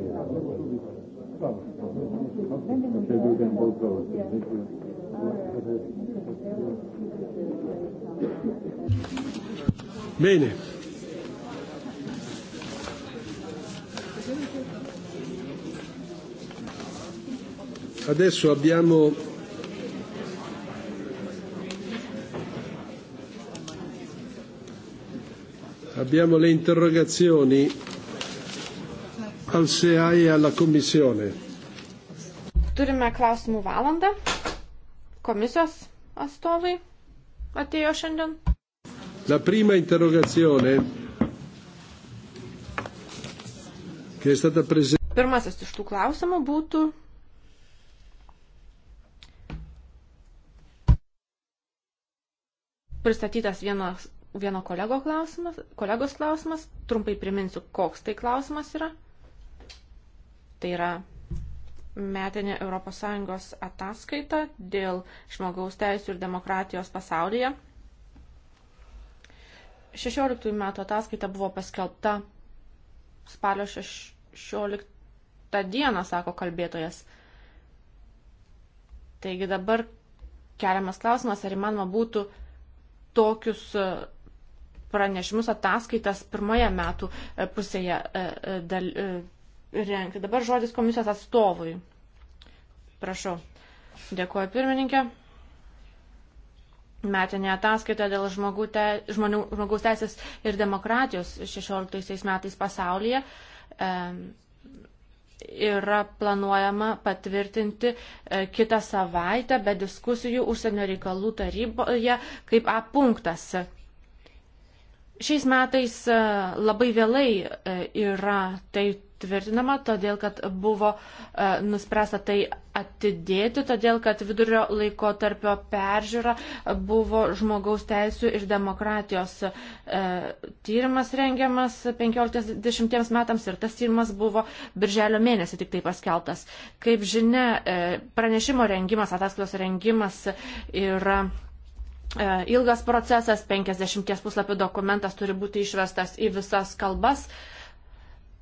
Okay, do them both those. Yeah. Thank you. Bene. Adesso abbiamo abbiamo le interrogazioni al SEA e alla Commissione. Turime klausimų valandą. Komisijos atstovai atėjo šiandien. La prima interrogazione che è stata presentata. Pirmasis iš tų klausimų būtų pristatytas vienas, vieno kolego klausimas, kolegos klausimas. Trumpai priminsiu, koks tai klausimas yra. Tai yra metinė ES ataskaita dėl žmogaus teisų ir demokratijos pasaulyje. 16 metų ataskaita buvo paskelbta spalio 16 dieną, sako kalbėtojas. Taigi dabar keliamas klausimas, ar įmanoma būtų tokius e, pranešimus ataskaitas pirmoje metų e, pusėje e, dal, renkti. Dabar žodis komisijos atstovui. Prašau. Dėkuoju pirmininkė. Metinė ataskaita dėl žmogų te, žmonių, žmogaus teisės ir demokratijos 16 metais pasaulyje e, yra planuojama patvirtinti e, kitą savaitę be diskusijų užsienio reikalų taryboje kaip A punktas. Šiais metais e, labai vėlai e, yra tai tvirtinama, todėl kad buvo e, nuspręsta tai atidėti, todėl kad vidurio laiko tarpio peržiūra buvo žmogaus teisų ir demokratijos e, tyrimas rengiamas 15-10 metams ir tas tyrimas buvo birželio mėnesį tik tai paskeltas. Kaip žinia, e, pranešimo rengimas, ataskaitos rengimas yra e, ilgas procesas, 50 puslapių dokumentas turi būti išvestas į visas kalbas. E,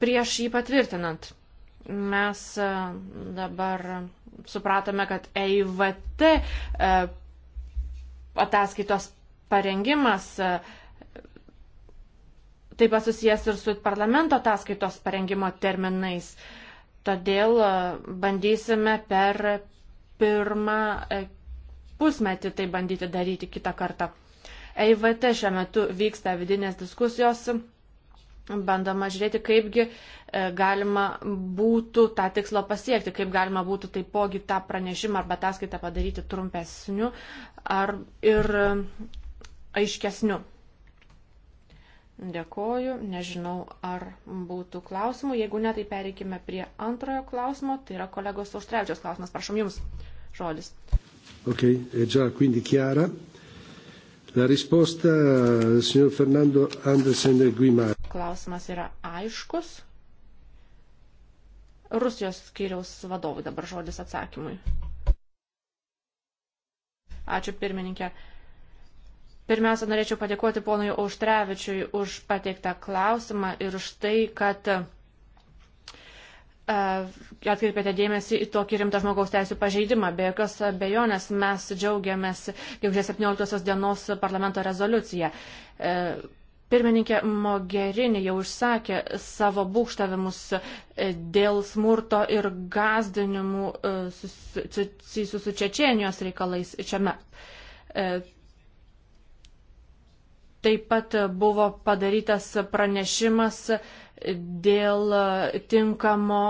prieš jį patvirtinant. Mes e, dabar supratome, kad EIVT e, ataskaitos parengimas e, taip pat susijęs ir su parlamento ataskaitos parengimo terminais. Todėl bandysime per pirmą pusmetį tai bandyti daryti kitą kartą. EIVT šiuo metu vyksta vidinės diskusijos bandama žiūrėti, kaipgi e, galima būtų tą tikslą pasiekti, kaip galima būtų taipogi tą pranešimą arba ataskaitą padaryti trumpesniu ar ir e, aiškesniu. Dėkoju, nežinau, ar būtų klausimų. Jeigu ne, tai pereikime prie antrojo klausimo, tai yra kolegos Auštrevičios klausimas. Prašom Jums žodis. Ok, e già quindi chiara. La risposta, signor Fernando Andersen Guimar klausimas yra aiškus. Rusijos skyriaus vadovui dabar žodis atsakymui. Ačiū pirmininkė. Pirmiausia, norėčiau padėkoti ponui Auštrevičiui už pateiktą klausimą ir už tai, kad e, atkreipėte dėmesį į tokį rimtą žmogaus teisų pažeidimą. Be jokios abejonės mes džiaugiamės gegužės 17 dienos parlamento rezoliuciją. E, Pirmininkė Mogherini jau išsakė savo būkštavimus e, dėl smurto ir gazdinimų e, susijusių su Čečienijos reikalais šiame. E, taip pat buvo padarytas pranešimas dėl tinkamo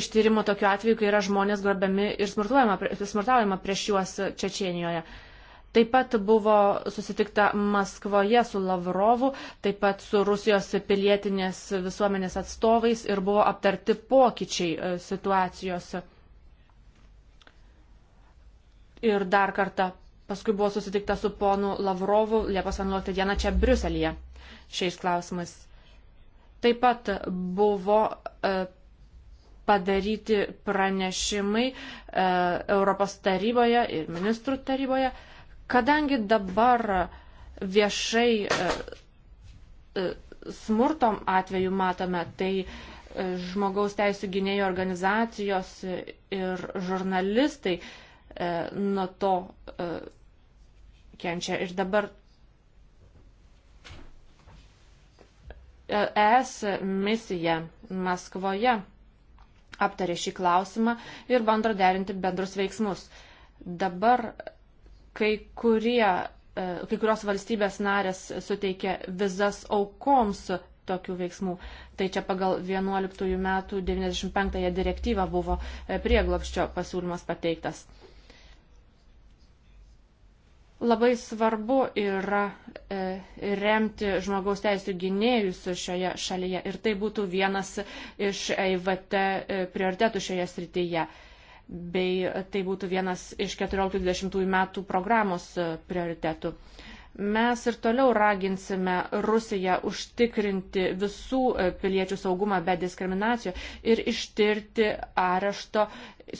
ištyrimo tokiu atveju, kai yra žmonės grobiami ir smurtaujama prieš juos Čečienijoje. Taip pat buvo susitikta Maskvoje su Lavrovu, taip pat su Rusijos pilietinės visuomenės atstovais ir buvo aptarti pokyčiai e, situacijose. Ir dar kartą paskui buvo susitikta su ponu Lavrovu Liepos 11 dieną čia Briuselėje šiais klausimais. Taip pat buvo e, padaryti pranešimai e, Europos taryboje ir ministrų taryboje Kadangi dabar viešai e, e, smurtom atveju matome, tai e, žmogaus teisų gynėjų organizacijos ir žurnalistai nuo to kenčia. Ir dabar ES misija Maskvoje aptarė šį klausimą ir bando derinti bendrus veiksmus. Dabar kai kurie e, kai kurios valstybės narės suteikė vizas aukoms tokių veiksmų. Tai čia pagal 11 metų 95 direktyvą buvo e, prieglopščio pasiūlymas pateiktas. Labai svarbu yra e, remti žmogaus teisų gynėjus šioje šalyje ir tai būtų vienas iš EIVT prioritetų šioje srityje bei tai būtų vienas iš 14-20 metų programos e, prioritetų. Mes ir toliau raginsime Rusiją užtikrinti visų e, piliečių saugumą be diskriminacijų ir ištirti arešto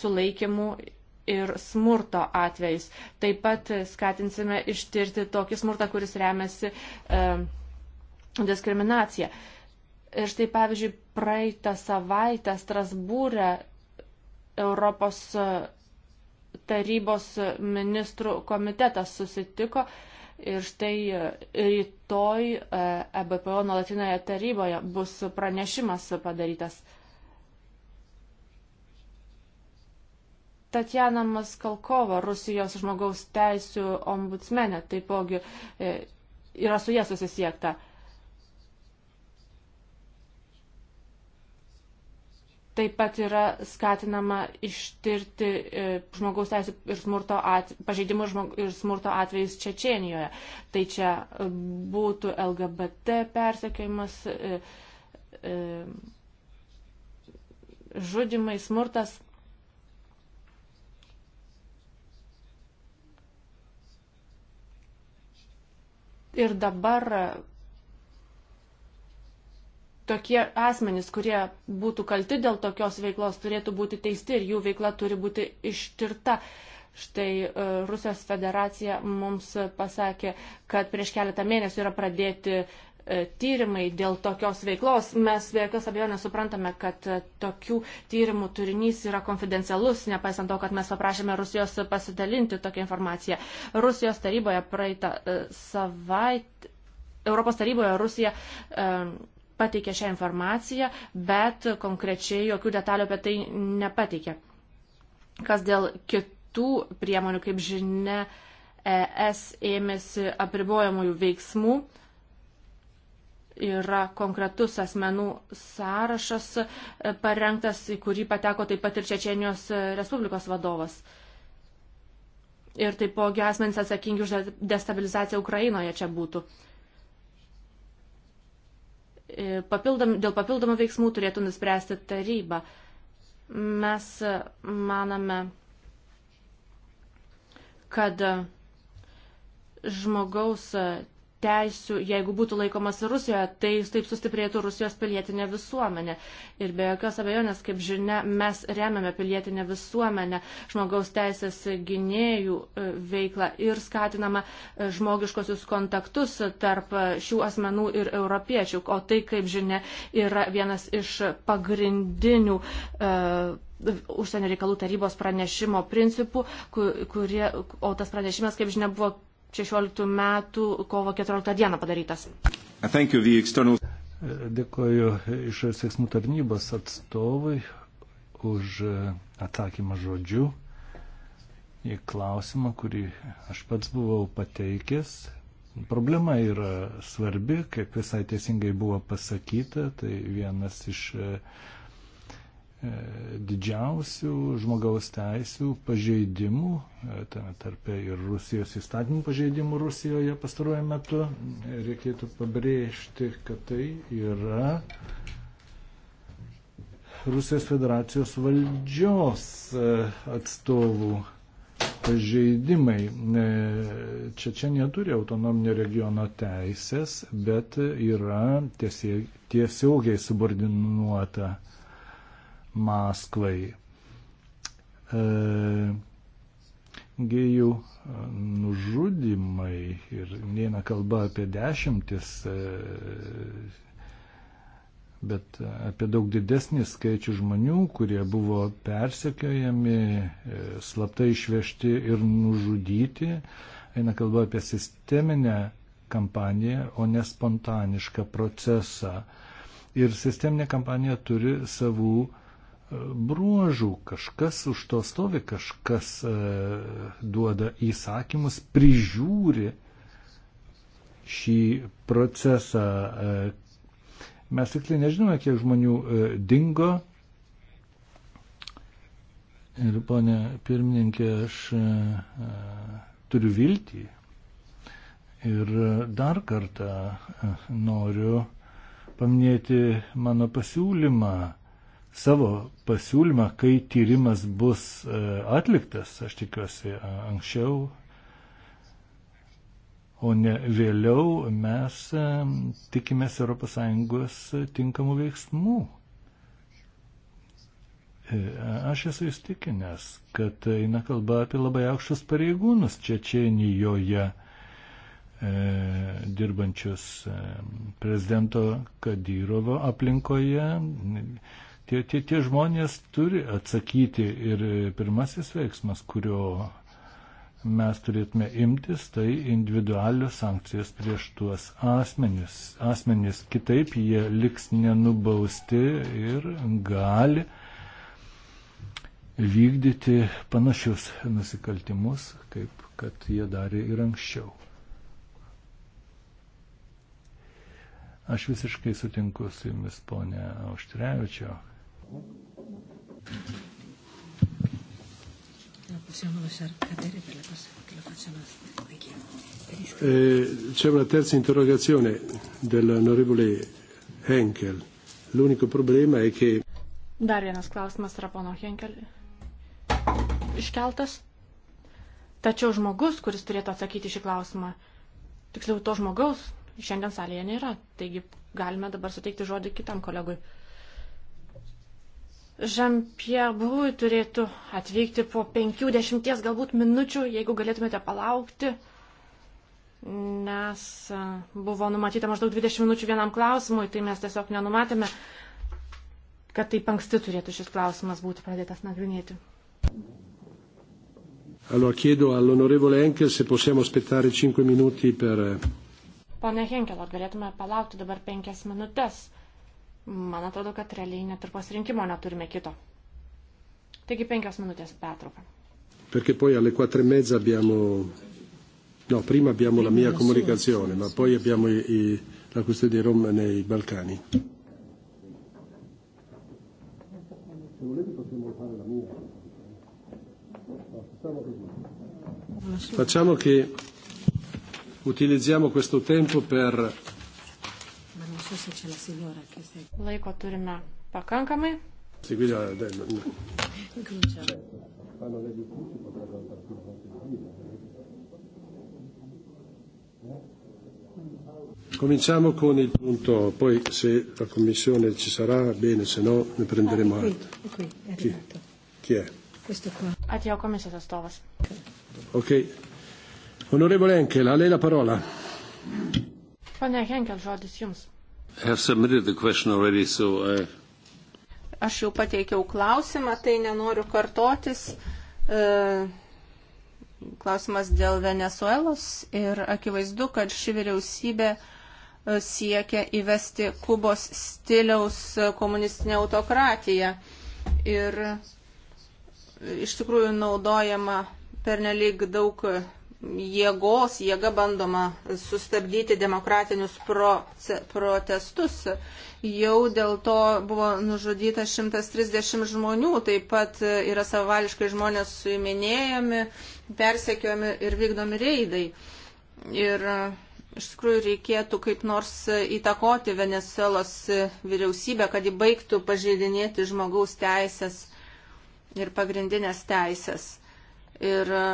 sulaikymų ir smurto atvejais. Taip pat skatinsime ištirti tokį smurtą, kuris remiasi e, diskriminacija. Ir štai, pavyzdžiui, praeitą savaitę Strasbūrę Europos e, tarybos ministrų komitetas susitiko ir štai e, rytoj EBPO e nuolatinėje taryboje bus pranešimas padarytas. Tatjana Maskalkova, Rusijos žmogaus teisų ombudsmenė, taipogi yra su jie susisiekta. Taip pat yra skatinama ištirti e, žmogaus teisų ir smurto at, pažeidimų žmog, ir smurto atvejais Čečienijoje. Tai čia e, būtų LGBT persekiojimas, e, žudimai, smurtas. Ir dabar tokie asmenys, kurie būtų kalti dėl tokios veiklos, turėtų būti teisti ir jų veikla turi būti ištirta. Štai e, Rusijos federacija mums pasakė, kad prieš keletą mėnesių yra pradėti e, tyrimai dėl tokios veiklos. Mes be jokios abejonės suprantame, kad e, tokių tyrimų turinys yra konfidencialus, nepaisant to, kad mes paprašėme Rusijos pasidalinti tokią informaciją. Rusijos taryboje praeitą savaitę. Europos taryboje Rusija um, pateikė šią informaciją, bet konkrečiai jokių detalių apie tai nepateikė. Kas dėl kitų priemonių, kaip žinia, ES ėmėsi apribojamųjų veiksmų yra konkretus asmenų sąrašas e, parengtas, į kurį pateko taip pat ir Čečienijos e, Respublikos vadovas. Ir taipogi asmenys atsakingi už destabilizaciją Ukrainoje čia būtų. E, papildom, dėl papildomų veiksmų turėtų nuspręsti taryba. Mes maname, kad žmogaus teisių, jeigu būtų laikomas Rusijoje, tai taip sustiprėtų Rusijos pilietinė visuomenė. Ir be jokios abejonės, kaip žinia, mes remiame pilietinę visuomenę, žmogaus teisės gynėjų e, veiklą ir skatinama e, žmogiškosius kontaktus tarp šių asmenų ir europiečių. O tai, kaip žinia, yra vienas iš pagrindinių. Uh, užsienio reikalų tarybos pranešimo principų, kurie, o tas pranešimas, kaip žinia, buvo 16 metų kovo 14 dieną padarytas. External... Dėkoju išorės veiksmų tarnybos atstovui už atsakymą žodžiu į klausimą, kurį aš pats buvau pateikęs. Problema yra svarbi, kaip visai teisingai buvo pasakyta, tai vienas iš uh, E, didžiausių žmogaus teisų pažeidimų, e, tame tarpe ir Rusijos įstatymų pažeidimų Rusijoje pastaruoju metu. Reikėtų pabrėžti, kad tai yra Rusijos federacijos valdžios e, atstovų pažeidimai. Čečenija turi autonominio regiono teisės, bet yra tiesiogiai subordinuota Maskvai. E, gėjų e, nužudimai ir neina kalba apie dešimtis, e, bet apie daug didesnį skaičių žmonių, kurie buvo persekiojami, e, slaptai išvežti ir nužudyti. Eina kalba apie sisteminę kampaniją, o ne spontanišką procesą. Ir sisteminė kampanija turi savų bruožų, kažkas už to stovi, kažkas e, duoda įsakymus, prižiūri šį procesą. E. Mes tiksliai nežinome, kiek žmonių e, dingo. Ir, ponė pirmininkė, aš turiu viltį. Ir dar kartą noriu paminėti mano pasiūlymą savo pasiūlymą, kai tyrimas bus e, atliktas, aš tikiuosi, anksčiau, o ne vėliau mes e, tikimės ES tinkamų veiksmų. E, aš esu įstikinęs, kad eina kalba apie labai aukštus pareigūnus Čečienijoje dirbančius prezidento Kadyrovo aplinkoje. Tie, tie, tie žmonės turi atsakyti ir pirmasis veiksmas, kurio mes turėtume imtis, tai individualios sankcijos prieš tuos asmenis. Asmenis kitaip jie liks nenubausti ir gali vykdyti panašius nusikaltimus, kaip kad jie darė ir anksčiau. Aš visiškai sutinku su jumis, ponė Auštrevičio possiamo lasciar cadere per la prossima, che lo facciano da chi? Eh, c'è una terza interrogazione dell'onorevole Henkel. L'unico problema è che. Dar vienas klausimas yra pono Henkel iškeltas. Tačiau žmogus, kuris turėtų atsakyti šį klausimą, tiksliau to žmogaus šiandien salėje nėra. Taigi galime dabar suteikti žodį kitam kolegui. Jean-Pierre Brui turėtų atvykti po 50 galbūt minučių, jeigu galėtumėte palaukti, nes e, buvo numatyta maždaug 20 minučių vienam klausimui, tai mes tiesiog nenumatėme, kad taip anksti turėtų šis klausimas būti pradėtas nagrinėti. Allora chiedo all'onorevole Henkel se possiamo aspettare 5 minuti per... Eh, Pone Henkel, ar galėtume palaukti dabar 5 minutės? Man atrodo, kad realiai net ir pasirinkimo neturime kito. Taigi penkios minutės pertrauka. Perché poi alle quattro e mezza abbiamo, no, prima abbiamo la mia comunicazione, ma poi abbiamo i, i, la custodia di Roma nei Balcani. Se volete possiamo fare la mia. No, facciamo così. Facciamo che utilizziamo questo tempo per forse c'è la signora che sei. Laiko turime pakankamai. Seguire, eh, dai, no, no. Incominciamo. Fanno degli uffici, potrebbero andare più avanti di guida. Cominciamo con il punto, poi se la commissione ci sarà, bene, se no ne prenderemo ah, qui, altro. Qui, è chi? chi è? Questo qua. Ateo commissario Stovas. Ok. Onorevole Enkel, a lei la parola. Pane Henkel, žodis jums. Already, so I... Aš jau pateikiau klausimą, tai nenoriu kartotis. Uh, klausimas dėl Venezuelos ir akivaizdu, kad ši vyriausybė e, siekia įvesti Kubos stiliaus komunistinę autokratiją. Ir iš tikrųjų naudojama pernelyg daug jėgos, jėga bandoma sustabdyti demokratinius proce, protestus. Jau dėl to buvo nužudyta 130 žmonių, taip pat yra savališkai žmonės suiminėjami, persekiojami ir vykdomi reidai. Ir e, iš tikrųjų reikėtų kaip nors įtakoti Venezuelos vyriausybę, kad įbaigtų pažeidinėti žmogaus teisės ir pagrindinės teisės ir e,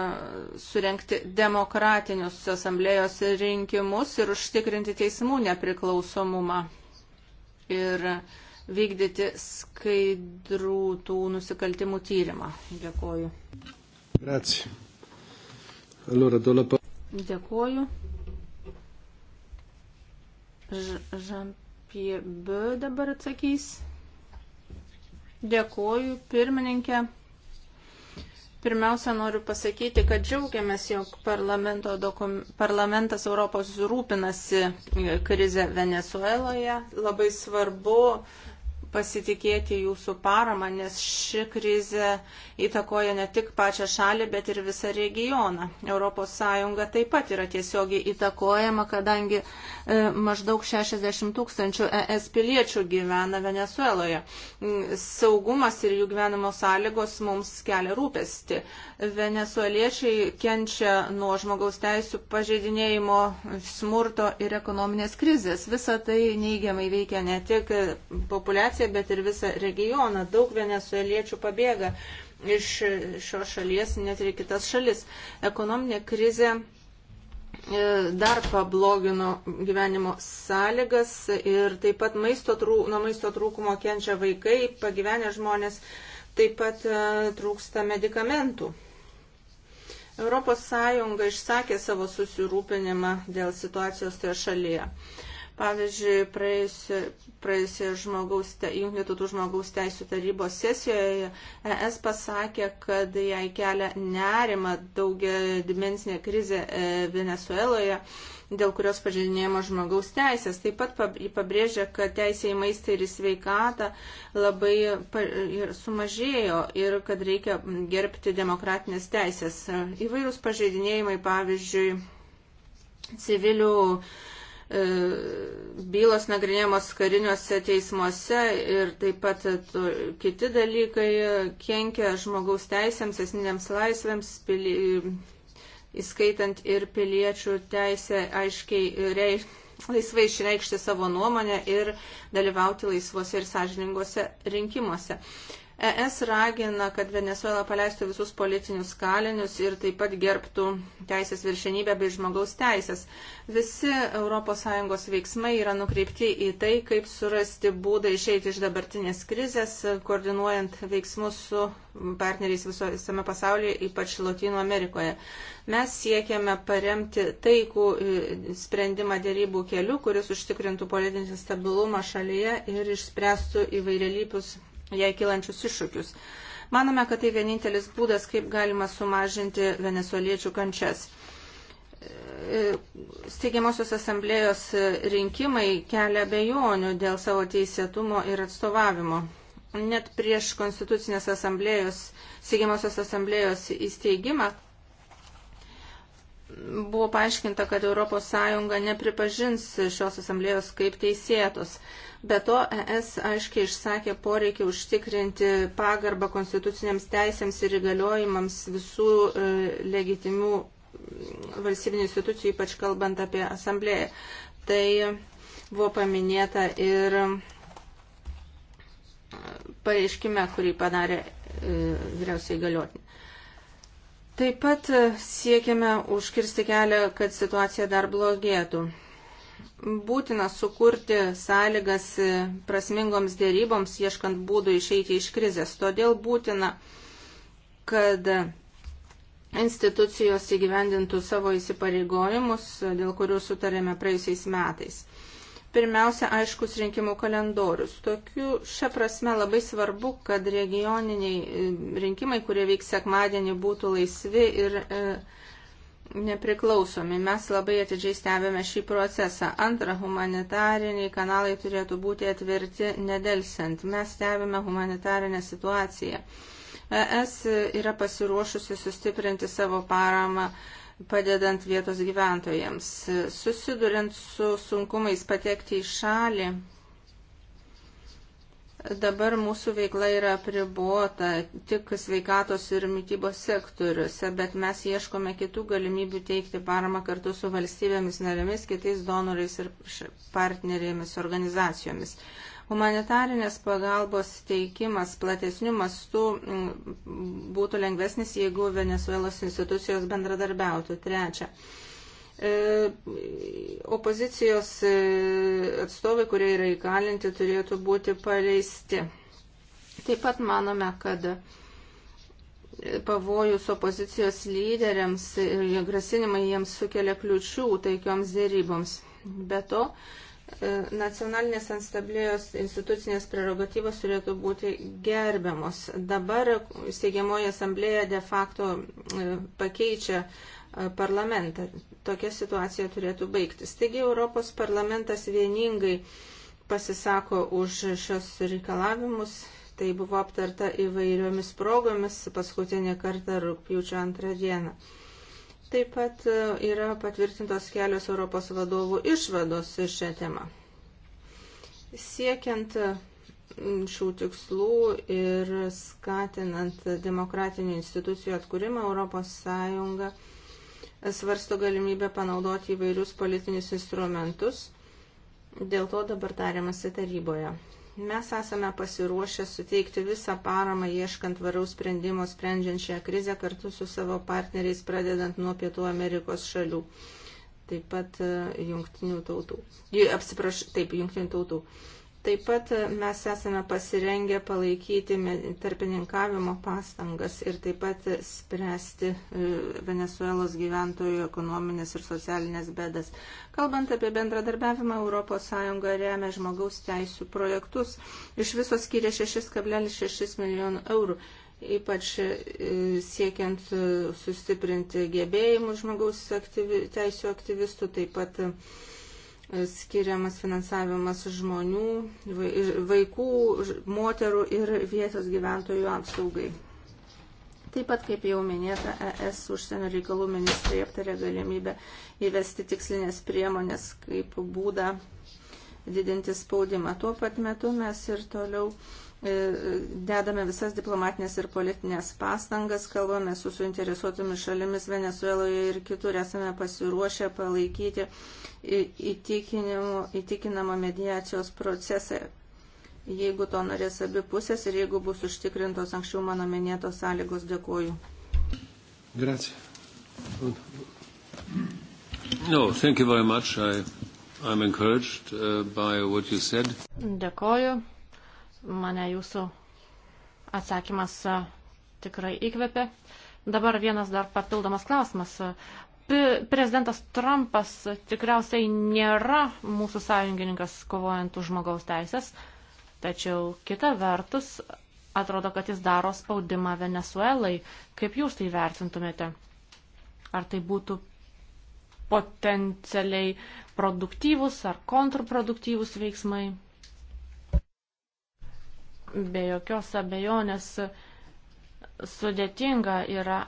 surenkti demokratinius asamblėjos rinkimus ir užtikrinti teismų nepriklausomumą ir vykdyti skaidrų tų nusikaltimų tyrimą. Dėkoju. Grazie. Allora, do la... Dėkoju. Žampie B dabar atsakys. Dėkoju, pirmininkė. Pirmiausia, noriu pasakyti, kad džiaugiamės, jog dokum, parlamentas Europos rūpinasi krize Venezueloje. Labai svarbu pasitikėti jūsų paramą, nes ši krizė įtakoja ne tik pačią šalį, bet ir visą regioną. ES taip pat yra tiesiogiai įtakojama, kadangi e, maždaug 60 tūkstančių ES piliečių gyvena Venezueloje. Mm, saugumas ir jų gyvenimo sąlygos mums kelia rūpesti. Venezueliečiai kenčia nuo žmogaus teisų pažeidinėjimo, smurto ir ekonominės krizės. Visa tai neigiamai veikia ne tik populiaciją, migraciją, bet ir visą regioną. Daug venezueliečių pabėga iš šios šalies, net ir kitas šalis. Ekonominė krizė e, dar pablogino gyvenimo sąlygas ir taip pat maisto trūk, nuo maisto trūkumo kenčia vaikai, pagyvenę žmonės, taip pat e, trūksta medikamentų. ES išsakė savo susirūpinimą dėl situacijos toje šalyje. Pavyzdžiui, praėjusioje praėjusio žmogaus, jungtinių tautų žmogaus teisų tarybos sesijoje ES pasakė, kad jai kelia nerima daugia dimensinė krizė e, Venezueloje, dėl kurios pažinėjama žmogaus teisės. Taip pat pabrėžė, kad teisė į maistą ir į sveikatą labai sumažėjo ir kad reikia gerbti demokratinės teisės. Įvairūs pažeidinėjimai, pavyzdžiui, civilių E, bylos nagrinėjamos kariniuose teismuose ir taip pat to, kiti dalykai kenkia žmogaus teisėms, esminėms laisvėms, pili, įskaitant ir piliečių teisę aiškiai rei, laisvai išreikšti savo nuomonę ir dalyvauti laisvose ir sąžininguose rinkimuose. ES ragina, kad Venezuela paleistų visus politinius kalinius ir taip pat gerbtų teisės viršenybę bei žmogaus teisės. Visi ES veiksmai yra nukreipti į tai, kaip surasti būdą išeiti iš dabartinės krizės, koordinuojant veiksmus su partneriais visame pasaulyje, ypač Latino Amerikoje. Mes siekiame paremti taikų e, sprendimą dėrybų keliu, kuris užtikrintų politinį stabilumą šalyje ir išspręstų įvairialypius jai kilančius iššūkius. Manome, kad tai vienintelis būdas, kaip galima sumažinti venezueliečių kančias. E, steigiamosios asamblėjos rinkimai kelia bejonių dėl savo teisėtumo ir atstovavimo. Net prieš konstitucinės asamblėjos, steigiamosios asamblėjos įsteigimą buvo paaiškinta, kad ES nepripažins šios asamblėjos kaip teisėtos. Be to, ES aiškiai išsakė poreikį užtikrinti pagarbą konstituciniams teisėms ir įgaliojimams visų e, legitimių mm, valstybinių institucijų, ypač kalbant apie asamblėją. Tai buvo paminėta ir e, pareiškime, kurį padarė e, vyriausiai galiotinė. Taip pat e, siekiame užkirsti kelią, kad situacija dar blogėtų būtina sukurti sąlygas prasmingoms dėryboms, ieškant būdų išeiti iš krizės. Todėl būtina, kad institucijos įgyvendintų savo įsipareigojimus, dėl kurių sutarėme praėjusiais metais. Pirmiausia, aiškus rinkimų kalendorius. Tokiu šia prasme labai svarbu, kad regioniniai rinkimai, kurie vyks sekmadienį, būtų laisvi ir e, nepriklausomi. Mes labai atidžiai stebėme šį procesą. Antra, humanitariniai kanalai turėtų būti atverti nedelsiant. Mes stebime humanitarinę situaciją. ES yra pasiruošusi sustiprinti savo paramą padedant vietos gyventojams. Susidurint su sunkumais patekti į šalį, Dabar mūsų veikla yra pribuota tik sveikatos ir mytybos sektoriuose, bet mes ieškome kitų galimybių teikti paramą kartu su valstybėmis narėmis, kitais donorais ir partnerėmis organizacijomis. Humanitarinės pagalbos teikimas platesnių mastų mm, būtų lengvesnis, jeigu Venezuelos institucijos bendradarbiautų. Trečia. E, opozicijos e, atstovai, kurie yra įkalinti, turėtų būti paleisti. Taip pat manome, kad pavojus opozicijos lyderiams ir grasinimai jiems sukelia kliučių taikioms dėryboms. Be to, e, nacionalinės anstablėjos institucinės prerogatyvos turėtų būti gerbiamos. Dabar steigiamoji asamblėja de facto pakeičia E, parlamentą. Tokia situacija turėtų baigtis. Taigi Europos parlamentas vieningai pasisako už šios reikalavimus. Tai buvo aptarta įvairiomis progomis paskutinį kartą rūpjūčio antrą dieną. Taip pat e, yra patvirtintos kelios Europos vadovų išvados šią temą. Siekiant e, šių tikslų ir skatinant demokratinių institucijų atkūrimą Europos Sąjungą svarsto galimybę panaudoti įvairius politinius instrumentus. Dėl to dabar tariamasi taryboje. Mes esame pasiruošę suteikti visą paramą ieškant varaus sprendimo sprendžiant šią krizę kartu su savo partneriais, pradedant nuo Pietų Amerikos šalių. Taip pat e, jungtinių tautų. Atsiprašau, taip, jungtinių tautų. Taip pat e, mes esame pasirengę palaikyti tarpininkavimo pastangas ir taip pat e, spręsti e, Venezuelos gyventojų ekonominės ir socialinės bedas. Kalbant apie bendradarbiavimą, ES remia žmogaus teisų projektus. Iš viso skiria 6,6 milijonų eurų, ypač siekiant sustiprinti gebėjimus žmogaus aktyvi, teisų aktyvistų, taip pat skiriamas finansavimas žmonių, vaikų, moterų ir vietos gyventojų apsaugai. Taip pat, kaip jau minėta, ES užsienio reikalų ministrai aptarė galimybę įvesti tikslinės priemonės kaip būdą didinti spaudimą. Tuo pat metu mes ir toliau E, dedame visas diplomatinės ir politinės pastangas, kalbame su suinteresuotomis šalimis Venezueloje ir kitur, esame pasiruošę palaikyti įtikinamą mediacijos procesą, jeigu to norės abi pusės ir jeigu bus užtikrintos anksčiau mano minėtos sąlygos. Dėkuoju. Grazie. No, thank you very much. I, I'm encouraged uh, by what you said. Dėkoju. Mane jūsų atsakymas e, tikrai įkvėpė. Dabar vienas dar papildomas klausimas. Prezidentas Trumpas tikriausiai nėra mūsų sąjungininkas kovojant už žmogaus teisės, tačiau kita vertus atrodo, kad jis daro spaudimą Venezuelai. Kaip jūs tai vertintumėte? Ar tai būtų potencialiai produktyvus ar kontraproduktyvus veiksmai? be jokios abejonės sudėtinga yra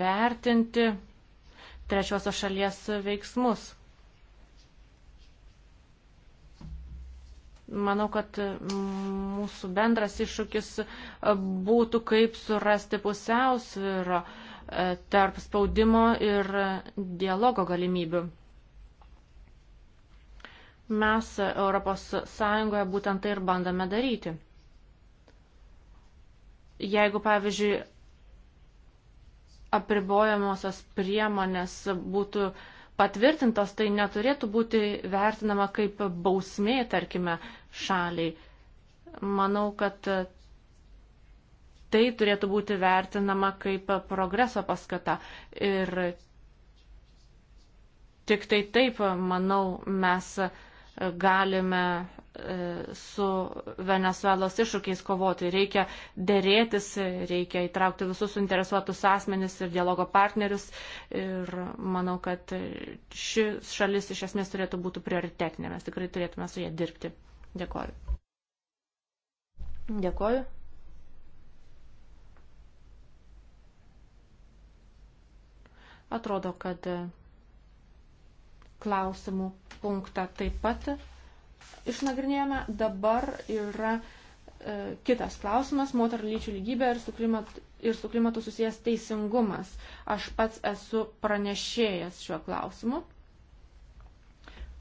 vertinti trečiosios šalies veiksmus. Manau, kad mūsų bendras iššūkis būtų kaip surasti pusiausvyrą e, tarp spaudimo ir dialogo galimybių. Mes ES būtent tai ir bandome daryti jeigu, pavyzdžiui, apribojamosios priemonės būtų patvirtintos, tai neturėtų būti vertinama kaip bausmė, tarkime, šaliai. Manau, kad tai turėtų būti vertinama kaip progreso paskata. Ir tik tai taip, manau, mes galime E, su Venezuelos iššūkiais kovoti. Reikia dėrėtis, reikia įtraukti visus suinteresuotus asmenis ir dialogo partnerius. Ir manau, kad ši šalis iš esmės turėtų būti prioritetinė. Mes tikrai turėtume su jie dirbti. Dėkoju. Dėkoju. Atrodo, kad klausimų punktą taip pat išnagrinėjome. Dabar yra e, kitas klausimas - moterų lyčių lygybė ir su, klimat, ir su klimatu susijęs teisingumas. Aš pats esu pranešėjęs šiuo klausimu.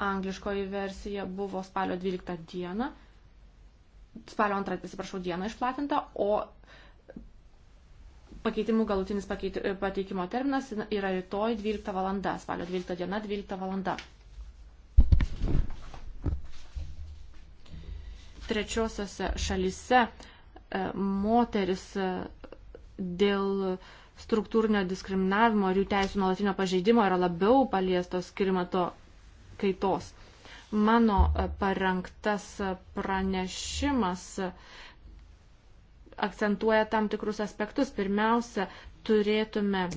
Angliškoji versija buvo spalio 12 dieną, spalio 2, atsiprašau, dieną išplatinta, o pakeitimų galutinis pakeit, pateikimo terminas yra rytoj 12 val. spalio 12 diena 12 val. trečiosiose šalise e, moteris e, dėl struktūrinio diskriminavimo ir jų teisų nuolatinio pažeidimo yra labiau paliestos klimato kaitos. Mano e, parengtas pranešimas akcentuoja tam tikrus aspektus. Pirmiausia, turėtume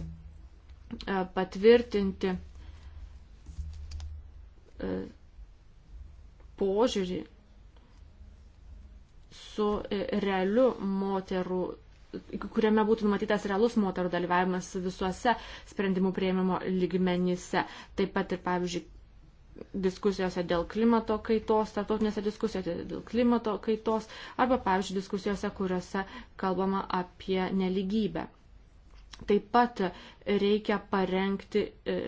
patvirtinti požiūrį su e, realiu moterų kuriame būtų numatytas realus moterų dalyvavimas visuose sprendimų prieimimo lygmenyse. Taip pat ir, pavyzdžiui, diskusijose dėl klimato kaitos, tarptautinėse diskusijose dėl klimato kaitos arba, pavyzdžiui, diskusijose, kuriuose kalbama apie neligybę. Taip pat reikia parengti e,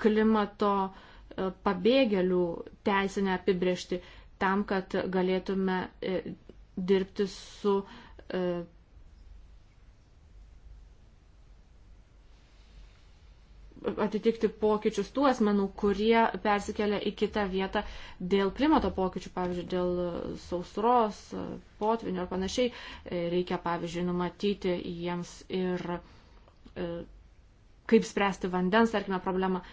klimato e, pabėgėlių teisinę apibriežti tam, kad galėtume dirbti su e, atitikti pokyčius tų asmenų, kurie persikelia į kitą vietą dėl klimato pokyčių, pavyzdžiui, dėl sausros, potvinio ar panašiai. E, reikia, pavyzdžiui, numatyti jiems ir e, kaip spręsti vandens, tarkime, problemą.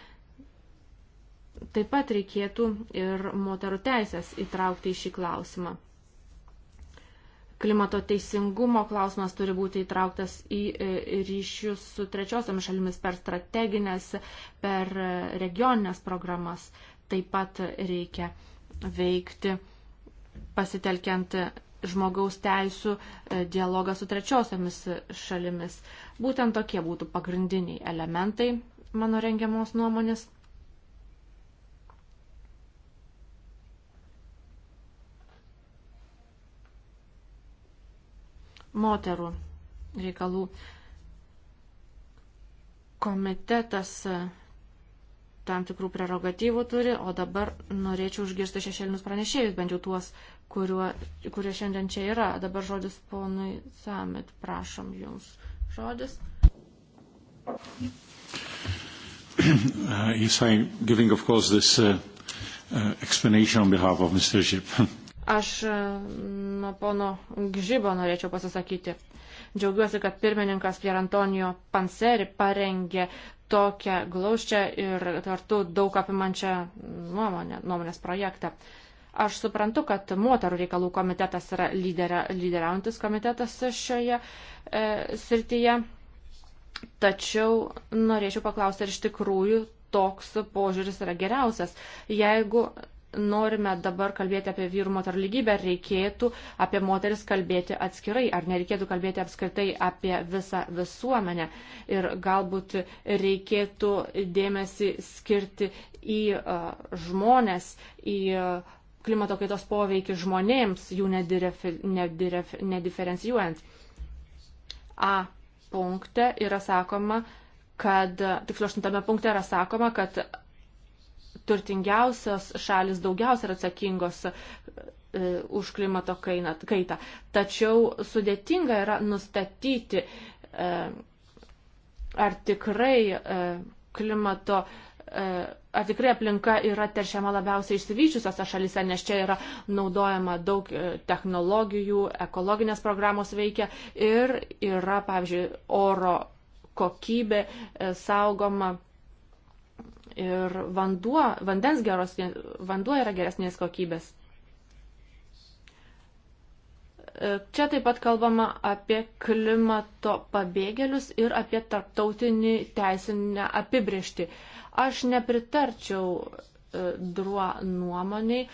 Taip pat reikėtų ir moterų teisės įtraukti į šį klausimą klimato teisingumo klausimas turi būti įtrauktas į e, ryšius su trečiosiam šalimis per strateginės, per e, regioninės programas. Taip pat reikia veikti pasitelkiant žmogaus teisų e, dialogą su trečiosiamis šalimis. Būtent tokie būtų pagrindiniai elementai mano rengiamos nuomonės. moterų reikalų komitetas tam tikrų prerogatyvų turi, o dabar norėčiau užgirsti šešėlinius pranešėjus, bent jau tuos, kuriuo, kurie šiandien čia yra. Dabar žodis ponui Samet, prašom jums žodis. Uh, yes, I'm giving, of course, this uh, uh, explanation on behalf of Mr. Ship. Aš e, nuo pono Gžybo norėčiau pasisakyti. Džiaugiuosi, kad pirmininkas Pier Antonijo Panseri parengė tokią glaučią ir kartu daug apimančią nuomonę, nuomonės projektą. Aš suprantu, kad moterų reikalų komitetas yra lyderia, lyderiaujantis komitetas šioje e, srityje, tačiau norėčiau paklausti, ar iš tikrųjų toks požiūris yra geriausias. Jeigu norime dabar kalbėti apie vyrų moterų lygybę, ar reikėtų apie moteris kalbėti atskirai, ar nereikėtų kalbėti apskritai apie visą visuomenę. Ir galbūt reikėtų dėmesį skirti į uh, žmonės, į uh, klimato kaitos poveikį žmonėms, jų nediferencijuojant. A punkte yra sakoma, kad, tiksliau, aštuntame punkte yra sakoma, kad turtingiausios šalis daugiausia yra atsakingos e, už klimato kaitą. Tačiau sudėtinga yra nustatyti, e, ar tikrai e, klimato ar tikrai aplinka yra teršiama labiausiai išsivyščiusiose šalise, nes čia yra naudojama daug technologijų, ekologinės programos veikia ir yra, pavyzdžiui, oro kokybė saugoma ir vanduo, vandens geros, vanduo yra geresnės kokybės. E, čia taip pat kalbama apie klimato pabėgėlius ir apie tarptautinį teisinę apibriežtį. Aš nepritarčiau e, druo nuomoniai,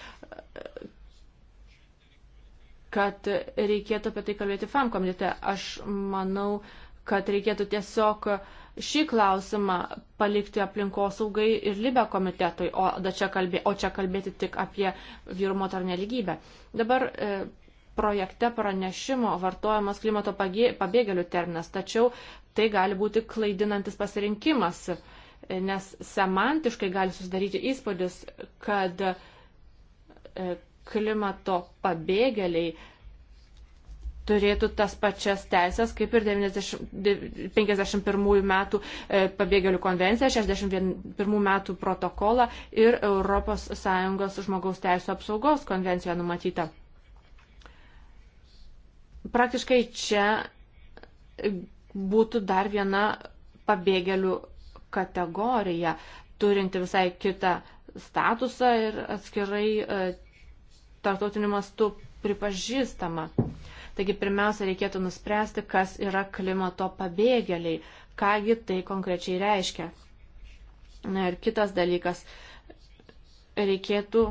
kad reikėtų apie tai kalbėti FAM komitete. Aš manau, kad reikėtų tiesiog uh, šį klausimą palikti aplinkosaugai ir libe komitetui, o, čia, kalbė, o čia kalbėti tik apie vyrų moterų neligybę. Dabar e, projekte pranešimo vartojamas klimato pabėgėlių terminas, tačiau tai gali būti klaidinantis pasirinkimas, e, nes semantiškai gali susidaryti įspūdis, kad e, klimato pabėgėliai turėtų tas pačias teisės kaip ir 90, 51 metų e, pabėgėlių konvenciją, 61 metų protokolą ir ES žmogaus teisų apsaugos konvenciją numatytą. Praktiškai čia būtų dar viena pabėgėlių kategorija, turinti visai kitą statusą ir atskirai e, tartautiniu mastu pripažįstama. Uh, Taigi pirmiausia, reikėtų nuspręsti, kas yra klimato pabėgėliai, kągi tai konkrečiai reiškia. Na ir kitas dalykas, reikėtų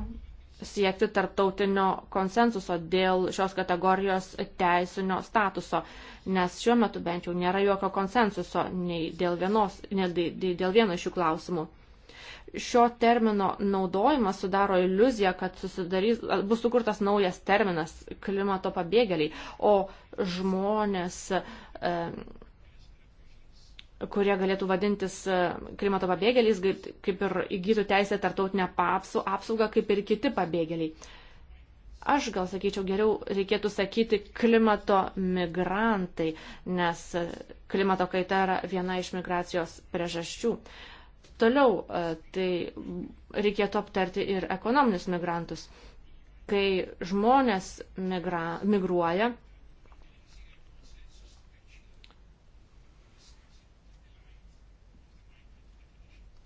siekti tarptautinio konsensuso dėl šios kategorijos teisinio statuso, nes šiuo metu bent jau nėra jokio konsensuso nei dėl, vienos, nei dėl vieno iš šių klausimų šio termino naudojimas sudaro iliuziją, kad susidarys, bus sukurtas naujas terminas klimato pabėgėliai, o žmonės, e, kurie galėtų vadintis e, klimato pabėgėliais, kaip ir įgytų teisę tartautinę apsaugą, kaip ir kiti pabėgėliai. Aš gal sakyčiau, geriau reikėtų sakyti klimato migrantai, nes e, klimato kaita yra viena iš migracijos priežasčių. Uh, Toliau e, tai reikėtų aptarti ir ekonominius migrantus. Kai žmonės migra, migruoja,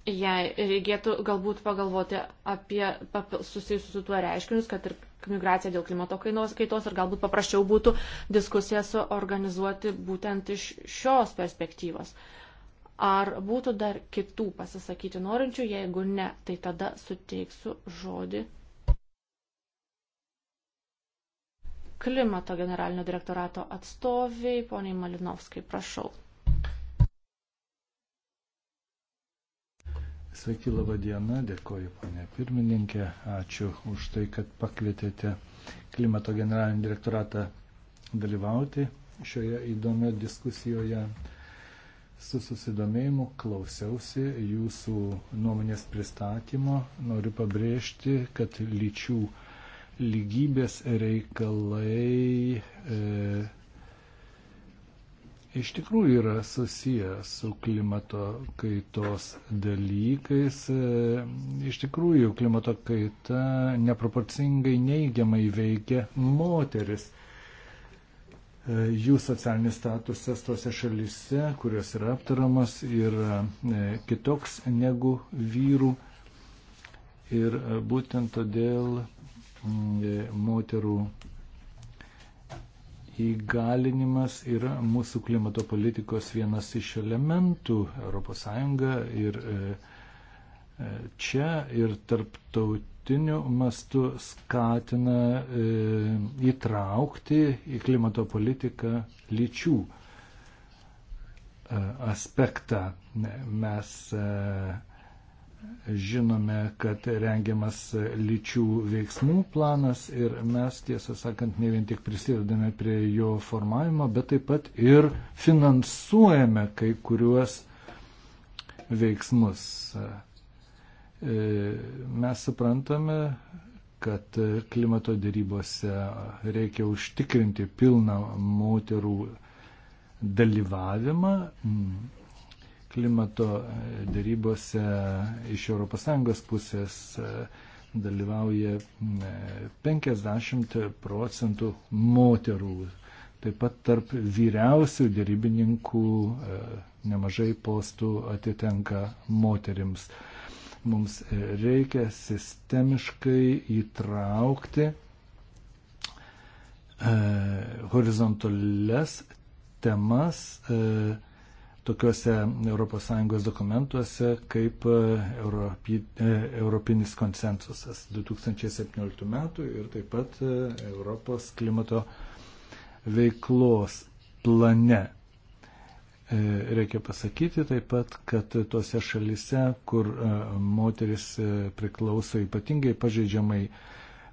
jei reikėtų galbūt pagalvoti apie susijusius su tuo reiškinius, kad ir migracija dėl klimato kainos kaitos ir galbūt paprasčiau būtų diskusiją suorganizuoti būtent iš šios perspektyvos. Ar būtų dar kitų pasisakyti norinčių? Jeigu ne, tai tada suteiksiu žodį klimato generalinio direktorato atstoviai, poniai Malinovskai, prašau. Sveiki, laba diena, dėkoju, ponė pirmininkė, ačiū už tai, kad pakvietėte klimato generalinį direktoratą dalyvauti šioje įdomioje diskusijoje Su susidomėjimu klausiausi jūsų nuomonės pristatymo. Noriu pabrėžti, kad lyčių lygybės reikalai e, iš tikrųjų yra susiję su klimato kaitos dalykais. E, iš tikrųjų, klimato kaita neproporcingai neigiamai veikia moteris jų socialinis statusas tose šalise, kurios yra aptaramas, yra e, kitoks negu vyrų. Ir e, būtent todėl mm, e, moterų įgalinimas yra mūsų klimato politikos vienas iš elementų ES ir čia ir tarptautinių tarptautiniu mastu skatina e, įtraukti į klimato politiką lyčių e, aspektą. Mes e, žinome, kad rengiamas lyčių veiksmų planas ir mes, tiesą sakant, ne vien tik prisidedame prie jo formavimo, bet taip pat ir finansuojame kai kuriuos veiksmus. E, E, mes suprantame, kad klimato dėrybose reikia užtikrinti pilną moterų dalyvavimą. Klimato dėrybose iš ES pusės dalyvauja 50 e, procentų moterų. Taip pat tarp vyriausių dėrybininkų e, nemažai postų atitenka moterims mums reikia sistemiškai įtraukti e, horizontales temas e, tokiuose ES dokumentuose kaip e, Europi, Europinis konsensusas 2017 metų ir taip pat Europos klimato veiklos plane. E, reikia pasakyti taip pat, kad tose šalise, kur e, moteris e, priklauso ypatingai pažeidžiamai,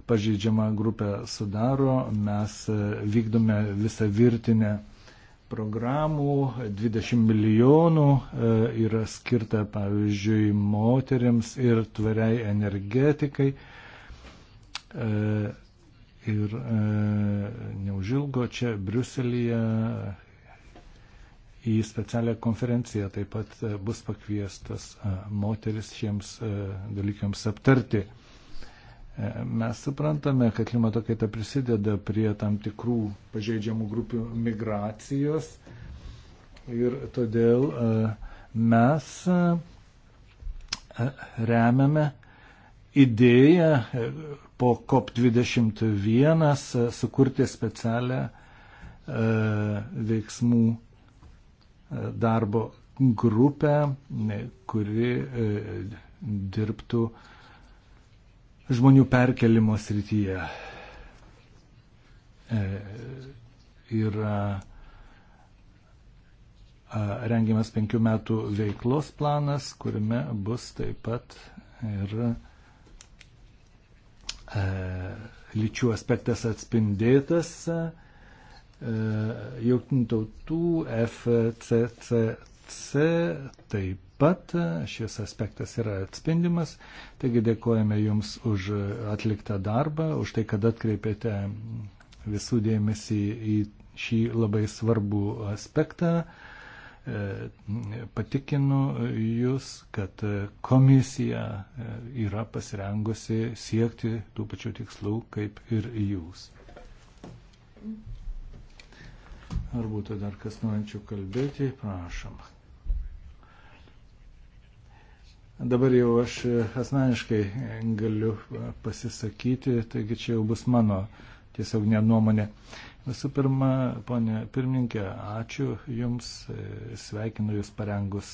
pažeidžiamą grupę sudaro, mes vykdome visą virtinę programų, 20 milijonų yra skirta, pavyzdžiui, moteriams ir tvariai energetikai. Ir neužilgo čia Briuselėje į specialią konferenciją taip pat e, bus pakviestas e, moteris šiems e, dalykiams aptarti. Mes suprantame, kad klimato kaita prisideda prie tam tikrų pažeidžiamų grupių migracijos ir todėl mes remiame idėją po COP21 sukurti specialią veiksmų darbo grupę, kuri e, dirbtų žmonių perkelimo srityje. Yra e, e, rengiamas penkių metų veiklos planas, kuriame bus taip pat ir lyčių aspektas atspindėtas. E, E, Jungtinių tautų FCCC taip pat šis aspektas yra atspindimas. Taigi dėkojame Jums už atliktą darbą, už tai, kad atkreipėte visų dėmesį į šį labai svarbų aspektą. E, patikinu Jūs, kad komisija yra pasirengusi siekti tų pačių tikslų kaip ir Jūs. Thank you. Ar būtų dar kas norinčių kalbėti? Prašom. Dabar jau aš asmeniškai galiu pasisakyti, taigi čia jau bus mano tiesiog nenuomonė. Visų pirma, ponė pirmininkė, ačiū Jums, sveikinu Jūs parengus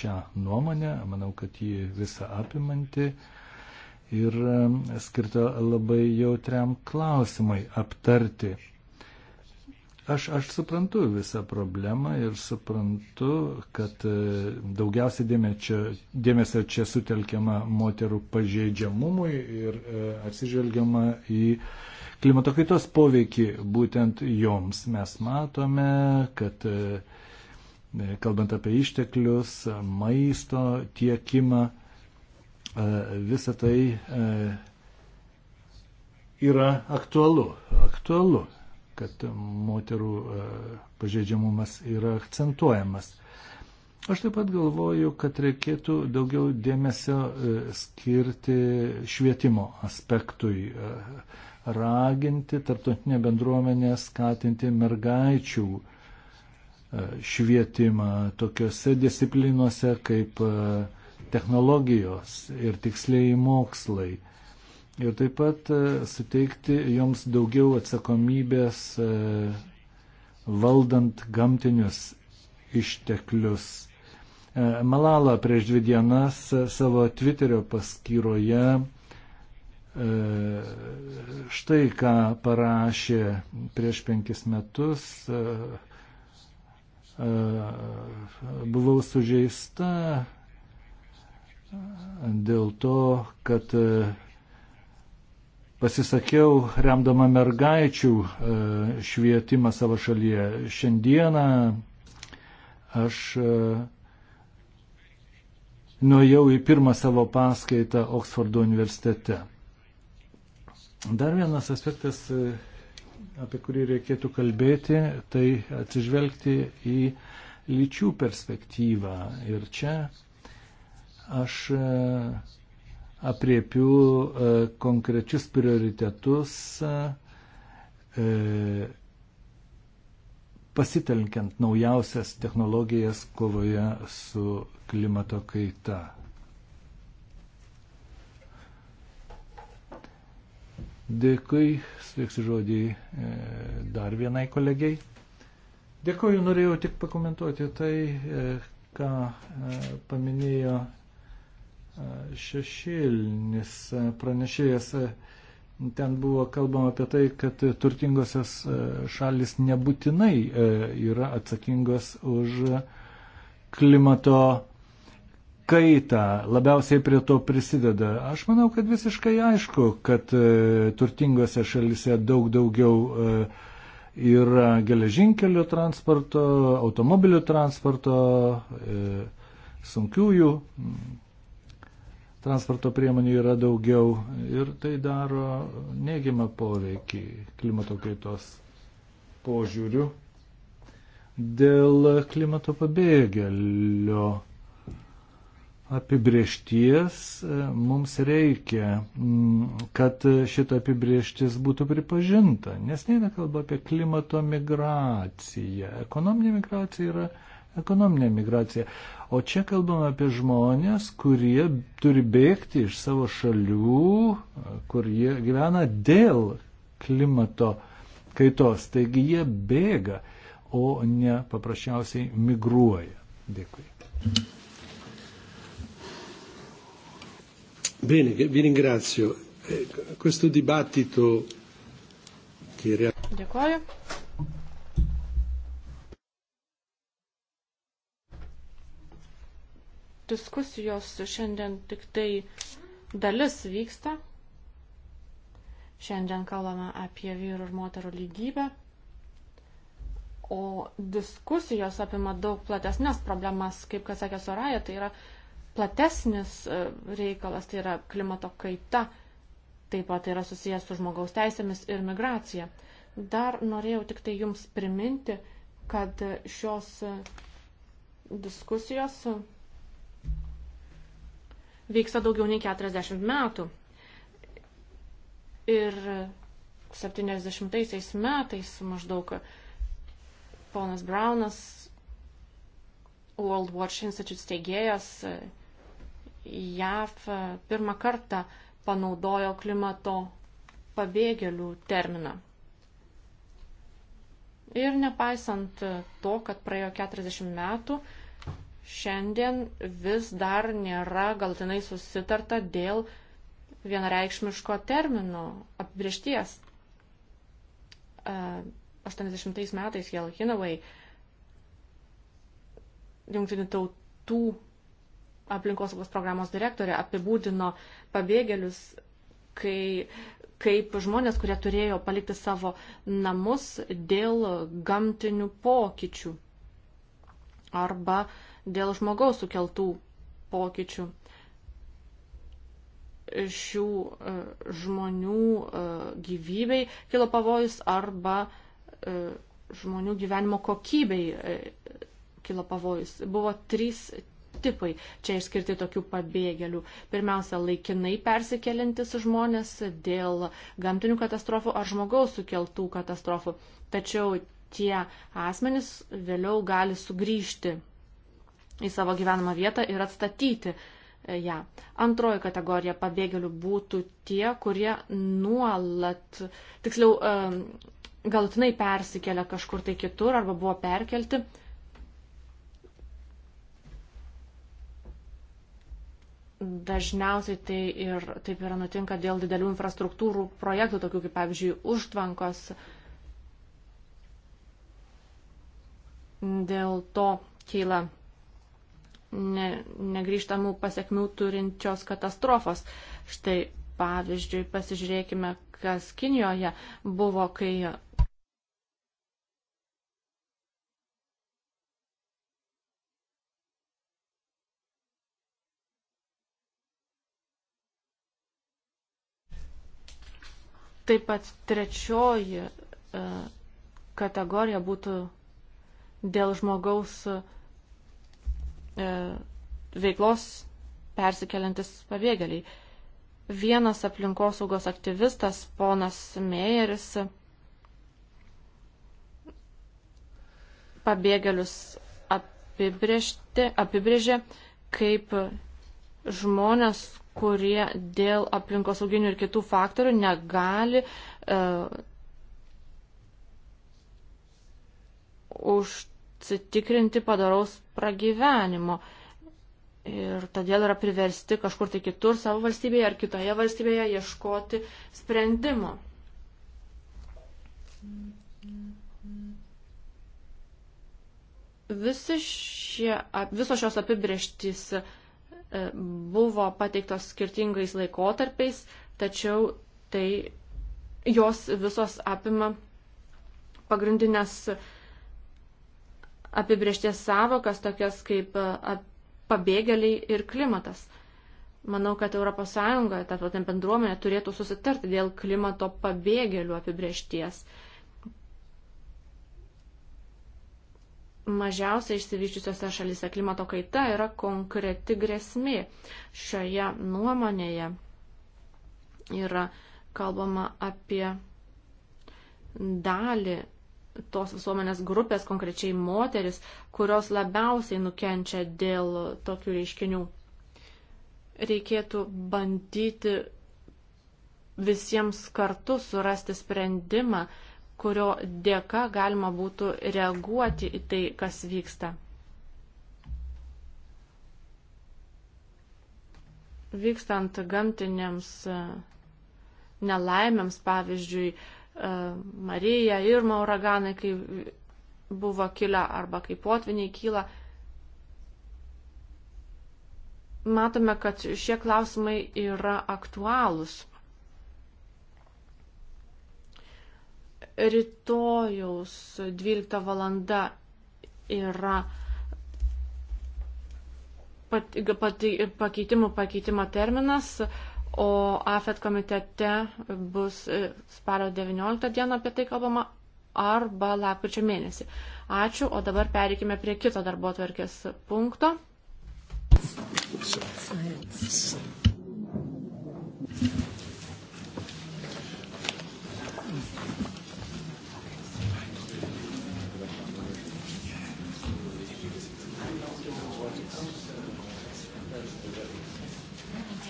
šią nuomonę, manau, kad ji visą apimanti ir skirta labai jautriam klausimai aptarti. Aš, aš suprantu visą problemą ir suprantu, kad e, daugiausiai dėmesio, dėmesio čia sutelkiama moterų pažeidžiamumui ir e, atsižvelgiama į klimato kaitos poveikį būtent joms. Mes matome, kad e, kalbant apie išteklius, maisto tiekimą, visa tai yra aktualu. aktualu kad moterų e, pažeidžiamumas yra akcentuojamas. Aš taip pat galvoju, kad reikėtų daugiau dėmesio e, skirti švietimo aspektui, e, raginti tarptautinę bendruomenę skatinti mergaičių švietimą tokiuose disciplinuose kaip technologijos ir tikslėjai mokslai ir taip pat e, suteikti joms daugiau atsakomybės e, valdant gamtinius išteklius. E, Malala prieš dvi dienas savo Twitterio paskyroje štai ką parašė prieš penkis metus. Buvau sužeista dėl to, kad pasisakiau remdama mergaičių e, švietimą savo šalyje. Šiandieną aš e, nuėjau į pirmą savo paskaitą Oksfordo universitete. Dar vienas aspektas, e, apie kurį reikėtų kalbėti, tai atsižvelgti į lyčių perspektyvą. Ir čia aš apriepiu e, konkrečius prioritetus, e, e, pasitelkiant naujausias technologijas kovoje su klimato kaita. Dėkui, sveiksiu žodį dar vienai kolegiai. Dėkuoju, norėjau tik pakomentuoti tai, ką paminėjo šešėlinis pranešėjas. Ten buvo kalbama apie tai, kad turtingosios šalis nebūtinai e, yra atsakingos už klimato kaitą, labiausiai prie to prisideda. Aš manau, kad visiškai aišku, kad e, turtingose šalise daug daugiau e, yra geležinkelio transporto, automobilių transporto, sunkiųjų transporto priemonių yra daugiau ir tai daro neigiamą poveikį klimato kaitos požiūrių. Dėl klimato pabėgėlio apibriešties e, mums reikia, mm, kad šita apibrieštis būtų pripažinta, nes neina kalba apie klimato migraciją. Ekonominė migracija yra ekonominė migracija. O čia kalbame apie žmonės, kurie turi bėgti iš savo šalių, kur jie gyvena dėl klimato kaitos. Taigi jie bėga, o ne paprasčiausiai migruoja. Dėkui. Bene, vi ringrazio. Eh, questo dibattito che in realtà. Dėkuoju. diskusijos šiandien tik tai dalis vyksta. Šiandien kalbame apie vyrų ir moterų lygybę, o diskusijos apima daug platesnės problemas, kaip kad sakė Soraja, tai yra platesnis e, reikalas, tai yra klimato kaita, taip pat yra susijęs su žmogaus teisėmis ir migracija. Dar norėjau tik tai jums priminti, kad šios e, diskusijos vyksta daugiau nei 40 metų. Ir 70 metais maždaug ponas Braunas, World Watch Institute steigėjas, JAV pirmą kartą panaudojo klimato pabėgėlių terminą. Ir nepaisant to, kad praėjo 40 metų, šiandien vis dar nėra galtinai susitarta dėl vienareikšmiško termino apibriešties. 80 e, metais Jel Hinaway Junktinių tautų aplinkosaugos programos direktorė apibūdino pabėgėlius kai, kaip žmonės, kurie turėjo palikti savo namus dėl gamtinių pokyčių arba uh, dėl žmogaus sukeltų pokyčių. Šių e, žmonių e, gyvybei kilo pavojus arba e, žmonių gyvenimo kokybei kilo pavojus. Buvo trys tipai čia išskirti tokių pabėgėlių. Pirmiausia, laikinai persikeliantis žmonės dėl gamtinių katastrofų ar žmogaus sukeltų katastrofų. Tačiau tie asmenys vėliau gali sugrįžti į savo gyvenamą vietą ir atstatyti e, ją. Antroji kategorija pabėgėlių būtų tie, kurie nuolat, tiksliau, e, galutinai persikelia kažkur tai kitur arba buvo perkelti. Dažniausiai tai ir taip yra nutinka dėl didelių infrastruktūrų projektų, tokių kaip, pavyzdžiui, užtvankos. Dėl to keila ne, negryžtamų pasiekmių turinčios katastrofos. Štai pavyzdžiui, pasižiūrėkime, kas Kinijoje buvo, kai. Taip pat trečioji e, kategorija būtų dėl žmogaus uh, E, veiklos persikeliantis pabėgėliai. Vienas aplinkosaugos aktyvistas, ponas Meijeris, pabėgėlius apibrėžė kaip žmonės, kurie dėl aplinkosauginių ir kitų faktorių negali uh, už užsitikrinti padaraus pragyvenimo. Ir todėl yra priversti kažkur tai kitur savo valstybėje ar kitoje valstybėje ieškoti sprendimo. Visi šie, visos šios apibrieštys e, buvo pateiktos skirtingais laikotarpiais, tačiau tai jos visos apima pagrindinės uh, apibriešties savokas, tokias kaip e, pabėgėliai ir klimatas. Manau, kad ES, tarptautinė bendruomenė, turėtų susitarti dėl klimato pabėgėlių apibriešties. Mažiausiai išsivyščiusiose šalyse klimato kaita yra konkreti grėsmė. Šioje nuomonėje yra kalbama apie dalį tos visuomenės grupės, konkrečiai moteris, kurios labiausiai nukenčia dėl tokių reiškinių. Reikėtų bandyti visiems kartu surasti sprendimą, kurio dėka galima būtų reaguoti į tai, kas vyksta. Vykstant gamtinėms nelaimėms, pavyzdžiui, E, Marija, Irma uraganai, kai buvo kilę arba kai potviniai kyla. Matome, kad šie klausimai yra aktualūs. Rytojaus 12 valanda yra pat, pat, pakeitimų pakeitimo terminas. Uh, o AFET komitete bus e, spalio 19 dieną apie tai kalbama arba lapkričio mėnesį. Ačiū, o dabar pereikime prie kito darbo tvarkės punkto. Science.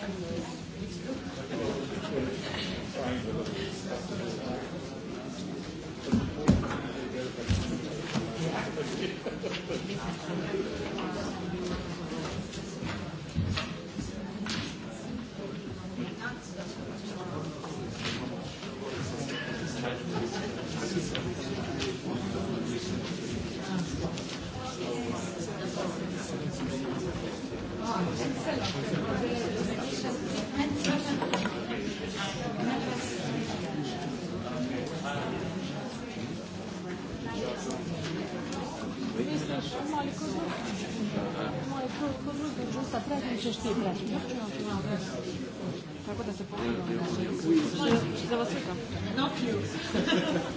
Thank you. Thank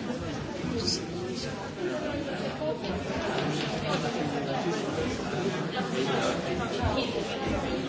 you.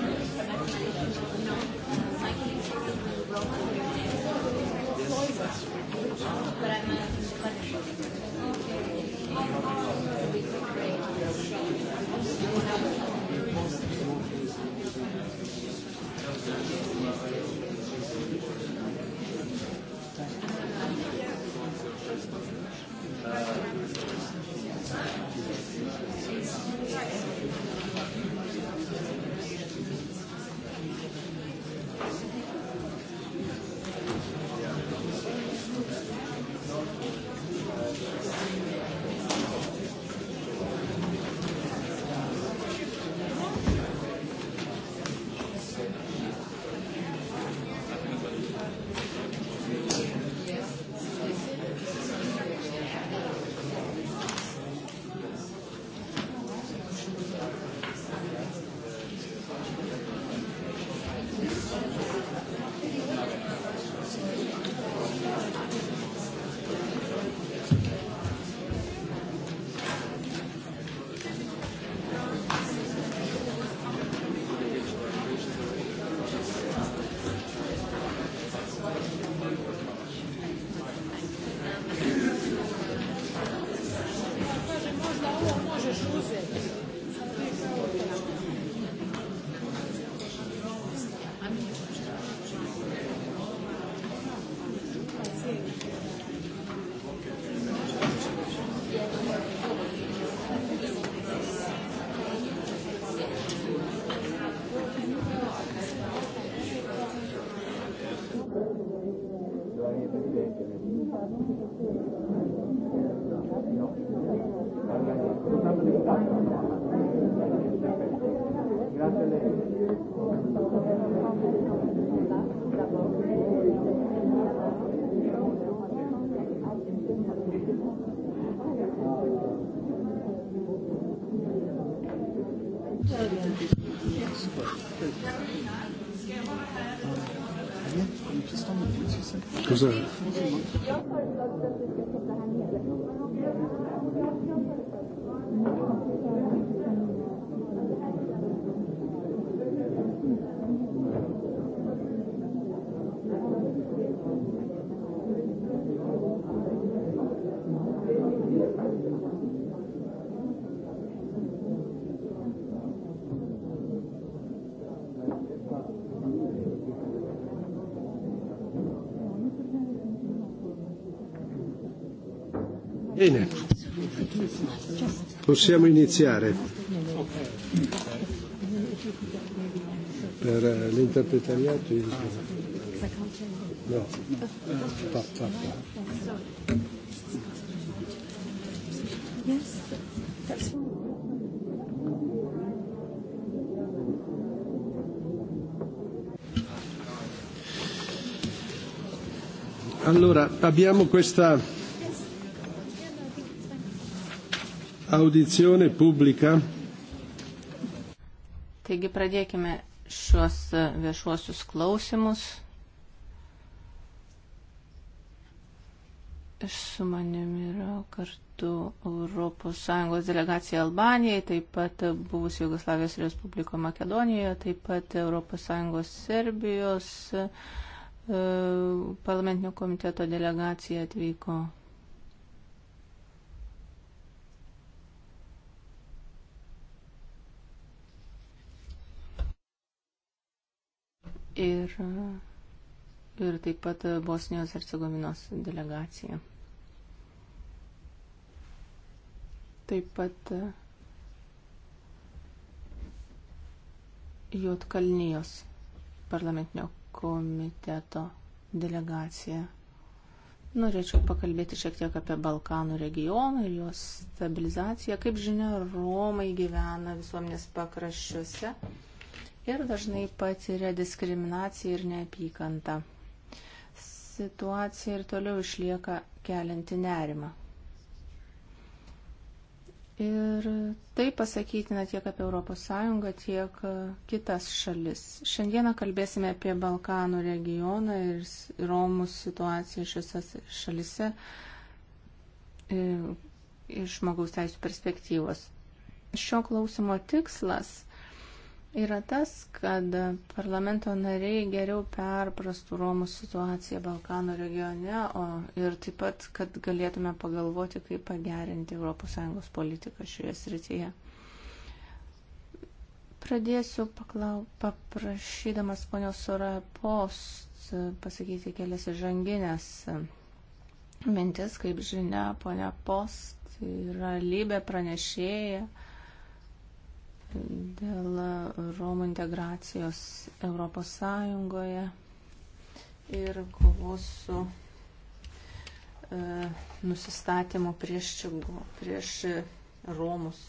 Bene, possiamo iniziare per eh, l'interpretariato. Il... No. Pa, pa, pa. Yes, that's all. Allora, abbiamo questa audizione pubblica. Taigi pradėkime šiuos viešuosius klausimus. Su manimi yra kartu ES delegacija Albanijai, taip pat buvusi Jugoslavijos Respubliko Makedonijoje, taip pat ES Serbijos e, parlamentinio komiteto delegacija atvyko ir, ir taip pat Bosnijos Hercegovinos delegacija. Taip pat Jotkalnyjos parlamentinio komiteto delegacija. Norėčiau pakalbėti šiek tiek apie Balkanų regioną ir jos stabilizaciją. Kaip žinia, Romai gyvena visuomenės pakraščiuose ir dažnai patiria diskriminaciją ir neapykantą. Situacija ir toliau išlieka kelinti nerimą. Ir tai pasakytina tiek apie ES, tiek kitas šalis. Šiandieną kalbėsime apie Balkanų regioną ir Romų situaciją šiuose šalise e, iš žmogaus teisų perspektyvos. Šio klausimo tikslas yra tas, kad parlamento nariai geriau perprastų Romų situaciją Balkanų regione o, ir taip pat, kad galėtume pagalvoti, kaip pagerinti ES politiką šioje srityje. Pradėsiu paklau, paprašydamas ponios Sorapos pasakyti kelias įžanginės mintis, kaip žinia, ponia Post yra lybė pranešėja dėl Romų integracijos Europos Sąjungoje ir kovos su e, nusistatymu prieš, čiugų, prieš Romus.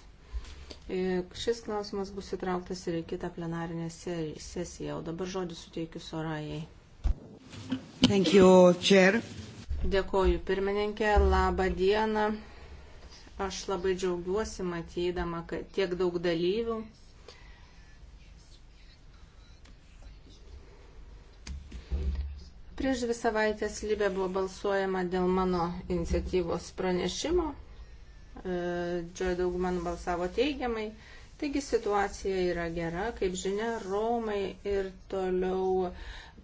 Ir e, šis klausimas bus įtrauktas ir į kitą plenarinę sesiją. O dabar žodį suteikiu Sorajai. Thank you, chair. Dėkoju pirmininkė, labą dieną. Aš labai džiaugiuosi matydama, kad tiek daug dalyvių. Prieš dvi savaitės Libė buvo balsuojama dėl mano iniciatyvos pranešimo. E, Džioji dauguma nubalsavo teigiamai. Taigi situacija yra gera, kaip žinia, Romai ir toliau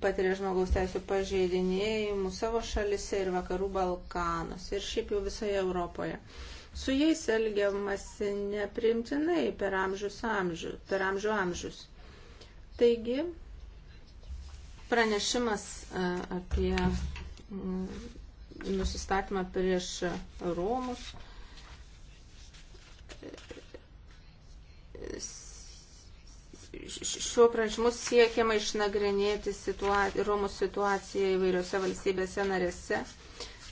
patiria žmogaus teisų pažeidinėjimų savo šalise ir vakarų Balkanos ir šiaip jau visoje Europoje. Su jais elgiamasi neprimtinai per amžius amžių, per amžių amžius. Taigi, pranešimas e, apie mm, nusistatymą prieš Romus šiuo pranešimu siekiama išnagrinėti situaciją, Romų situaciją įvairiose valstybėse narėse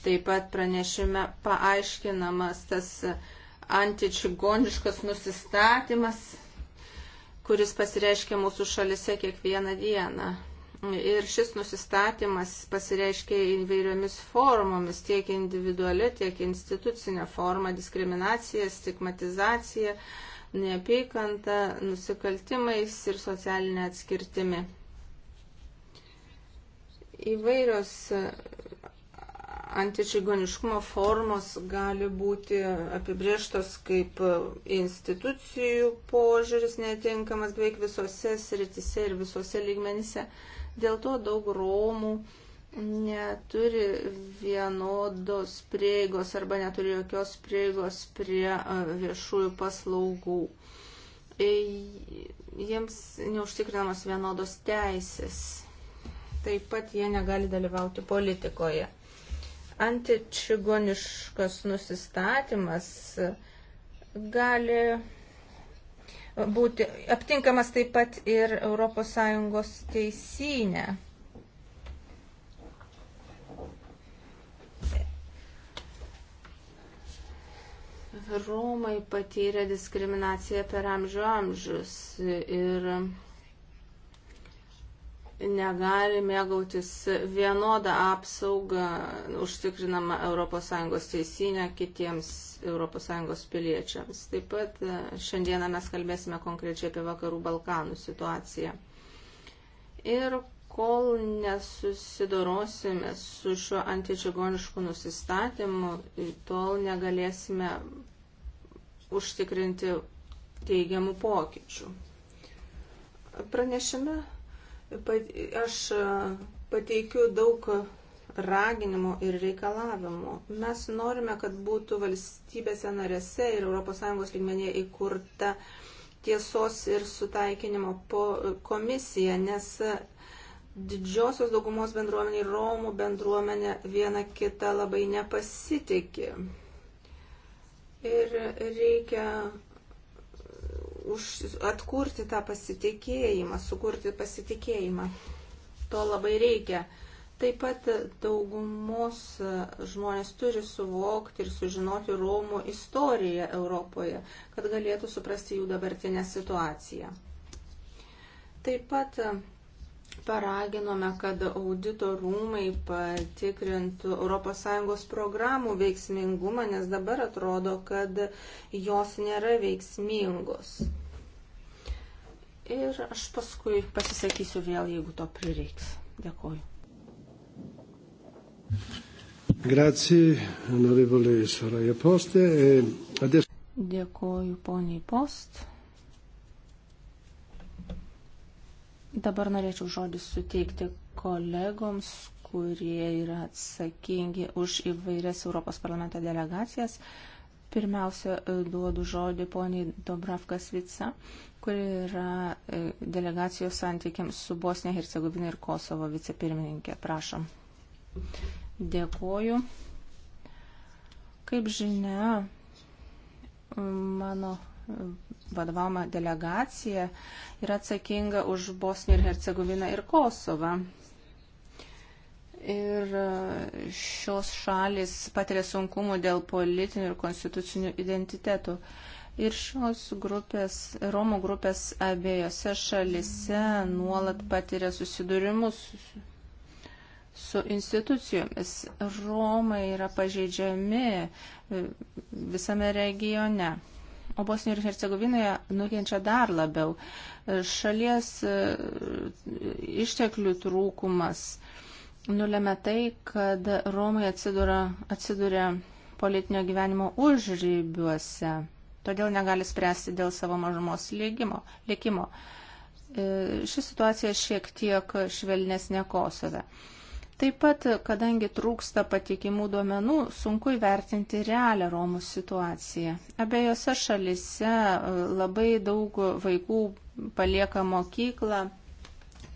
Taip pat pranešime paaiškinamas tas antičigoniškas nusistatymas, kuris pasireiškia mūsų šalise kiekvieną dieną. Ir šis nusistatymas pasireiškia įvairiomis formomis, tiek individuali, tiek institucinė forma - diskriminacija, stigmatizacija, neapykanta, nusikaltimais ir socialinė atskirtimi. Įvairios antičigoniškumo formos gali būti apibrieštos kaip e, institucijų požiūris netinkamas beveik visose sritise ir visose lygmenyse. Dėl to daug Romų neturi vienodos prieigos arba neturi jokios prieigos prie e, viešųjų paslaugų. E, jiems neužtikrinamos vienodos teisės. Taip pat jie negali dalyvauti politikoje antičigoniškas nusistatymas gali būti aptinkamas taip pat ir ES teisinė. Romai patyrė diskriminaciją per amžių amžius ir negali mėgautis vienodą apsaugą užtikrinamą ES teisinę kitiems ES piliečiams. Taip pat e, šiandieną mes kalbėsime konkrečiai apie Vakarų Balkanų situaciją. Ir kol nesusidorosime su šiuo antičigonišku nusistatymu, tol negalėsime užtikrinti teigiamų pokyčių. Pranešime Aš e, pateikiu daug raginimų ir reikalavimų. Mes norime, kad būtų valstybėse narėse ir ES lygmenėje įkurta tiesos ir sutaikinimo e, komisija, nes e, didžiosios daugumos bendruomenė ir Romų bendruomenė viena kita labai nepasitikė. Ir reikia už, atkurti tą pasitikėjimą, sukurti pasitikėjimą. To labai reikia. Taip pat daugumos žmonės turi suvokti ir sužinoti Romų istoriją Europoje, kad galėtų suprasti jų dabartinę situaciją. Taip pat paraginome, kad audito rūmai patikrintų ES programų veiksmingumą, nes dabar atrodo, kad jos nėra veiksmingos ir aš paskui pasisakysiu vėl, jeigu to prireiks. Dėkuoju. Grazie, onorevole Soraya Poste. Adesso... Dėkuoju poniai Post. Dabar norėčiau žodį suteikti kolegoms, kurie yra atsakingi už įvairias Europos parlamento delegacijas. Pirmiausia, e, duodu žodį poniai Dobravka Svica, kuri yra e, delegacijos santykiams su Bosnija, Hercegovina ir Kosovo vicepirmininkė. Prašom. Dėkuoju. Kaip žinia, mano vadovaujama delegacija yra atsakinga už Bosniją ir Hercegoviną ir Kosovą. Ir e, šios šalis patiria sunkumų dėl politinių ir konstitucinių identitetų. Uh, Ir šios grupės, Romų grupės abiejose šalise nuolat patiria susidūrimus su institucijomis. Romai yra pažeidžiami e, visame regione. O Bosnijoje ir Hercegovinoje nukenčia dar labiau. E, šalies e, išteklių trūkumas nulėmė tai, kad Romai atsiduria, atsiduria politinio gyvenimo užrybiuose todėl negali spręsti dėl savo mažumos lygimo, likimo. E, ši situacija šiek tiek švelnesnė Kosove. Taip pat, kadangi trūksta patikimų duomenų, sunku įvertinti realią Romų situaciją. Abiejose šalise e, labai daug vaikų palieka mokyklą,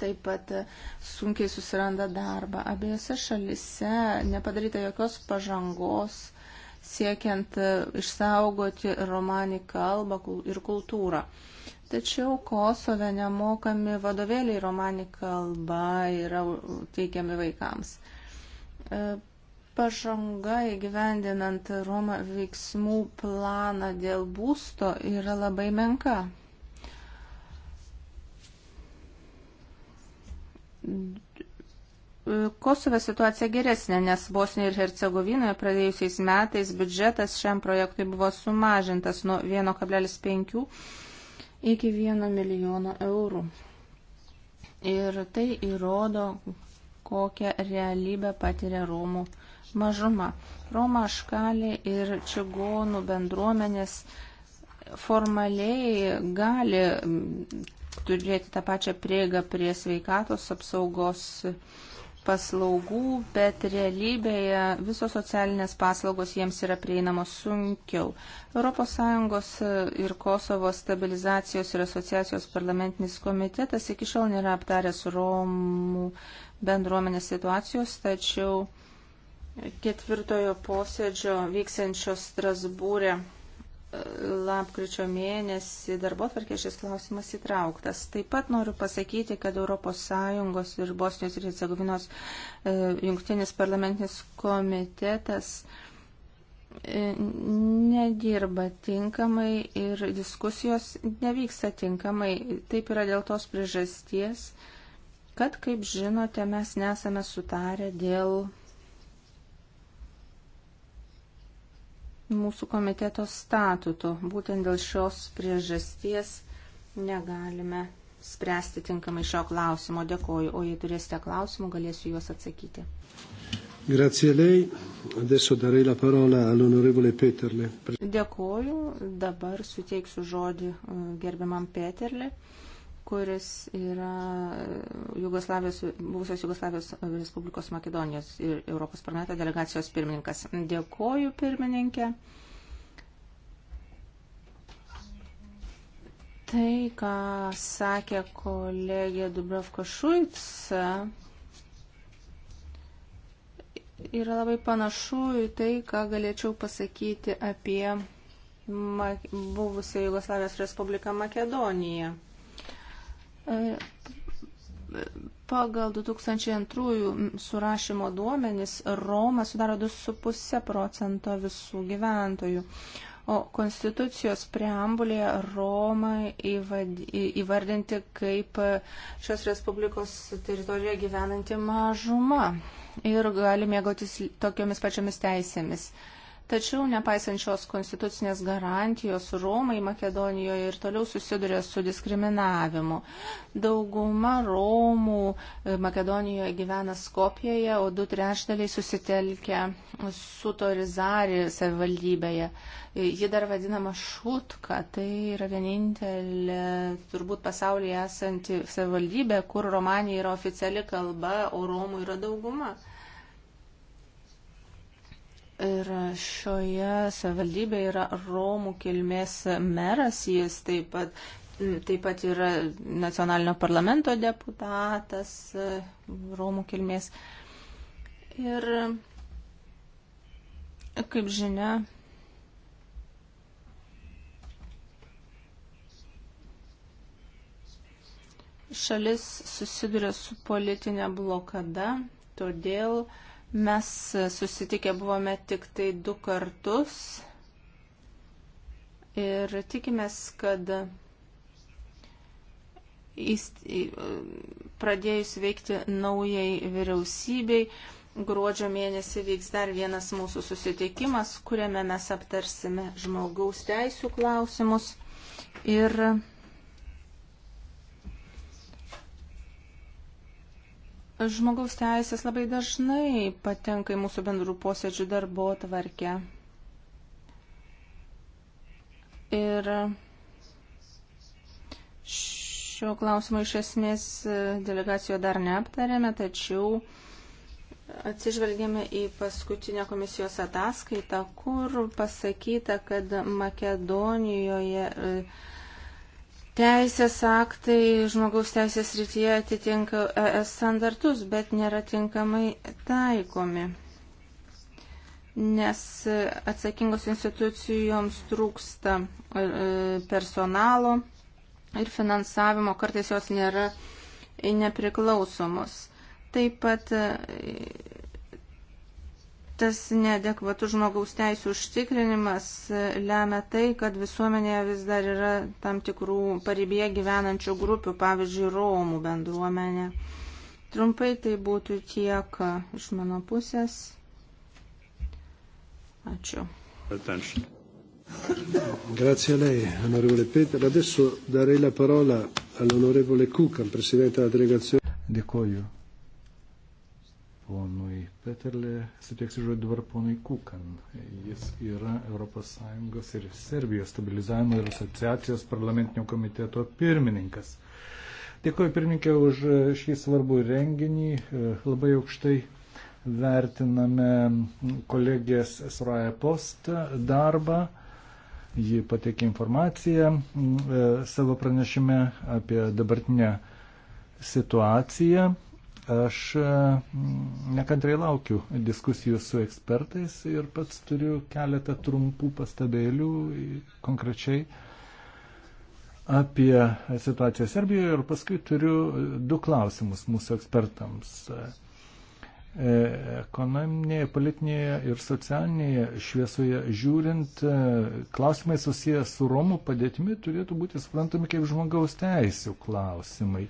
taip pat e, sunkiai susiranda darbą. Abiejose šalise nepadaryta jokios pažangos siekiant e, išsaugoti romanį kalbą ir kultūrą. Tačiau Kosove nemokami vadovėliai romanį kalba yra teikiami vaikams. E, pažanga įgyvendinant Roma veiksmų planą dėl būsto yra labai menka. Kosove situacija geresnė, nes Bosnijoje ir Hercegovinoje pradėjusiais metais biudžetas šiam projektui buvo sumažintas nuo 1,5 iki 1 milijono eurų. Ir tai įrodo, kokią realybę patiria Romų mažuma. Roma škalė ir čigonų bendruomenės formaliai gali turėti tą pačią prieigą prie sveikatos apsaugos paslaugų, bet realybėje visos socialinės paslaugos jiems yra prieinamos sunkiau. ES ir Kosovo stabilizacijos ir asociacijos parlamentinis komitetas iki šiol nėra aptaręs Romų bendruomenės situacijos, tačiau ketvirtojo posėdžio vyksiančio Strasbūrė lapkričio mėnesį darbo tvarkė šis klausimas įtrauktas. Taip pat noriu pasakyti, kad ES ir Bosnijos ir Hercegovinos e, jungtinis parlamentinis komitetas e, nedirba tinkamai ir diskusijos nevyksta tinkamai. Taip yra dėl tos priežasties, kad, kaip žinote, mes nesame sutarę dėl mūsų komiteto statutų. Būtent dėl šios priežasties negalime spręsti tinkamai šio klausimo. Dėkoju, o jei turėsite klausimų, galėsiu juos atsakyti. Grazie lei. Adesso darei la parola all'onorevole Peterle. Dėkoju, dabar suteiksiu žodį eh, gerbiamam Peterle kuris yra Jugoslavijos, buvusios Jugoslavijos Respublikos Makedonijos ir Europos parlamento delegacijos pirmininkas. Dėkoju pirmininkė. Tai, ką sakė kolegė Dubravko Šuic, yra labai panašu į tai, ką galėčiau pasakyti apie buvusią Jugoslavijos Respubliką Makedoniją. Pagal 2002 surašymo duomenys Roma sudaro 2,5 procento visų gyventojų, o konstitucijos preambulėje Roma įvardinti kaip šios Respublikos teritorijoje gyvenanti mažuma ir gali mėgautis tokiomis pačiomis teisėmis. Tačiau, nepaisančios konstitucinės garantijos, Romai Makedonijoje ir toliau susiduria su diskriminavimu. Dauguma Romų e, Makedonijoje gyvena Skopijoje, o du trešdaliai susitelkia su Torizari savivaldybėje. E, ji dar vadinama Šutka, tai yra vienintelė turbūt pasaulyje esanti savivaldybė, kur Romanija yra oficiali kalba, o Romų yra dauguma. Ir šioje savivaldybėje yra Romų kilmės meras, jis taip pat, taip pat yra nacionalinio parlamento deputatas Romų kilmės. Ir kaip žinia, šalis susiduria su politinė blokada, todėl uh, Mes susitikę buvome tik tai du kartus ir tikimės, kad pradėjus veikti naujai vyriausybei, gruodžio mėnesį vyks dar vienas mūsų susitikimas, kuriame mes aptarsime žmogaus teisų klausimus ir Žmogaus teisės labai dažnai patenka į mūsų bendrų posėdžių darbo tvarkę. Ir šio klausimo iš esmės delegacijoje dar neaptarėme, tačiau atsižvelgėme į paskutinę komisijos ataskaitą, kur pasakyta, kad Makedonijoje Teisės aktai žmogaus teisės rytyje atitinka ES standartus, bet nėra tinkamai taikomi, nes atsakingos institucijoms trūksta e, e, personalo ir finansavimo, kartais jos nėra e, nepriklausomos. Taip pat tas neadekvatus žmogaus teisų užtikrinimas e, lemia tai, kad visuomenėje vis dar yra tam tikrų paribėje gyvenančių grupių, pavyzdžiui, Romų bendruomenė. Trumpai tai būtų tiek iš mano pusės. Ačiū. Attention. Grazie a lei, onorevole Peter. Adesso darei la parola all'onorevole Kukan, presidente della delegazione. Dėkoju ponui Peterle, suteiksiu žodį dabar ponui Kukan. Jis yra ES ir Serbijos stabilizavimo ir asociacijos parlamentinio komiteto pirmininkas. Dėkuoju pirmininkė už šį svarbų renginį. Labai aukštai vertiname kolegės Soraya Post darbą. Ji pateikė informaciją e, savo pranešime apie dabartinę situaciją Aš mm, nekantrai laukiu diskusijų su ekspertais ir pats turiu keletą trumpų pastabėlių konkrečiai apie situaciją Serbijoje ir paskui turiu du klausimus mūsų ekspertams. E, ekonominėje, politinėje ir socialinėje šviesoje žiūrint, e, klausimai susijęs su Romų padėtimi turėtų būti suprantami kaip žmogaus teisų klausimai.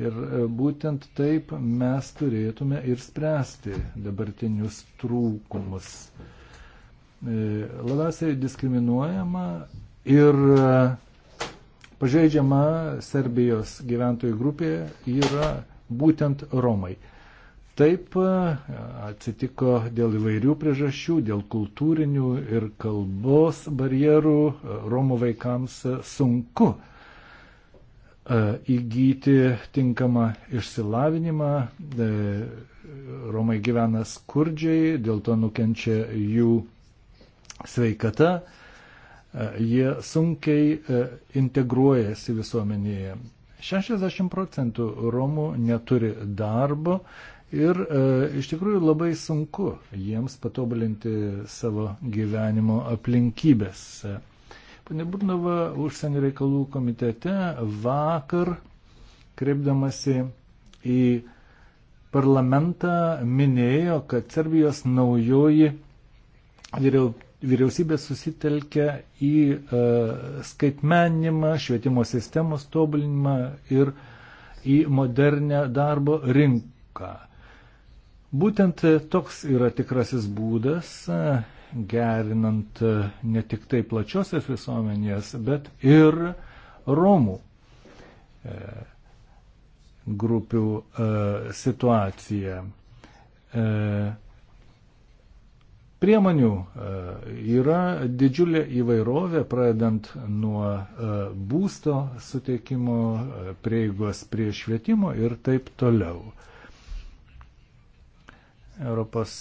Ir e, būtent taip mes turėtume ir spręsti dabartinius trūkumus. E, labiausiai diskriminuojama ir e, pažeidžiama Serbijos gyventojų grupė yra būtent Romai. Taip atsitiko dėl įvairių priežasčių, dėl kultūrinių ir kalbos barjerų Romų vaikams sunku E, įgyti tinkamą išsilavinimą. E, Romai gyvena skurdžiai, dėl to nukenčia jų sveikata. E, jie sunkiai integruojasi visuomenėje. 60 procentų Romų neturi darbo ir e, iš tikrųjų labai sunku jiems patobulinti savo gyvenimo aplinkybės. E, Pane Burnova užsienio reikalų komitete vakar, kreipdamasi į parlamentą, minėjo, kad Serbijos naujoji vyriau, vyriausybė susitelkia į uh, e, skaitmenimą, švietimo sistemos tobulinimą ir į modernę darbo rinką. Būtent toks yra tikrasis būdas uh, gerinant e, ne tik tai plačiosios visuomenės, bet ir Romų e, grupių e, situaciją. Priemonių yra didžiulė įvairovė, pradedant nuo būsto suteikimo, prieigos prie švietimo ir taip toliau. Europos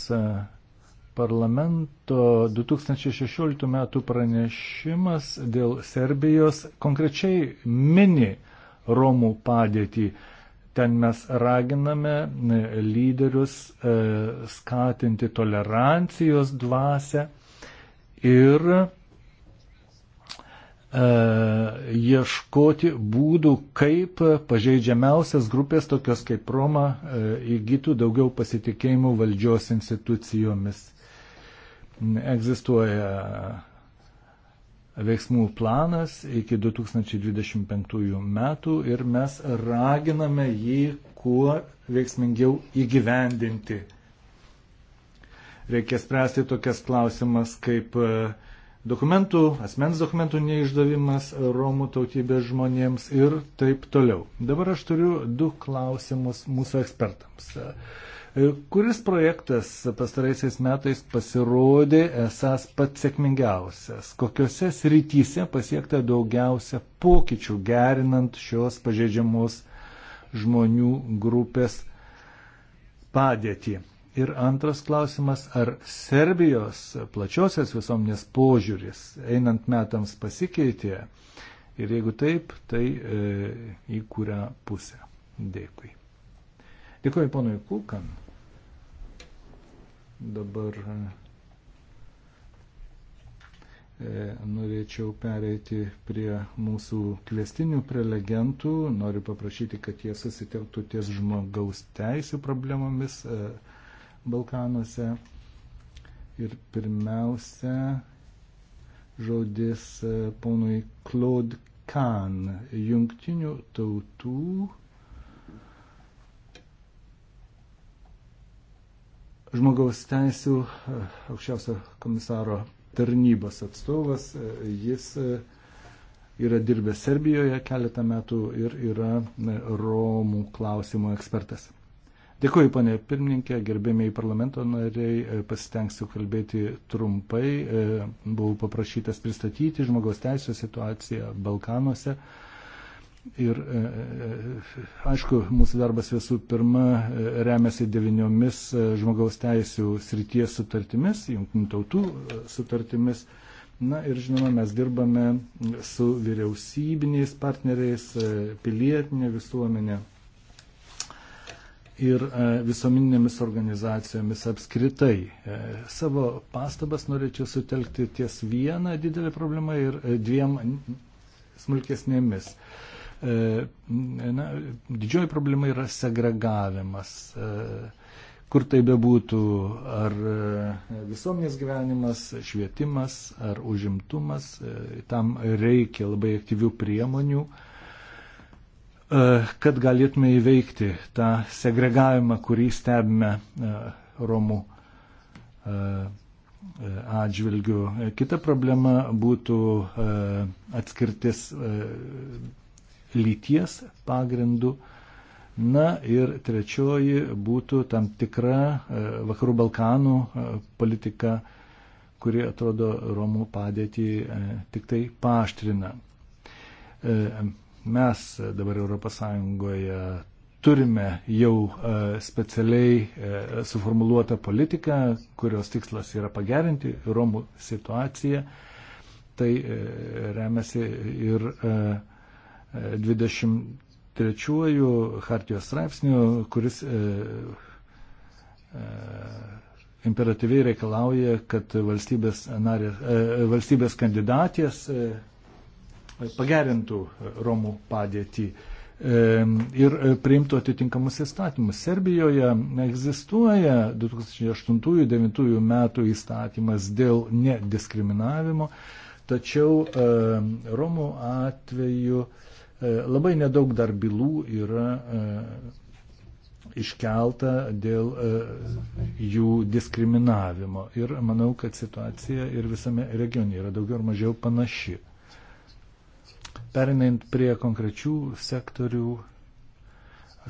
parlamento 2016 m. pranešimas dėl Serbijos konkrečiai mini Romų padėtį. Ten mes raginame e, lyderius e, skatinti tolerancijos dvasę ir e, ieškoti būdų, kaip pažeidžiamiausias grupės, tokios kaip Roma, įgytų daugiau pasitikėjimų valdžios institucijomis. Egzistuoja veiksmų planas iki 2025 metų ir mes raginame jį kuo veiksmingiau įgyvendinti. Reikia spręsti tokias klausimas kaip e, dokumentų, asmens dokumentų neišdavimas Romų tautybės žmonėms ir taip toliau. Dabar aš turiu du klausimus mūsų ekspertams. E, kuris projektas pastaraisiais metais pasirodė esas pats sėkmingiausias? Kokiuose srityse pasiekta daugiausia pokyčių gerinant šios pažeidžiamos žmonių grupės padėtį? Ir antras klausimas, ar Serbijos plačiosios visuomenės požiūris einant metams pasikeitė? Ir jeigu taip, tai e, į kurią pusę? Dėkui. Dėkui ponui Kulkan. Dabar e, norėčiau pereiti prie mūsų kvestinių prelegentų. Noriu paprašyti, kad jie susitelktų ties žmogaus teisų problemomis e, Balkanuose. Ir pirmiausia, žodis e, ponui Claude Kahn, jungtinių tautų žmogaus teisų aukščiausio komisaro tarnybos atstovas. Jis e, yra dirbęs Serbijoje keletą metų ir yra e, Romų klausimų ekspertas. Dėkuoju, ponė pirmininkė, gerbėmiai parlamento nariai, e, pasistengsiu kalbėti trumpai. Buvau paprašytas pristatyti žmogaus teisų situaciją Balkanuose. Ir e, e, aišku, mūsų darbas visų pirma e, remiasi deviniomis žmogaus teisų srities sutartimis, jungtinių tautų sutartimis. Na ir žinoma, mes dirbame su vyriausybiniais partneriais, pilietinė visuomenė ir visuomeninėmis organizacijomis apskritai. Savo pastabas norėčiau sutelkti ties vieną didelę problemą ir dviem smulkesnėmis. E, na, didžioji problema yra segregavimas. E, kur tai bebūtų, ar e, visuomenės gyvenimas, švietimas, ar užimtumas, tam reikia labai aktyvių priemonių, kad galėtume įveikti tą segregavimą, kurį stebime Romų atžvilgių. Kita problema būtų atskirtis lyties pagrindu. Na ir trečioji būtų tam tikra e, Vakarų Balkanų e, politika, kuri atrodo Romų padėtį e, tik tai paaštrina. Mes dabar ES turime jau specialiai suformuluotą politiką, kurios tikslas yra pagerinti Romų situaciją. Tai remiasi ir uh, 23 Hartijos straipsnių, kuris e, e, imperatyviai reikalauja, kad valstybės, narė, e, valstybės kandidatės e, pagerintų Romų padėtį e, ir priimtų atitinkamus įstatymus. Serbijoje egzistuoja 2008-2009 metų įstatymas dėl nediskriminavimo, tačiau e, Romų atveju e, E, labai nedaug dar bylų yra e, iškelta dėl e, jų diskriminavimo. Ir manau, kad situacija ir visame regione yra daugiau ar mažiau panaši. Perinant prie konkrečių sektorių,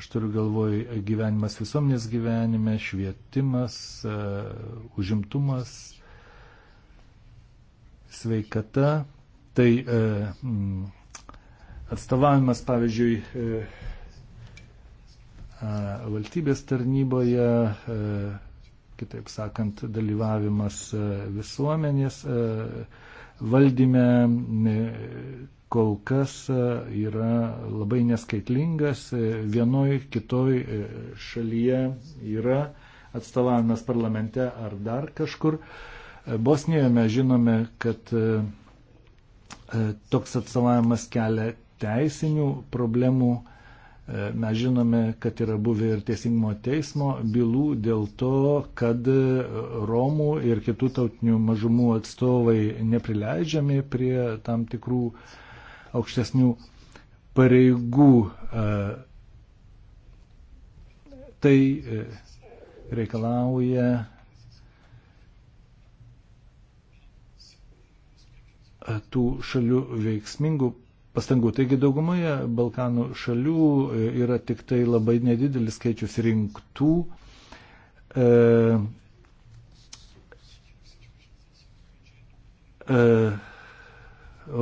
aš turiu galvoj gyvenimas visuomenės gyvenime, švietimas, užimtumas, sveikata. Tai e, mm, atstovavimas, pavyzdžiui, e, valstybės tarnyboje, e, kitaip sakant, dalyvavimas e, visuomenės valdyme kol kas yra labai neskaitlingas. Vienoj kitoj šalyje yra atstovavimas parlamente ar dar kažkur. Bosnijoje mes žinome, kad toks atstovavimas kelia teisinių problemų. E, mes žinome, kad yra buvę ir teisingumo teismo bylų dėl to, kad Romų ir kitų tautinių mažumų atstovai neprileidžiami prie tam tikrų aukštesnių pareigų. E, tai e, reikalauja tų šalių veiksmingų pastangų. Taigi daugumoje Balkanų šalių e, yra tik tai labai nedidelis skaičius rinktų. E, e,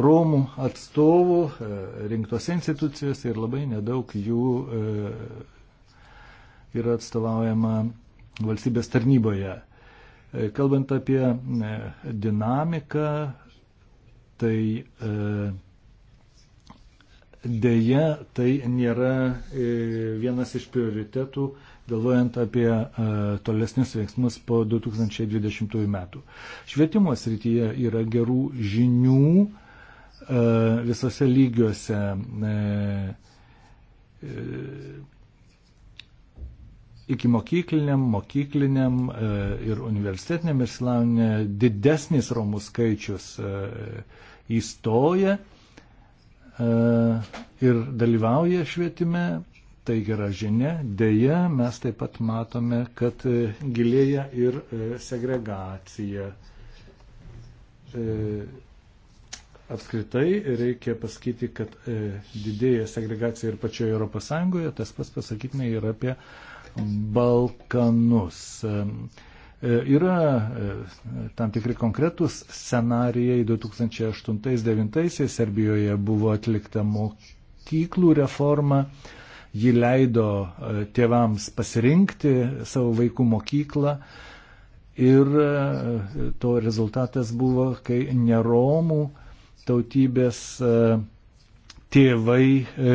Romų atstovų e, rinktose institucijose ir labai nedaug jų e, yra atstovaujama valstybės tarnyboje. E, kalbant apie e, dinamiką, tai e, Deja, tai nėra e, vienas iš prioritetų, galvojant apie e, tolesnius veiksmus po 2020 metų. Švietimo srityje yra gerų žinių e, visose lygiuose. Iki mokykliniam, mokykliniam ir universitetiniam išsilavinę didesnis romų skaičius įstoja E, ir dalyvauja švietime, tai gera žinia. Deja, mes taip pat matome, kad e, gilėja ir e, segregacija. Apskritai reikia pasakyti, kad didėja segregacija ir pačioje Europos Sąjungoje, tas pats pasakytume ir apie Balkanus. E, E, yra e, tam tikri konkretūs scenarijai. 2008-2009 Serbijoje buvo atlikta mokyklų reforma. Ji leido e, tėvams pasirinkti savo vaikų mokyklą. Ir to rezultatas buvo, kai neromų tautybės tėvai e,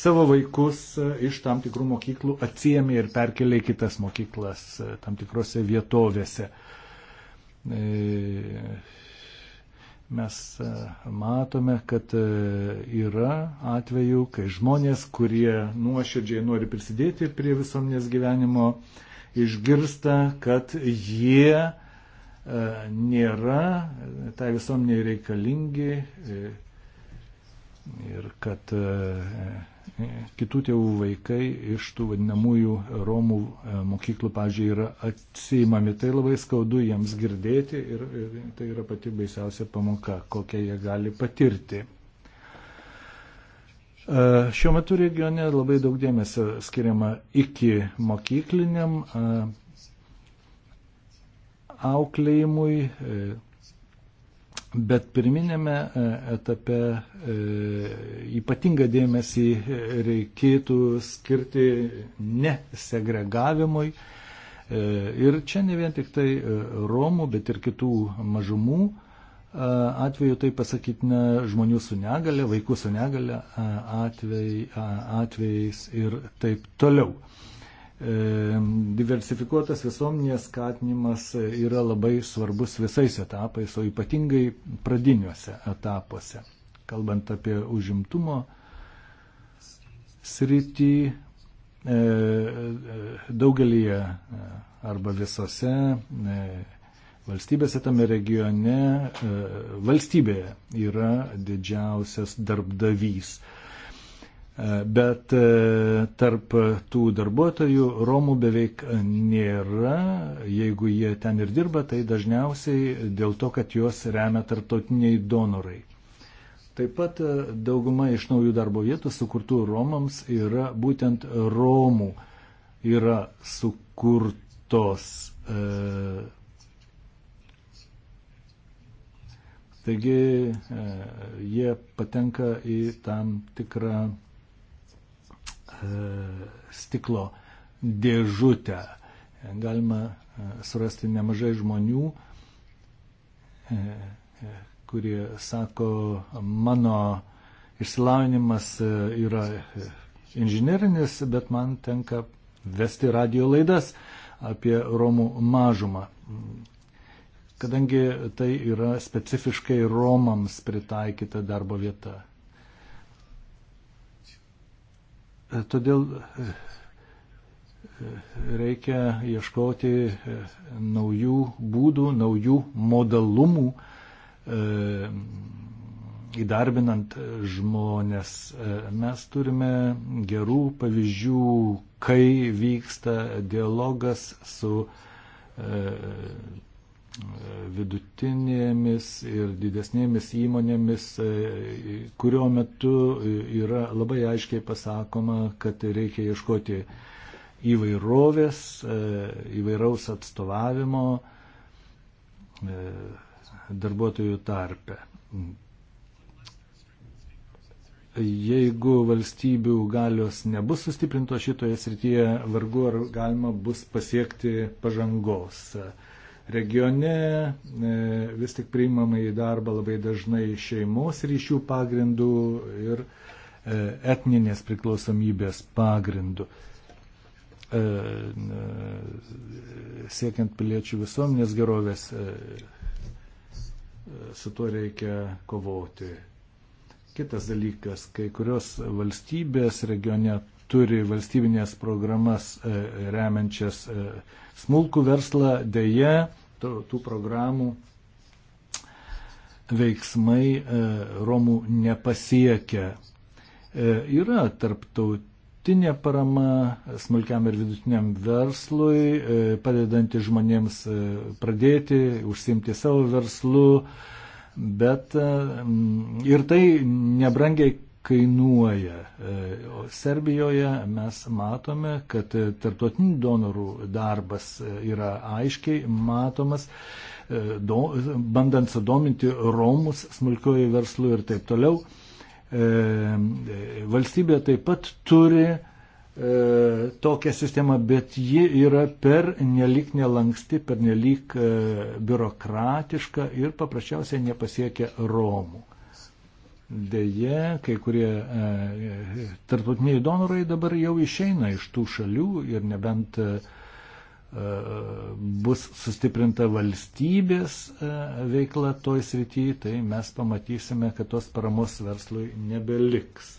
savo vaikus e, iš tam tikrų mokyklų atsiemė ir perkelė į kitas mokyklas e, tam tikrose vietovėse. E, mes e, matome, kad e, yra atvejų, kai žmonės, kurie nuoširdžiai nori prisidėti prie visuomenės gyvenimo, išgirsta, kad jie e, nėra tai visuomeniai reikalingi, e, ir kad e, e, kitų tėvų vaikai iš tų vadinamųjų Romų e, mokyklų, pavyzdžiui, yra atsiimami. Tai labai skaudu jiems girdėti ir tai yra pati baisiausia pamoka, kokią jie gali patirti. Šiuo metu regione labai daug dėmesio skiriama iki mokykliniam auklėjimui, Bet pirminėme e, etape e, ypatingą dėmesį reikėtų skirti ne segregavimui. E, ir čia ne vien tik tai Romų, bet ir kitų mažumų atveju tai pasakytina žmonių su negale, vaikų su negale atvej, atvejais ir taip toliau. E, diversifikuotas visuomenės skatinimas yra labai svarbus visais etapais, o ypatingai pradiniuose etapuose. Kalbant apie užimtumo sritį, e, daugelį e, arba visose valstybėse tame regione valstybė yra didžiausias darbdavys bet e, tarp tų darbuotojų Romų beveik nėra. Jeigu jie ten ir dirba, tai dažniausiai dėl to, kad juos remia tarptautiniai donorai. Taip pat e, dauguma iš naujų darbo vietų sukurtų Romams yra būtent Romų yra sukurtos. E, taigi jie patenka į tam tikrą E, stiklo dėžutę. Galima e, surasti nemažai žmonių, e, kurie sako, mano išsilavinimas yra inžinerinis, bet man tenka vesti radio laidas apie Romų mažumą. Kadangi tai yra specifiškai Romams pritaikyta darbo vieta. E, todėl e, e, reikia ieškoti naujų būdų, naujų modalumų įdarbinant žmonės. Mes turime gerų pavyzdžių, kai vyksta dialogas su vidutinėmis ir didesnėmis įmonėmis, e, kurio metu yra labai aiškiai pasakoma, kad reikia ieškoti įvairovės, e, įvairaus atstovavimo e, darbuotojų tarpe. Jeigu valstybių galios nebus sustiprinto šitoje srityje, vargu ar galima bus pasiekti pažangos. Uh, regione e, vis tik priimama į darbą labai dažnai šeimos ryšių pagrindų ir e, etninės priklausomybės pagrindų. E, siekiant piliečių visuomenės gerovės, su tuo reikia kovoti. Kitas dalykas, kai kurios valstybės regione turi valstybinės programas remiančias smulkų verslą dėje tų programų veiksmai e, Romų nepasiekia. E, yra tarptautinė parama smulkiam ir vidutiniam verslui, e, padedanti žmonėms pradėti, užsimti savo verslu, bet ir tai nebrangiai kainuoja. E, Serbijoje mes matome, kad tarptautinių donorų darbas e, yra aiškiai matomas, e, do, bandant sudominti Romus smulkiojų verslų ir taip toliau. Valstybė taip pat turi tokią sistemą, bet ji yra per nelik nelanksti, per nelik biurokratiška ir paprasčiausiai nepasiekia Romų. Deja, kai kurie e, tarptautiniai donorai dabar jau išeina iš tų šalių ir nebent e, e bus sustiprinta valstybės e, veikla toj srityje, tai mes pamatysime, kad tos paramos verslui nebeliks.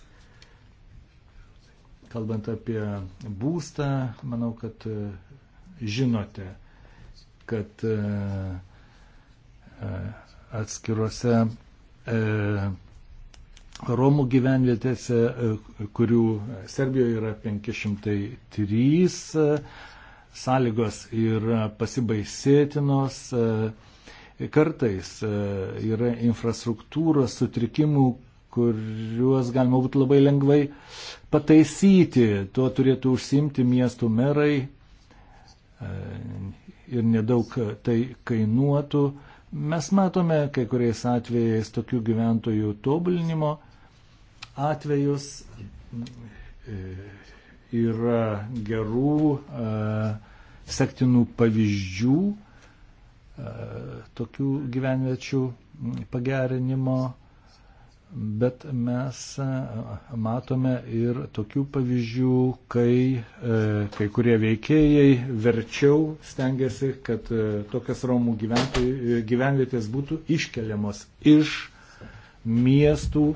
Kalbant apie būstą, manau, kad e, žinote, kad e, e atskiruose e, Romų gyvenvietėse, e, kurių Serbijoje yra 503, e, sąlygos yra pasibaisėtinos, e, kartais yra infrastruktūros sutrikimų, kuriuos galima būtų labai lengvai pataisyti. Tuo turėtų užsimti miestų merai ir nedaug tai kainuotų. Mes matome kai kuriais atvejais tokių gyventojų tobulinimo atvejus. E, yra gerų e, sektinų pavyzdžių e, tokių gyvenviečių pagerinimo, bet mes matome ir tokių pavyzdžių, kai kai kurie veikėjai verčiau stengiasi, kad tokias Romų gyvenvietės būtų iškeliamos iš miestų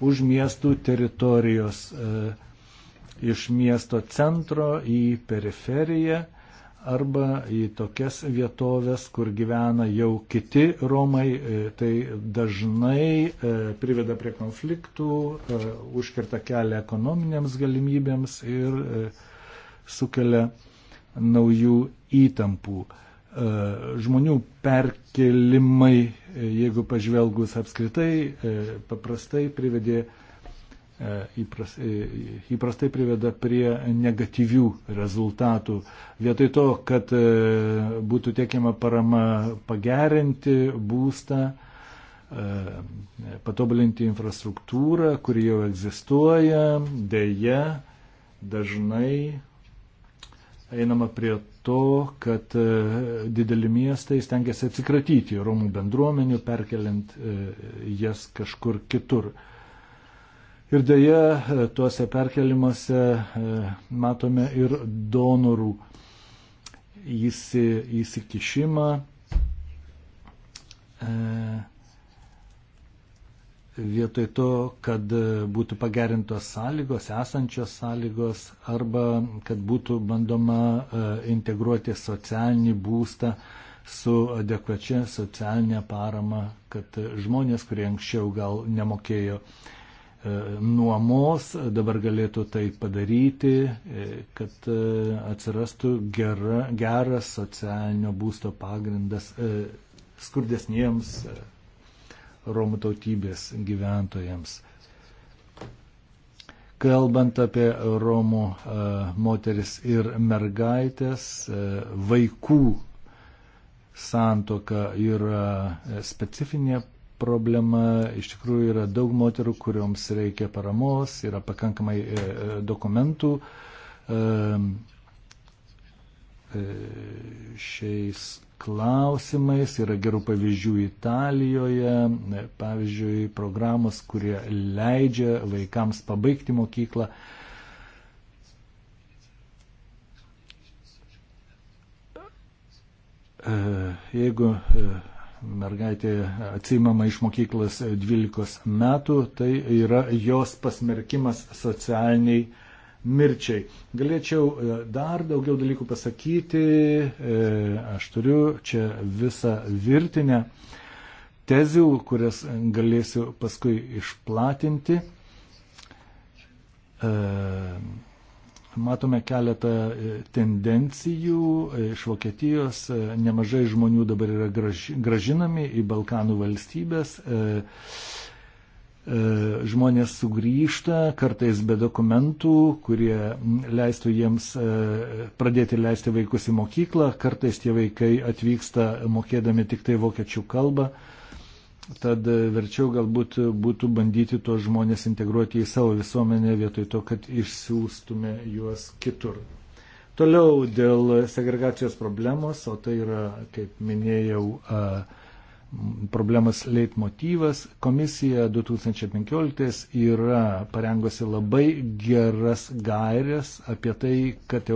už miestų teritorijos e, iš miesto centro į periferiją arba į tokias vietovės, kur gyvena jau kiti Romai, e, tai dažnai e, priveda prie konfliktų, užkerta kelią ekonominėms galimybėms ir sukelia naujų įtampų. E, žmonių perkelimai, e, jeigu pažvelgus apskritai, e, paprastai privedė, įprastai priveda prie negatyvių rezultatų. Vietoj to, kad būtų tiekiama parama pagerinti būstą, patobulinti infrastruktūrą, kuri jau egzistuoja, dėja dažnai einama prie to, kad e, dideli miestai stengiasi atsikratyti Romų bendruomenių, perkeliant e, jas kažkur kitur. Ir dėja, e, tuose perkelimuose matome ir donorų įsi, įsikišimą. E, vietoj to, kad būtų pagerintos sąlygos, esančios sąlygos, arba kad būtų bandoma e, integruoti socialinį būstą su adekvačia socialinė parama, kad žmonės, kurie anksčiau gal nemokėjo e, nuomos, dabar galėtų tai padaryti, e, kad atsirastų gera, geras socialinio būsto pagrindas skurdesniems Romų tautybės gyventojams. Kalbant apie Romų e, moteris ir mergaitės, e, vaikų santoka yra e, specifinė problema. Iš tikrųjų yra daug moterų, kurioms reikia paramos, yra pakankamai dokumentų šiais klausimais, yra gerų pavyzdžių Italijoje, pavyzdžiui, programos, kurie leidžia vaikams pabaigti mokyklą. E, jeigu e, mergaitė atsimama iš mokyklas 12 metų, tai yra jos pasmerkimas socialiniai mirčiai. Galėčiau e, dar daugiau dalykų pasakyti, e, aš turiu čia visą virtinę tezių, kurias galėsiu paskui išplatinti. E, matome keletą tendencijų. Iš Vokietijos nemažai žmonių dabar yra gražinami į Balkanų valstybės. E, E, žmonės sugrįžta, kartais be dokumentų, kurie leistų jiems e, pradėti leisti vaikus į mokyklą, kartais tie vaikai atvyksta mokėdami tik tai vokiečių kalbą. Tad e, verčiau galbūt būtų bandyti tuos žmonės integruoti į savo visuomenę vietoj to, kad išsiųstume juos kitur. Toliau dėl segregacijos problemos, o tai yra, kaip minėjau, uh, problemas leitmotyvas. Komisija 2015 yra parengusi labai geras gairias apie tai, kad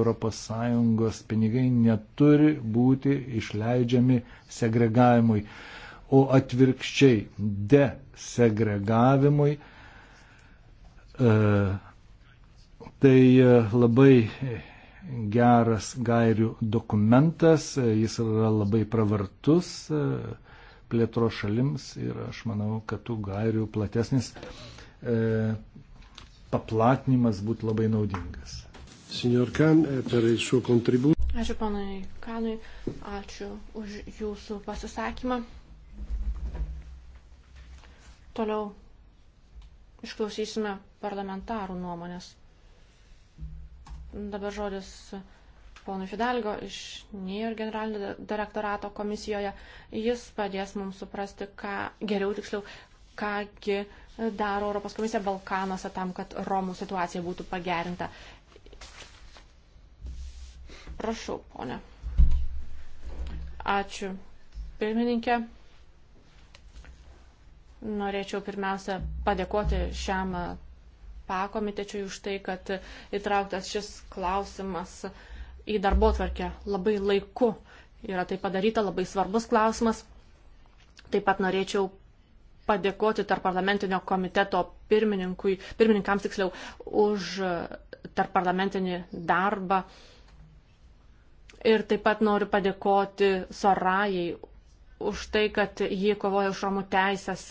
ES pinigai neturi būti išleidžiami segregavimui, o atvirkščiai desegregavimui. E, tai labai geras gairių dokumentas, jis yra labai pravartus. E, plėtro šalims ir aš manau, kad tų gairių platesnis e, paplatinimas būtų labai naudingas. Signor Kan, e, per il suo contributo. Ačiū panai Kanui, ačiū už jūsų pasisakymą. Toliau išklausysime parlamentarų nuomonės. Dabar žodis ponu Fidalgo iš NIR generalinio direktorato komisijoje. Jis padės mums suprasti, ką geriau tiksliau, kągi daro Europos komisija Balkanuose tam, kad Romų situacija būtų pagerinta. Prašau, ponė. Ačiū, pirmininkė. Norėčiau pirmiausia padėkoti šiam pakomitečiui už tai, kad įtrauktas šis klausimas uh, į darbo tvarkę labai laiku. Yra tai padaryta labai svarbus klausimas. Taip pat norėčiau padėkoti tarp parlamentinio komiteto pirmininkui, pirmininkams tiksliau, už tarp parlamentinį darbą. Ir taip pat noriu padėkoti Sorajai už tai, kad jie kovoja už romų teisės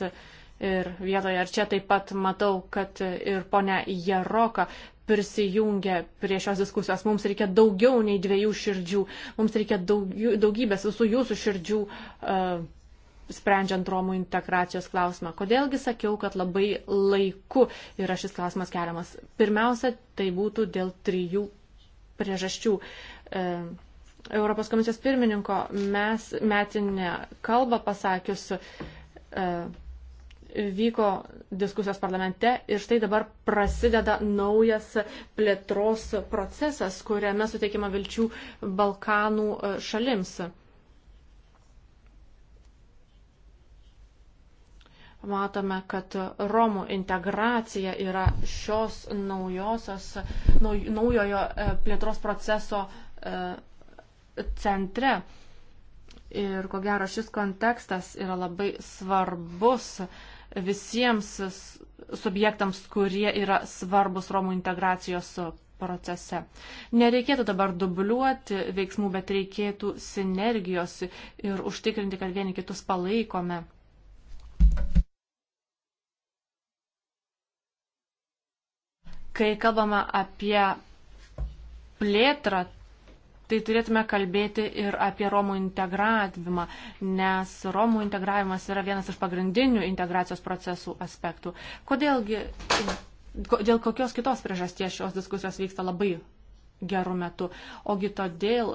ir vietoje. Ir čia taip pat matau, kad ir ponia Jaroka prisijungę prie šios diskusijos. Mums reikia daugiau nei dviejų širdžių, mums reikia daugių, daugybės visų jūsų širdžių, uh, sprendžiant Romų integracijos klausimą. Kodėlgi sakiau, kad labai laiku yra šis klausimas keliamas. Pirmiausia, tai būtų dėl trijų priežasčių. Uh, Europos komisijos pirmininko mes metinę kalbą pasakius. Uh, vyko diskusijos parlamente ir štai dabar prasideda naujas plėtros procesas, kuriame suteikima vilčių Balkanų e, šalims. Matome, kad Romų integracija yra šios naujosios, naujojo e, plėtros proceso e, centre. Ir ko gero šis kontekstas yra labai svarbus visiems subjektams, kurie yra svarbus Romų integracijos procese. Nereikėtų dabar dubliuoti veiksmų, bet reikėtų sinergijos ir užtikrinti, kad vieni kitus palaikome. Kai kalbame apie plėtrą, tai turėtume kalbėti ir apie Romų integravimą, nes Romų integravimas yra vienas iš pagrindinių integracijos procesų aspektų. Kodėlgi, dėl kokios kitos priežasties šios diskusijos vyksta labai gerų metų? Ogi todėl,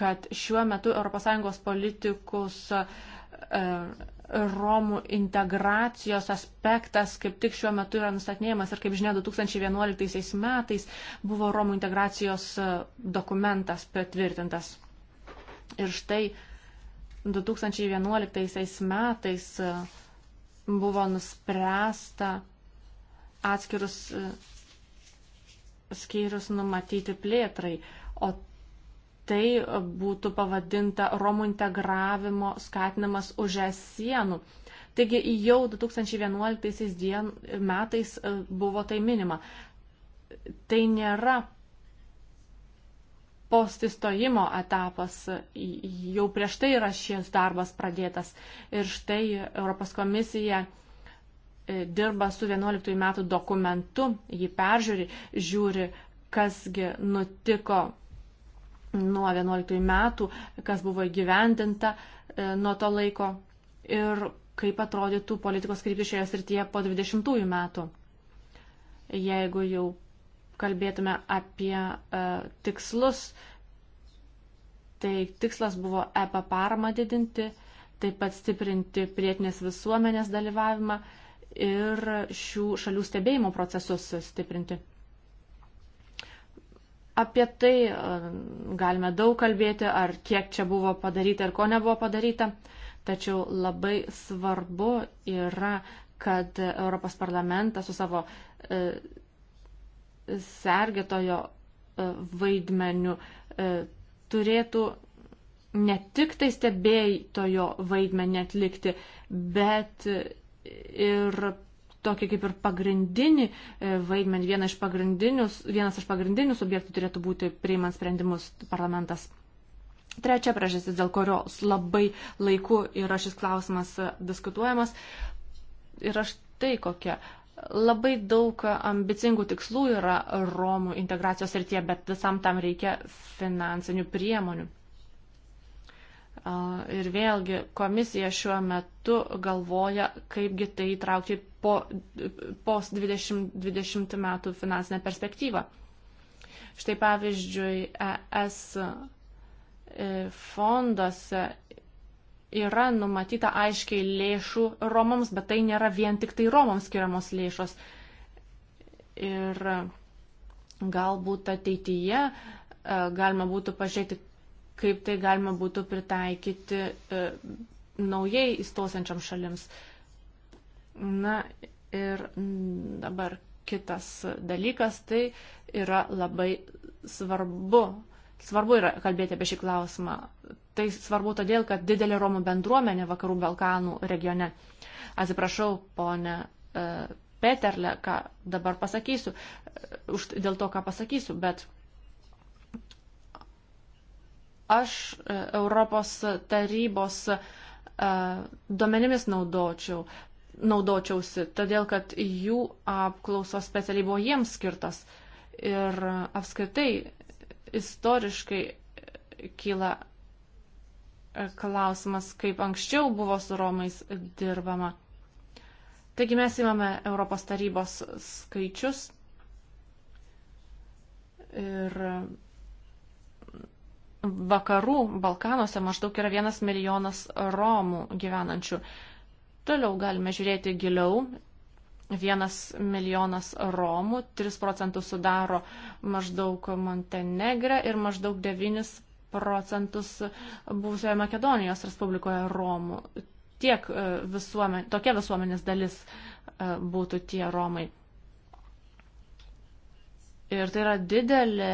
kad šiuo metu ES politikus e, Romų integracijos aspektas kaip tik šiuo metu yra nustatinėjamas ir kaip žinia 2011 metais buvo Romų integracijos e, dokumentas patvirtintas. Ir štai 2011 metais e, buvo nuspręsta atskirus e, skyrius numatyti plėtrai, o tai būtų pavadinta Romų integravimo skatinamas už es sienų. Taigi jau 2011 dien, metais e, buvo tai minima. Tai nėra postistojimo etapas, e, jau prieš tai yra šis darbas pradėtas. Ir štai Europos komisija e, dirba su 11 metų dokumentu, jį peržiūri, žiūri, kasgi nutiko nuo 11 metų, kas buvo įgyvendinta e, nuo to laiko ir kaip atrodytų politikos kryptis šioje srityje po 20 metų. Jeigu jau kalbėtume apie uh, tikslus, tai tikslas buvo EPA paramą didinti, taip pat stiprinti prietinės visuomenės dalyvavimą ir šių šalių stebėjimo procesus stiprinti apie tai e, galime daug kalbėti, ar kiek čia buvo padaryta ir ko nebuvo padaryta, tačiau labai svarbu yra, kad Europos parlamentas su savo e, sergėtojo e, vaidmeniu turėtų ne tik tai stebėtojo vaidmenį atlikti, bet ir tokį kaip ir pagrindinį e, vaidmenį, vienas iš pagrindinių, vienas iš pagrindinių subjektų turėtų būti priimant sprendimus parlamentas. Trečia priežastis, dėl kurios labai laiku yra šis klausimas e, diskutuojamas, yra štai kokia. Labai daug ambicingų tikslų yra Romų integracijos ir tie, bet visam tam reikia finansinių priemonių. Ir vėlgi komisija šiuo metu galvoja, kaipgi tai įtraukti po, post 2020 20 metų finansinę perspektyvą. Štai pavyzdžiui, ES e, fondose yra numatyta aiškiai lėšų Romams, bet tai nėra vien tik tai Romams skiriamos lėšos. Ir galbūt ateityje e, galima būtų pažiūrėti, kaip tai galima būtų pritaikyti e, naujai įstosiančiam šalims. Na ir dabar kitas dalykas, tai yra labai svarbu. Svarbu yra kalbėti apie šį klausimą. Tai svarbu todėl, kad didelė Romų bendruomenė vakarų Balkanų regione. Atsiprašau, ponė e, Peterle, ką dabar pasakysiu, e, už, dėl to, ką pasakysiu, bet aš e, Europos tarybos e, duomenimis naudočiau, naudočiausi, todėl kad jų apklausos specialiai buvo jiems skirtos. Ir apskritai istoriškai kyla e, klausimas, kaip anksčiau buvo su Romais dirbama. Taigi mes įmame Europos tarybos skaičius ir vakarų Balkanuose maždaug yra vienas milijonas Romų gyvenančių. Toliau galime žiūrėti giliau. Vienas milijonas Romų, 3 procentus sudaro maždaug Montenegre ir maždaug 9 procentus buvusioje Makedonijos Respublikoje Romų. Tiek e, visuomen, tokia visuomenės dalis e, būtų tie Romai. Ir tai yra didelė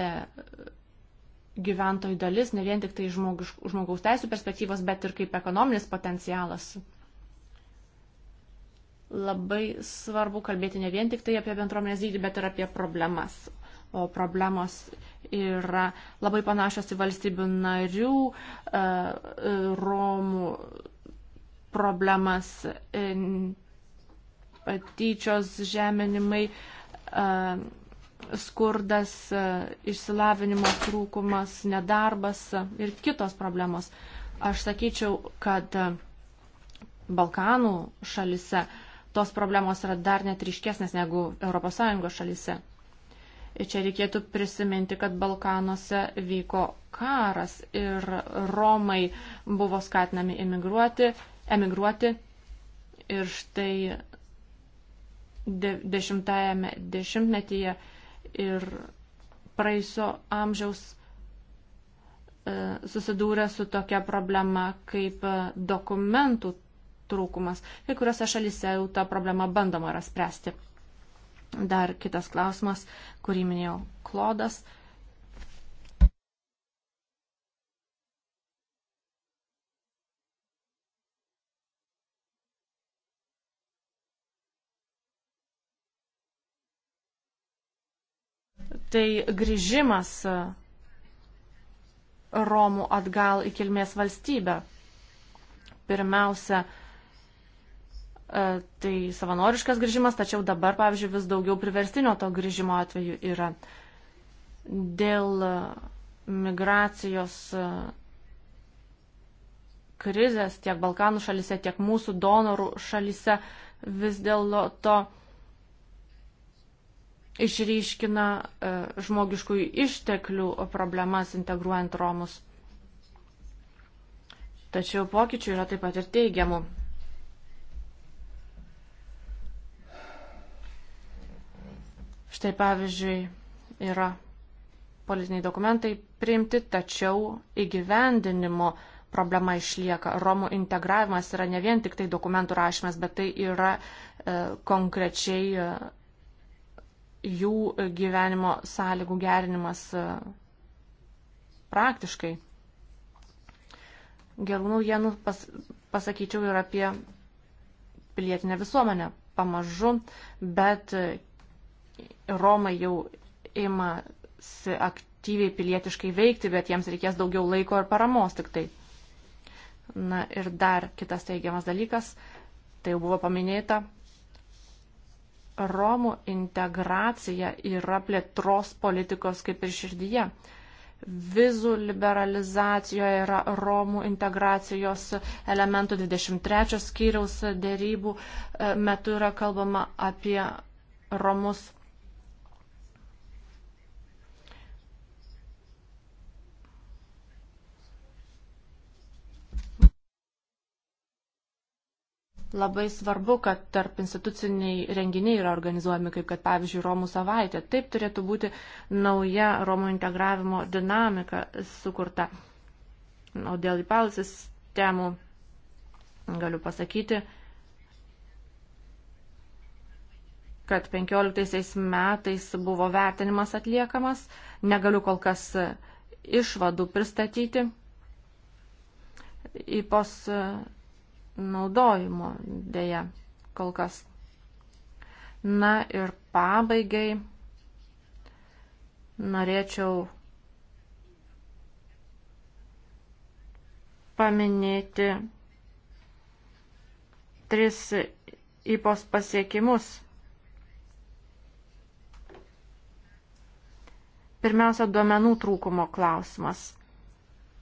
gyventojų dalis, ne vien tik tai žmogiš, žmogaus teisų perspektyvos, bet ir kaip ekonominis potencialas. Labai svarbu kalbėti ne vien tik tai apie bendruomenės dydį, bet ir apie problemas. O problemos yra labai panašios į valstybių narių, e, e, Romų problemas, e, patyčios žeminimai, skurdas, išsilavinimo trūkumas, nedarbas ir kitos problemos. Aš sakyčiau, kad Balkanų šalise tos problemos yra dar net ryškesnės negu ES šalise. Ir čia reikėtų prisiminti, kad Balkanuose vyko karas ir Romai buvo skatinami emigruoti, emigruoti ir štai dešimtajame dešimtmetyje ir praeisio amžiaus e, susidūrė su tokia problema kaip e, dokumentų trūkumas. Kai kuriuose šalyse jau ta problema bandoma yra spręsti. Dar kitas klausimas, kurį minėjau Klodas, tai grįžimas e, Romų atgal į kilmės valstybę. Pirmiausia, e, tai savanoriškas grįžimas, tačiau dabar, pavyzdžiui, vis daugiau priverstinio to grįžimo atveju yra. Dėl e, migracijos krizės tiek Balkanų šalise, tiek mūsų donorų šalise vis dėlto to išryškina e, žmogiškųjų išteklių problemas integruojant Romus. Tačiau pokyčių yra taip pat ir teigiamų. Štai pavyzdžiui, yra politiniai dokumentai priimti, tačiau įgyvendinimo problema išlieka. Romų integravimas yra ne vien tik tai dokumentų rašymas, bet tai yra e, konkrečiai e, jų gyvenimo sąlygų gerinimas e, praktiškai. Gerų naujienų pas, pasakyčiau ir apie pilietinę visuomenę. Pamažu, bet e, Romai jau imasi aktyviai pilietiškai veikti, bet jiems reikės daugiau laiko ir paramos tik tai. Na ir dar kitas teigiamas dalykas, tai jau buvo paminėta, Romų integracija yra plėtros politikos kaip ir širdyje. Vizų liberalizacijoje yra Romų integracijos elementų 23 skyriaus dėrybų e, metu yra kalbama apie Romus Labai svarbu, kad tarp instituciniai renginiai yra organizuojami, kaip kad pavyzdžiui Romų savaitė. Taip turėtų būti nauja Romų integravimo dinamika sukurta. O dėl IPAL sistemų galiu pasakyti, kad 15 metais buvo vertinimas atliekamas. Negaliu kol kas išvadų pristatyti. IPOS naudojimo dėja kol kas. Na ir pabaigai norėčiau paminėti tris įpos pasiekimus. Pirmiausia, duomenų trūkumo klausimas.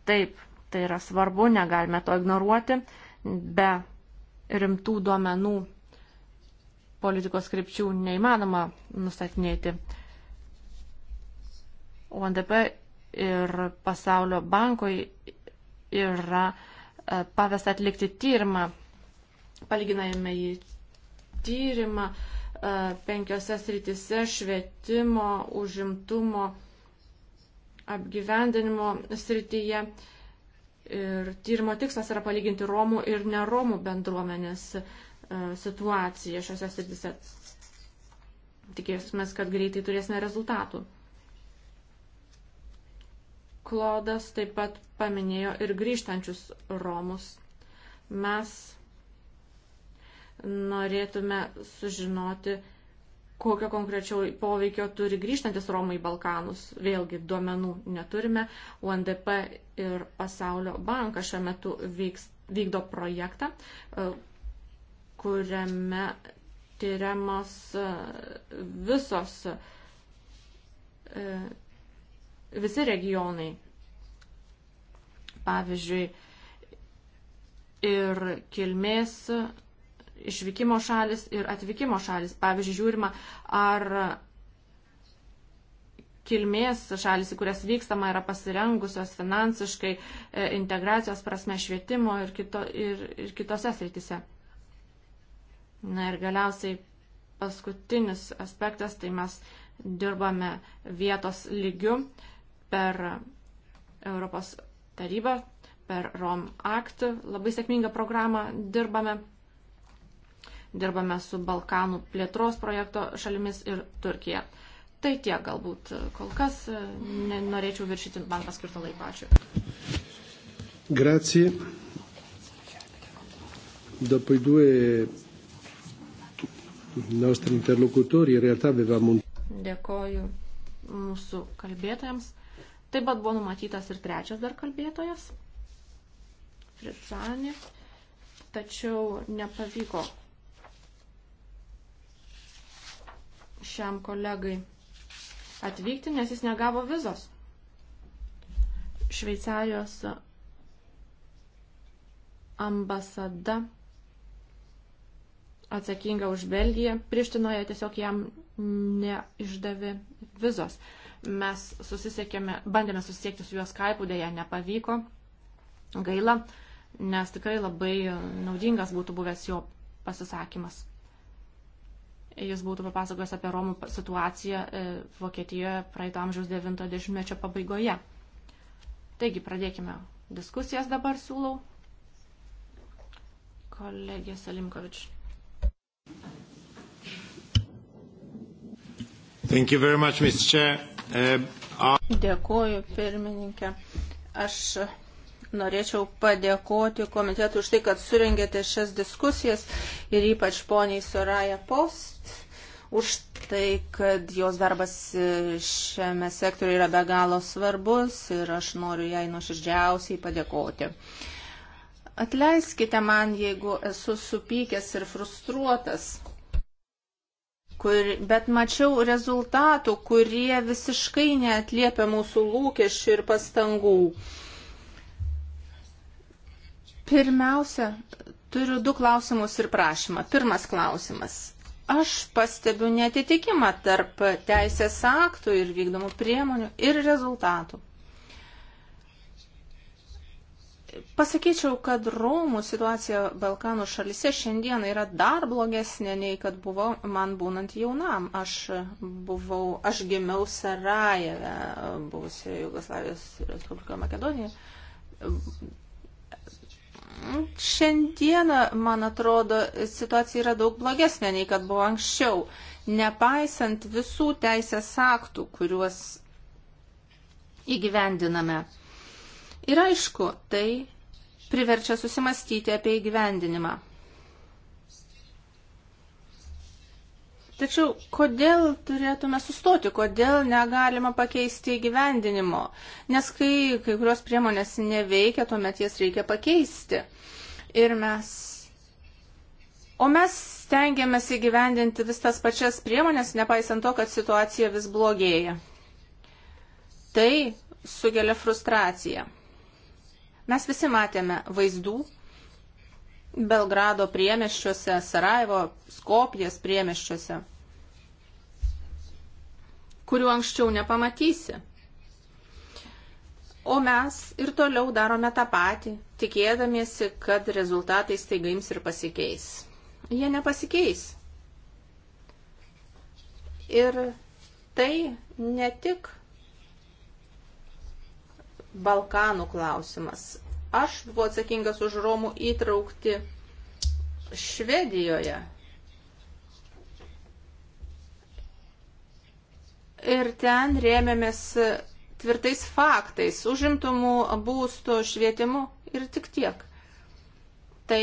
Taip, tai yra svarbu, negalime to ignoruoti be rimtų duomenų politikos krypčių neįmanoma nustatinėti. UNDP ir pasaulio bankoj yra e, pavesta atlikti tyrimą, palyginame į tyrimą e, penkiose sritise švietimo, užimtumo, apgyvendinimo srityje. Ir tyrimo tikslas yra palyginti Romų ir neromų bendruomenės e, situaciją šiuose srityse. Tikėsime, kad greitai turėsime rezultatų. Klodas taip pat paminėjo ir grįžtančius Romus. Mes norėtume sužinoti, kokio konkrečiau poveikio turi grįžtantis Romai Balkanus. Vėlgi duomenų neturime. UNDP ir Pasaulio bankas šiuo metu vyks, vykdo projektą, e, kuriame tyriamos e, visos, e, visi regionai. Pavyzdžiui, ir kilmės išvykimo šalis ir atvykimo šalis. Pavyzdžiui, žiūrima, ar kilmės šalis, į kurias vykstama, yra pasirengusios finansiškai, e, integracijos prasme, švietimo ir, kito, ir, ir kitose srityse. Na ir galiausiai paskutinis aspektas, tai mes dirbame vietos lygių per Europos tarybą, per ROM Act, labai sėkmingą programą dirbame dirbame su Balkanų plėtros projekto šalimis ir Turkija. Tai tiek galbūt e, kol kas, e, norėčiau viršyti man paskirtą laiką. Ačiū. Grazie. Dopo i due nostri interlocutori in realtà avevamo un... Dėkoju mūsų kalbėtojams. Taip pat buvo numatytas ir trečias dar kalbėtojas, Fritzani, tačiau nepavyko šiam kolegai atvykti, nes jis negavo vizos. Šveicarijos ambasada atsakinga už Belgiją Prištinoje tiesiog jam neišdavė vizos. Mes susisiekėme, bandėme susisiekti su juo Skype'u, dėja nepavyko. Gaila, nes tikrai labai naudingas būtų buvęs jo pasisakymas jis būtų papasakojęs apie Romų situaciją e, Vokietijoje praeito amžiaus 90-mečio pabaigoje. Taigi, pradėkime diskusijas dabar siūlau. Kolegė Salimkovič. Thank you very much, Mr. Chair. Uh, Dėkuoju, pirmininkė. Aš norėčiau padėkoti komitetui už tai, kad surengėte šias diskusijas ir ypač poniai Soraya Post už tai, kad jos darbas šiame sektoriu yra be galo svarbus ir aš noriu jai nuoširdžiausiai padėkoti. Atleiskite man, jeigu esu supykęs ir frustruotas, kur, bet mačiau rezultatų, kurie visiškai neatliepia mūsų lūkesčių ir pastangų. Pirmiausia, turiu du klausimus ir prašymą. Pirmas klausimas. Aš pastebiu netitikimą tarp teisės aktų ir vykdomų priemonių ir rezultatų. Pasakyčiau, kad Romų situacija Balkanų šalise šiandien yra dar blogesnė nei kad buvo man būnant jaunam. Aš, buvau, aš gimiau Sarajeve, buvusioje Jugoslavijos Respublikoje Makedonijoje Šiandieną, man atrodo, situacija yra daug blogesnė nei kad buvo anksčiau, nepaisant visų teisės aktų, kuriuos įgyvendiname. Ir aišku, tai priverčia susimastyti apie įgyvendinimą. Tačiau kodėl turėtume sustoti, kodėl negalima pakeisti įgyvendinimo? Nes kai kai kurios priemonės neveikia, tuomet jas reikia pakeisti. Ir mes. O mes stengiamės įgyvendinti vis tas pačias priemonės, nepaisant to, kad situacija vis blogėja. Tai sugelia frustraciją. Mes visi matėme vaizdų, Belgrado priemeščiuose, Sarajevo, Skopijas priemeščiuose, kurių anksčiau nepamatysi. O mes ir toliau darome tą patį, tikėdamiesi, kad rezultatai staiga ims ir pasikeis. Jie nepasikeis. Ir tai ne tik Balkanų klausimas. Aš buvau atsakingas už Romų įtraukti Švedijoje. Ir ten rėmėmės tvirtais faktais, užimtumų, būstų, švietimu ir tik tiek. Tai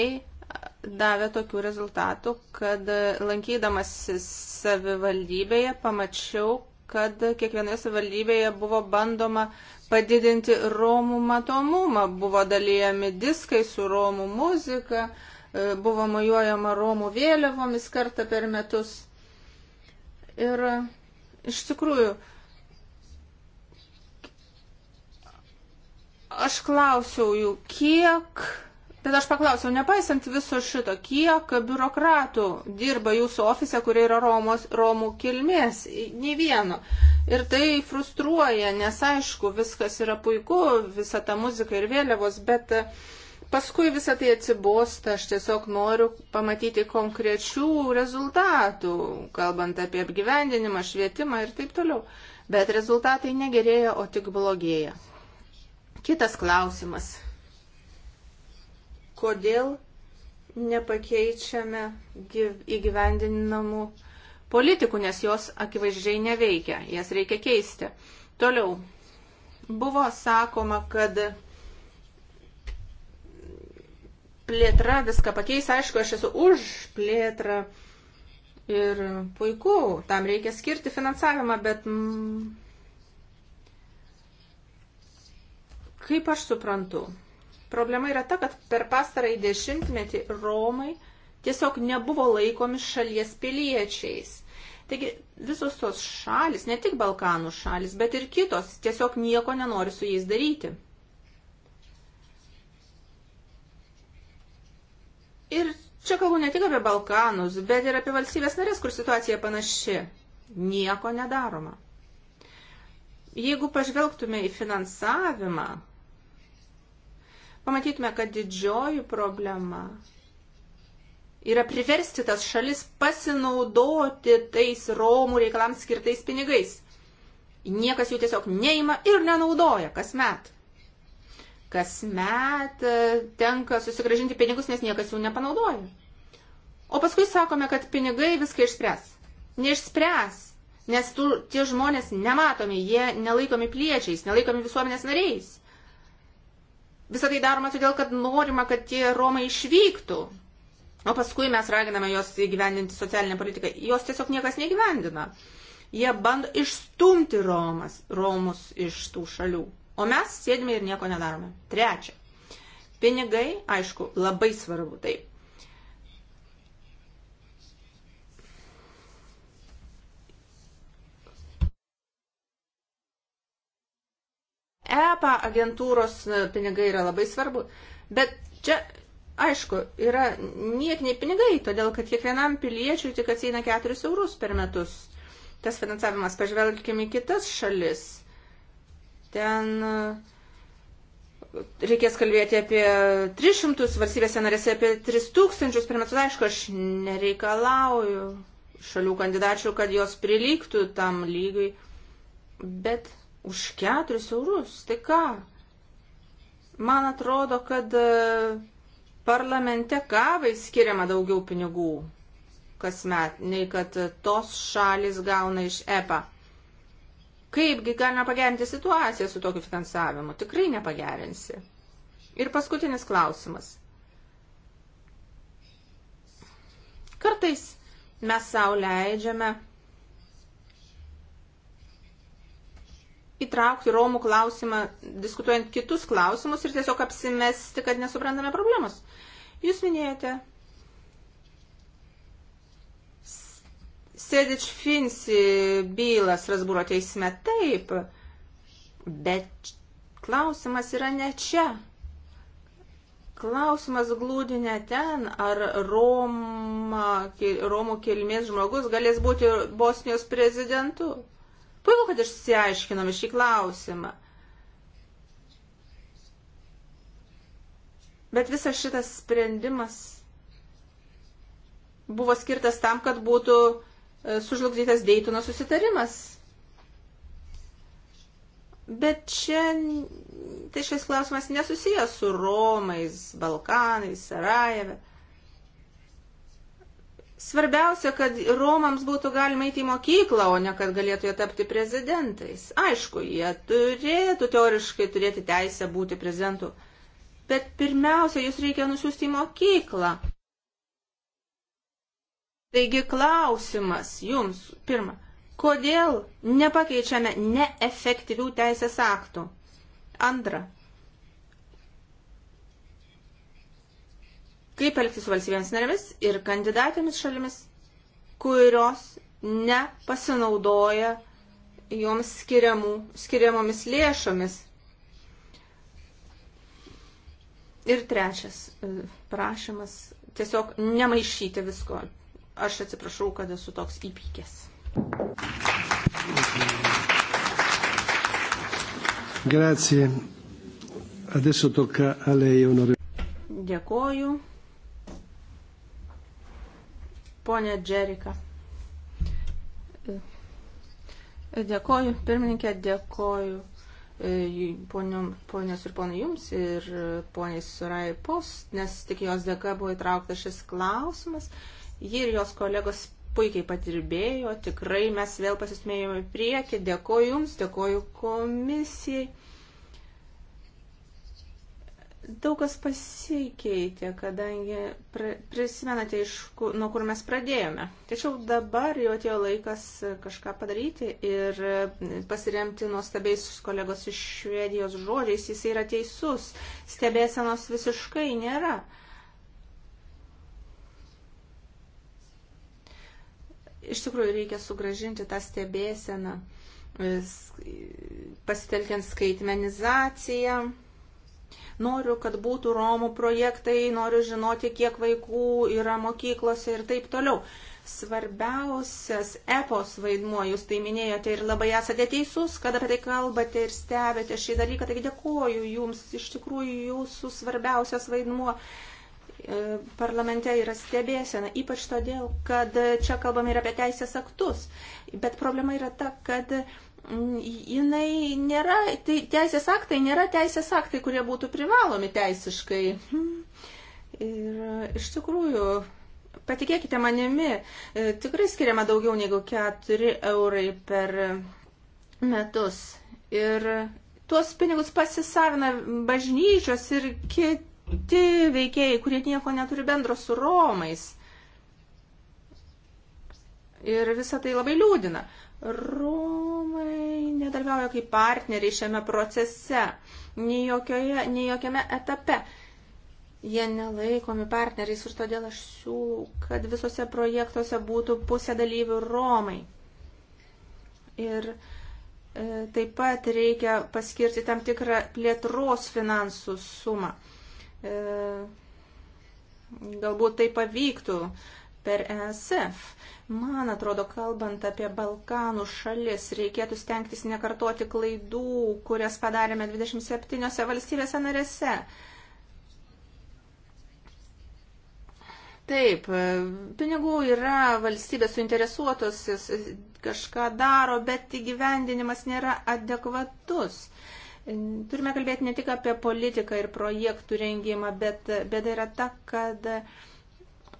davė tokių rezultatų, kad lankydamas savivaldybėje pamačiau, kad kiekvienoje savivaldybėje buvo bandoma padidinti Romų matomumą. Buvo dalyjami diskai su Romų muzika, e, buvo mojuojama Romų vėliavomis kartą per metus. Ir e, iš tikrųjų, aš klausiau jų, kiek Tad aš paklausiau, nepaisant viso šito, kiek biurokratų dirba jūsų ofise, kurie yra Romos, Romų kilmės, nei vieno. Ir tai frustruoja, nes aišku, viskas yra puiku, visa ta muzika ir vėliavos, bet e, paskui visą tai atsibosta, aš tiesiog noriu pamatyti konkrečių rezultatų, kalbant apie apgyvendinimą, švietimą ir taip toliau. Bet rezultatai negerėja, o tik blogėja. Kitas klausimas kodėl nepakeičiame įgyvendinamų politikų, nes jos akivaizdžiai neveikia, jas reikia keisti. Toliau, buvo sakoma, kad plėtra viską pakeis, aišku, aš esu už plėtrą ir puiku, tam reikia skirti finansavimą, bet mm, kaip aš suprantu, Problema yra ta, kad per pastarąjį dešimtmetį Romai tiesiog nebuvo laikomi šalies piliečiais. Taigi visos tos šalis, ne tik Balkanų šalis, bet ir kitos, tiesiog nieko nenori su jais daryti. Ir čia kalbu ne tik apie Balkanus, bet ir apie valstybės narės, kur situacija panaši. Nieko nedaroma. Jeigu pažvelgtume į finansavimą, pamatytume, kad didžioji problema yra priversti tas šalis pasinaudoti tais Romų reikalams skirtais pinigais. Niekas jų tiesiog neima ir nenaudoja kasmet. Kasmet e, tenka susigražinti pinigus, nes niekas jų nepanaudoja. O paskui sakome, kad pinigai viską išspręs. Neišspręs, nes tu, tie žmonės nematomi, jie nelaikomi pliečiais, nelaikomi visuomenės nariais. Visą tai daroma todėl, kad norima, kad tie Romai išvyktų. O paskui mes raginame jos įgyvendinti socialinę politiką. Jos tiesiog niekas negyvendina. Jie bando išstumti Romas, Romus iš tų šalių. O mes sėdime ir nieko nedarome. Trečia. Pinigai, aišku, labai svarbu, taip. EPA agentūros e, pinigai yra labai svarbu. Bet čia, aišku, yra niekiniai pinigai, todėl kad kiekvienam piliečiui tik atsieina 4 eurus per metus. Tas finansavimas, pažvelgime į kitas šalis. Ten e, reikės kalbėti apie 300, valstybėse narėse apie 3000 per metus. Aišku, aš nereikalauju šalių kandidačių, kad jos prilygtų tam lygiui, bet Už 4 eurus, tai ką? Man atrodo, kad e, parlamente kavai skiriama daugiau pinigų kasmet, nei kad e, tos šalis gauna iš EPA. Kaipgi galima pagerinti situaciją su tokiu finansavimu? Tikrai nepagerinsi. Ir paskutinis klausimas. Kartais mes savo leidžiame įtraukti Romų klausimą, diskutuojant kitus klausimus ir tiesiog apsimesti, kad nesuprantame problemos. Jūs minėjote Sedič Finsi bylą Strasbūro teisme. Taip, bet klausimas yra ne čia. Klausimas glūdi ne ten, ar Roma, Romų kilmės žmogus galės būti Bosnijos prezidentu. Puiku, kad išsiaiškinome šį klausimą. Bet visas šitas sprendimas buvo skirtas tam, kad būtų e, sužlugdytas Deitono susitarimas. Bet čia tai šis klausimas nesusijęs su Romais, Balkanais, Sarajeve. Svarbiausia, kad Romams būtų galima eiti į mokyklą, o ne kad galėtų jie tapti prezidentais. Aišku, jie turėtų teoriškai turėti teisę būti prezidentu, bet pirmiausia, jūs reikia nusiųsti į mokyklą. Taigi klausimas jums, pirma, kodėl nepakeičiame neefektyvių teisės aktų? Antra, kaip elgtis su valstybėms narėmis ir kandidatėmis šalimis, kurios nepasinaudoja joms skiriamų, skiriamomis lėšomis. Ir trečias e, prašymas - tiesiog nemaišyti visko. Aš atsiprašau, kad esu toks įpykęs. Grazie. Adesso tocca a lei, onorevole. Dėkoju. Pone Džerika. Dėkoju, pirmininkė, dėkoju e, poniom, ponios ir ponai jums ir e, poniai Surai Post, nes tik jos dėka buvo įtrauktas šis klausimas. Ji ir jos kolegos puikiai patirbėjo, tikrai mes vėl pasismėjome į priekį. Dėkoju jums, dėkoju komisijai. Daug kas pasikeitė, kadangi prisimenate, iš, nuo kur mes pradėjome. Tačiau dabar jau atėjo laikas kažką padaryti ir pasiremti nuostabiais kolegos iš Švedijos žodžiais. Jis yra teisus. Stebėsenos visiškai nėra. Iš tikrųjų, reikia sugražinti tą stebėseną pasitelkiant skaitmenizaciją noriu, kad būtų Romų projektai, noriu žinoti, kiek vaikų yra mokyklose ir taip toliau. Svarbiausias epos vaidmuo, jūs tai minėjote ir labai esate teisus, kad apie tai kalbate ir stebite šį dalyką, taigi dėkoju jums, iš tikrųjų jūsų svarbiausias vaidmuo e, parlamente yra stebėsena, ypač todėl, kad čia kalbame ir apie teisės aktus. Bet problema yra ta, kad jinai nėra, tai teisės aktai nėra teisės aktai, kurie būtų privalomi teisiškai. Ir e, iš tikrųjų, patikėkite manimi, e, tikrai skiriama daugiau negu 4 eurai per metus. Ir tuos pinigus pasisavina bažnyčios ir kiti veikėjai, kurie nieko neturi bendro su Romais. Ir visą tai labai liūdina. Rūmai nedalyvauja kaip partneriai šiame procese, nei, jokioje, nei jokiame etape. Jie nelaikomi partneriais ir todėl aš siūlau, kad visose projektuose būtų pusė dalyvių Romai. Ir e, taip pat reikia paskirti tam tikrą plėtros finansų sumą. E, galbūt tai pavyktų. E, per ESF. Man atrodo, kalbant apie Balkanų šalis, reikėtų stengtis nekartoti klaidų, kurias padarėme 27 valstybėse narėse. Taip, pinigų yra valstybės suinteresuotos, kažką daro, bet įgyvendinimas nėra adekvatus. Turime kalbėti ne tik apie politiką ir projektų rengimą, bet bėda yra ta, kad uh,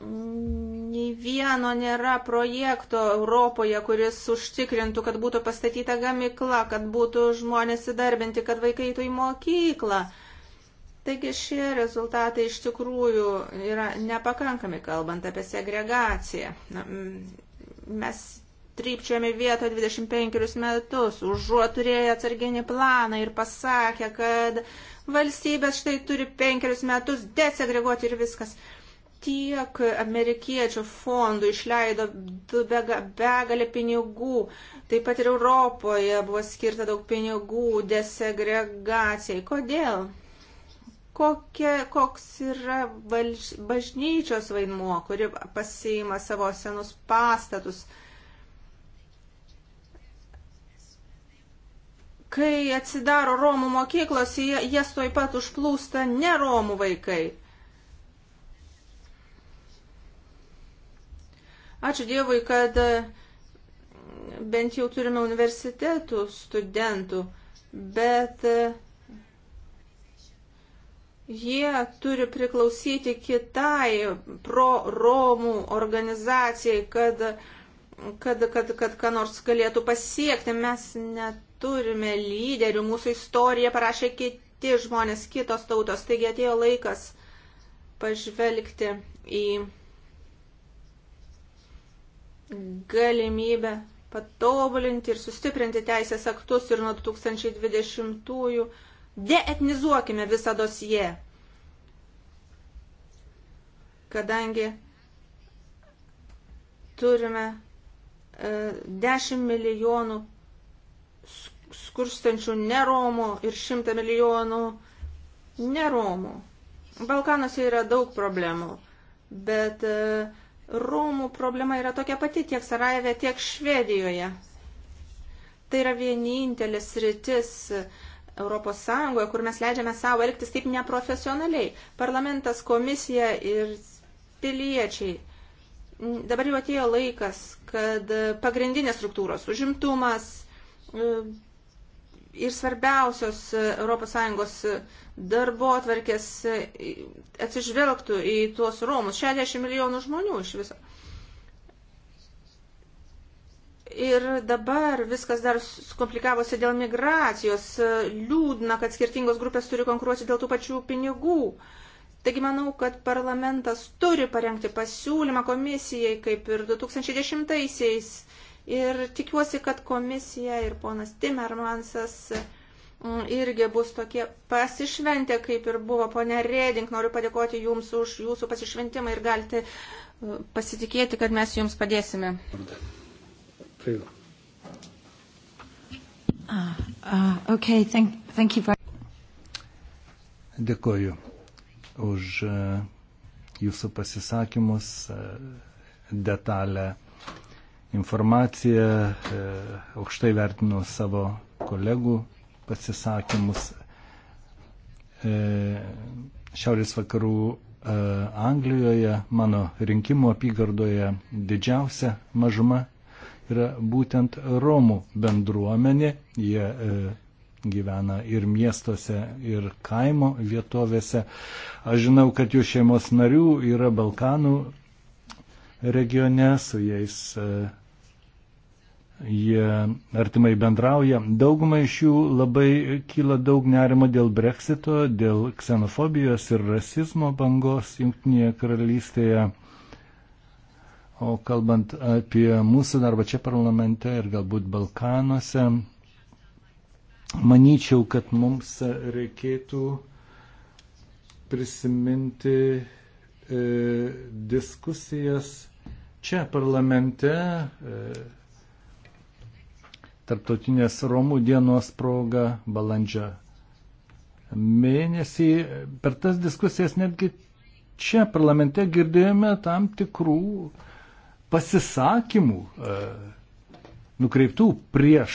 nei vieno nėra projekto Europoje, kuris užtikrintų, kad būtų pastatyta gamikla, kad būtų žmonės įdarbinti, kad vaikai eitų į mokyklą. Taigi šie rezultatai iš tikrųjų yra nepakankami, kalbant apie segregaciją. Na, mes trypčiojame vietą 25 metus, užuot turėję atsarginį planą ir pasakę, kad valstybės štai turi penkerius metus desegreguoti ir viskas tiek amerikiečių fondų išleido begalę pinigų, taip pat ir Europoje buvo skirta daug pinigų desegregacijai. Kodėl? Kokie, koks yra valž, bažnyčios vaidmuo, kuri pasiima savo senus pastatus? Kai atsidaro Romų mokyklos, jie, jas toj pat užplūsta ne Romų vaikai. Ačiū Dievui, kad e, bent jau turime universitetų studentų, bet e, jie turi priklausyti kitai pro-romų organizacijai, kad, kad, kad, kad ką nors galėtų pasiekti. Mes neturime lyderių, mūsų istoriją parašė kiti žmonės, kitos tautos. Taigi atėjo laikas pažvelgti į galimybę patobulinti ir sustiprinti teisės aktus ir nuo 2020-ųjų deetnizuokime visą dosiją. Kadangi turime e, 10 milijonų skurstančių neromų ir 100 milijonų neromų. Balkanuose yra daug problemų, bet e, Romų problema yra tokia pati tiek Sarajeve, tiek Švedijoje. Tai yra vienintelis rytis ES, kur mes leidžiame savo elgtis taip neprofesionaliai. Parlamentas, komisija ir piliečiai. Dabar jau atėjo laikas, kad pagrindinės struktūros, užimtumas, ir svarbiausios ES e, darbo atvarkės e, atsižvelgtų į tuos Romus. 60 milijonų žmonių iš viso. Ir dabar viskas dar komplikavosi dėl migracijos. E, liūdna, kad skirtingos grupės turi konkuruoti dėl tų pačių pinigų. Taigi manau, kad parlamentas turi parengti pasiūlymą komisijai, kaip ir 2010-aisiais Ir tikiuosi, kad komisija ir ponas Timermansas mm, irgi bus tokie pasišventę, kaip ir buvo ponia Reding. Noriu padėkoti Jums už Jūsų pasišventimą ir galite e, pasitikėti, kad mes Jums padėsime. Uh, uh, okay, thank, thank you very... Dėkoju už e, Jūsų pasisakymus, e, detalę informaciją, e, aukštai vertinu savo kolegų pasisakymus. E, Šiaurės vakarų e, Anglijoje, mano rinkimų apygardoje didžiausia mažuma yra būtent Romų bendruomenė. Jie gyvena ir miestuose, ir kaimo vietovėse. Aš žinau, kad jų šeimos narių yra Balkanų regione, su jais jie artimai bendrauja. Dauguma iš jų labai kyla daug nerimo dėl breksito, dėl ksenofobijos ir rasizmo bangos Junktinėje karalystėje. O kalbant apie mūsų darbą čia parlamente ir galbūt Balkanuose, manyčiau, kad mums reikėtų prisiminti e, diskusijas čia parlamente. E, Tarptautinės Romų dienos proga balandžio mėnesį. Per tas diskusijas netgi čia parlamente girdėjome tam tikrų pasisakymų e, nukreiptų prieš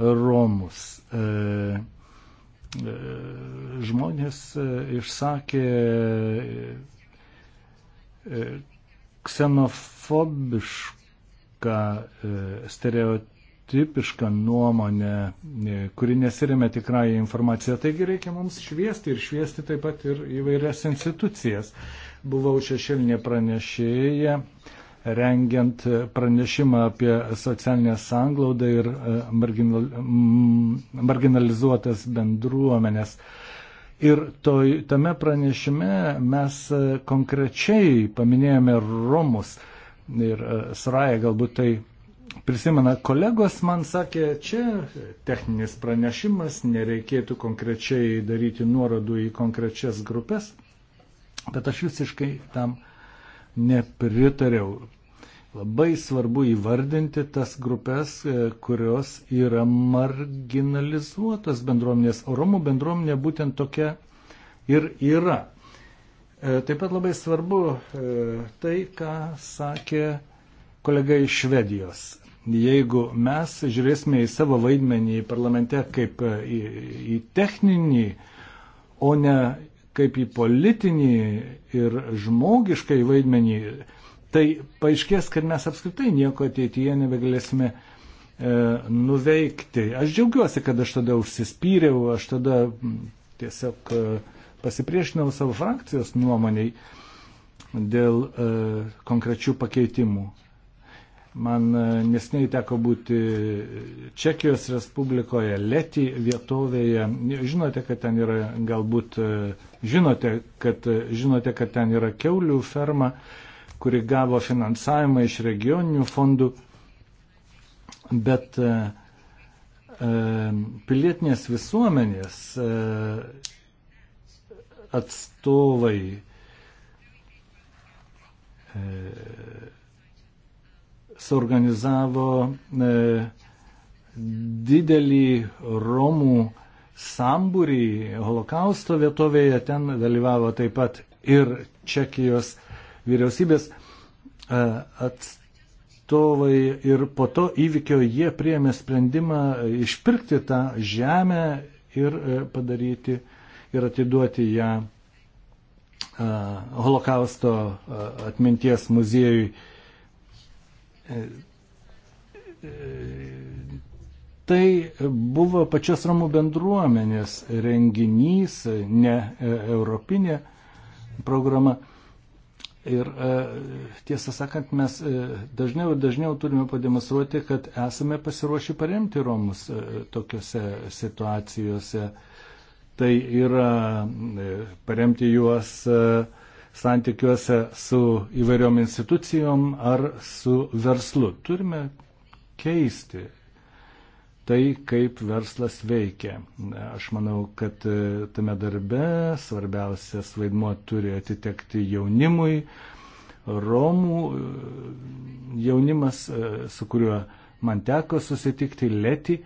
Romus. E, e žmonės e, išsakė e, ksenofobišką stereotipą tipišką nuomonę, e, kuri nesiremia tikrąją informaciją. Taigi reikia mums šviesti ir šviesti taip pat ir įvairias institucijas. Buvau šešėlinė pranešėja, rengiant pranešimą apie socialinę sanglaudą ir e, marginal, marginalizuotas bendruomenės. Ir toj, tame pranešime mes e, konkrečiai paminėjome Romus ir Sraja galbūt tai prisimena kolegos, man sakė, čia techninis pranešimas, nereikėtų konkrečiai daryti nuorodų į konkrečias grupės, bet aš visiškai tam nepritariau. Labai svarbu įvardinti tas grupės, e, kurios yra marginalizuotos bendruomenės. Oromų bendruomenė būtent tokia ir yra. E, taip pat labai svarbu e, tai, ką sakė kolega iš Švedijos. Jeigu mes žiūrėsime į savo vaidmenį parlamente kaip į, į techninį, o ne kaip į politinį ir žmogiškai vaidmenį, tai paaiškės, kad mes apskritai nieko ateityje nebegalėsime e, nuveikti. Aš džiaugiuosi, kad aš tada užsispyriau, aš tada tiesiog e, pasipriešinau savo frakcijos nuomoniai dėl e, konkrečių pakeitimų. Man e, nesnei teko būti Čekijos Respublikoje, Leti vietovėje. Žinote, kad ten yra galbūt, e, žinote, kad, e, žinote, kad ten yra keulių ferma, kuri gavo finansavimą iš regioninių fondų, bet e, pilietinės visuomenės e, atstovai e, suorganizavo e, didelį Romų sambūrį holokausto vietovėje, ten dalyvavo taip pat ir Čekijos vyriausybės e, atstovai ir po to įvykio jie priėmė sprendimą išpirkti tą žemę ir e, padaryti ir atiduoti ją e, holokausto atminties muziejui Tai buvo pačios Romų bendruomenės renginys, ne e, europinė programa. Ir e, tiesą sakant, mes e, dažniau ir dažniau turime pademonstruoti, kad esame pasiruošę paremti Romus tokiuose situacijose. Tai yra paremti juos uh, santykiuose su įvairiom institucijom ar su verslu. Turime keisti tai, kaip verslas veikia. Aš manau, kad e, tame darbe svarbiausias vaidmuo turi atitekti jaunimui. Romų e, jaunimas, e, su kuriuo man teko susitikti, leti,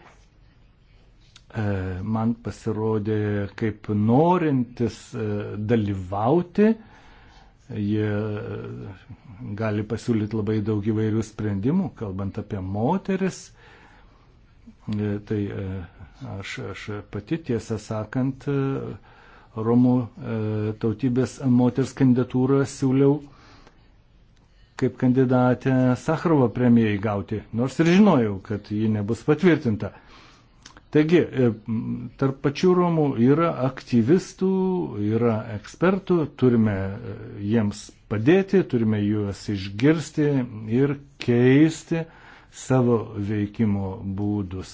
man pasirodė kaip norintis dalyvauti Jie e, gali pasiūlyti labai daug įvairių sprendimų, kalbant apie moteris. E, tai e, aš, aš pati tiesą sakant, Romų tautybės moters kandidatūrą siūliau kaip kandidatę Sakrovo premijai gauti, nors ir žinojau, kad ji nebus patvirtinta. Taigi, e, tarp pačių Romų yra aktyvistų, yra ekspertų, turime e, jiems padėti, turime juos išgirsti ir keisti savo veikimo būdus.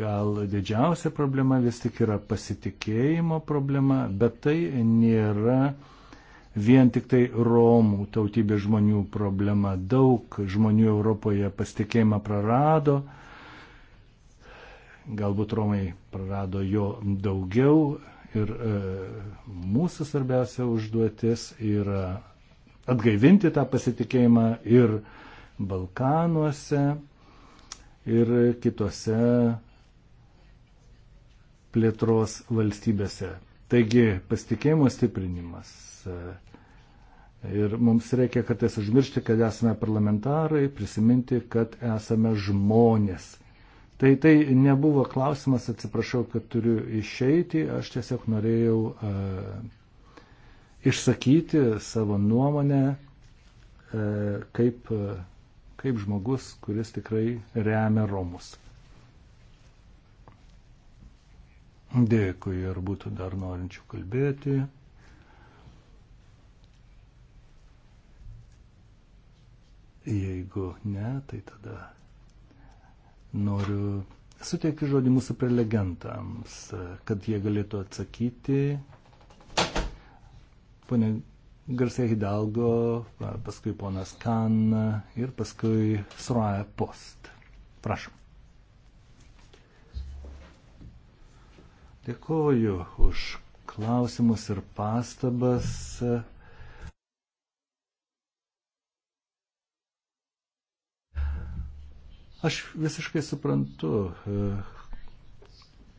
Gal didžiausia problema vis tik yra pasitikėjimo problema, bet tai nėra vien tik tai Romų tautybės žmonių problema. Daug žmonių Europoje pasitikėjimą prarado, Galbūt Romai prarado jo daugiau ir e, mūsų svarbiausia užduotis yra atgaivinti tą pasitikėjimą ir Balkanuose, ir kitose plėtros valstybėse. Taigi pasitikėjimo stiprinimas. E, ir mums reikia kartais užmiršti, kad esame parlamentarai, prisiminti, kad esame žmonės. Tai tai nebuvo klausimas, atsiprašau, kad turiu išeiti, aš tiesiog norėjau a, e, išsakyti savo nuomonę, a, e, kaip, a, e, kaip žmogus, kuris tikrai remia Romus. Dėkui, ar būtų dar norinčių kalbėti. Jeigu ne, tai tada Noriu suteikti žodį mūsų prelegentams, kad jie galėtų atsakyti. Pone Garcia Hidalgo, paskui ponas Kan ir paskui Sroja Post. Prašom. Dėkoju už klausimus ir pastabas. Aš visiškai suprantu e,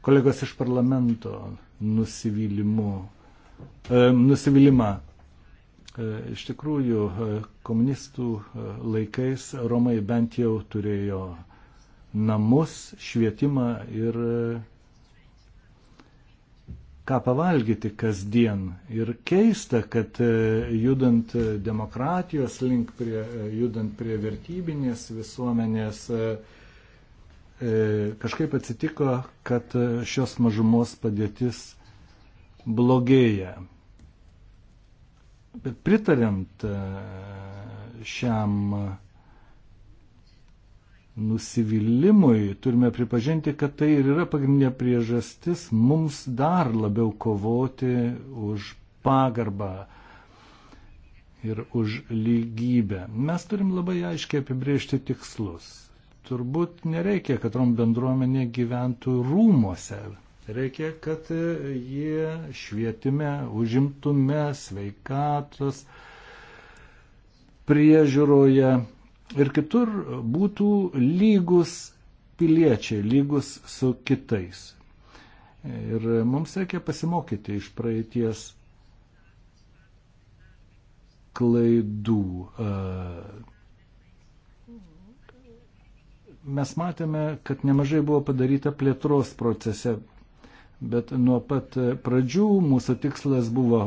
kolegos iš parlamento nusivylimu, e, nusivylimą. E, iš tikrųjų, komunistų laikais Romai bent jau turėjo namus, švietimą ir ką pavalgyti kasdien. Ir keista, kad e, judant demokratijos link, prie, e, judant prie vertybinės visuomenės, e, kažkaip atsitiko, kad šios mažumos padėtis blogėja. Bet pritariant šiam nusivylimui, turime pripažinti, kad tai ir yra pagrindinė priežastis mums dar labiau kovoti už pagarbą ir už lygybę. Mes turim labai aiškiai apibriežti tikslus. Turbūt nereikia, kad rom bendruomenė gyventų rūmose. Reikia, kad jie švietime, užimtume, sveikatos, priežiūroje ir kitur būtų lygus piliečiai, lygus su kitais. Ir mums reikia pasimokyti iš praeities klaidų. Mes matėme, kad nemažai buvo padaryta plėtros procese, bet nuo pat pradžių mūsų tikslas buvo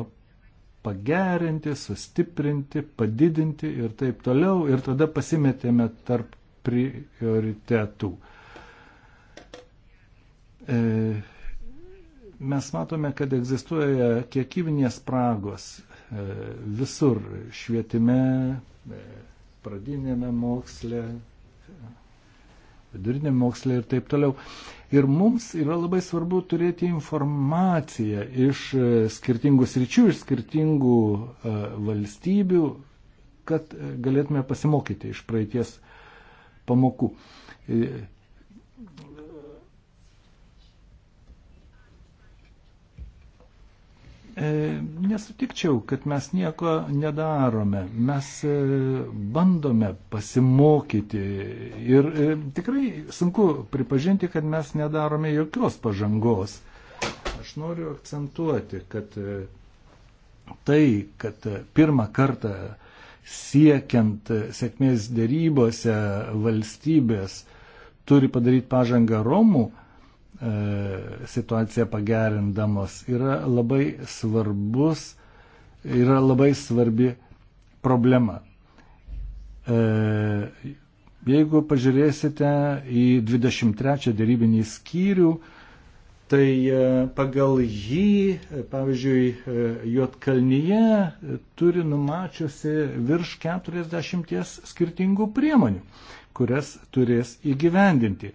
pagerinti, sustiprinti, padidinti ir taip toliau. Ir tada pasimetėme tarp prioritetų. E, mes matome, kad egzistuoja kiekybinės spragos e, visur švietime, e, pradinėme moksle, e, vidurinėme moksle ir taip toliau. E, Ir mums yra labai svarbu turėti informaciją iš e, skirtingų sričių, iš skirtingų e, valstybių, kad e, galėtume pasimokyti iš praeities pamokų. E, nesutikčiau, kad mes nieko nedarome. Mes e, bandome pasimokyti ir e, tikrai sunku pripažinti, kad mes nedarome jokios pažangos. Aš noriu akcentuoti, kad tai, kad pirmą kartą siekiant sėkmės dėrybose valstybės turi padaryti pažangą Romų, E, situaciją pagerindamos, yra labai svarbus, yra labai svarbi problema. E, jeigu pažiūrėsite į 23 dėrybinį skyrių, tai e, pagal jį, pavyzdžiui, Juotkalnyje turi numačiusi virš 40 skirtingų priemonių, kurias turės įgyvendinti.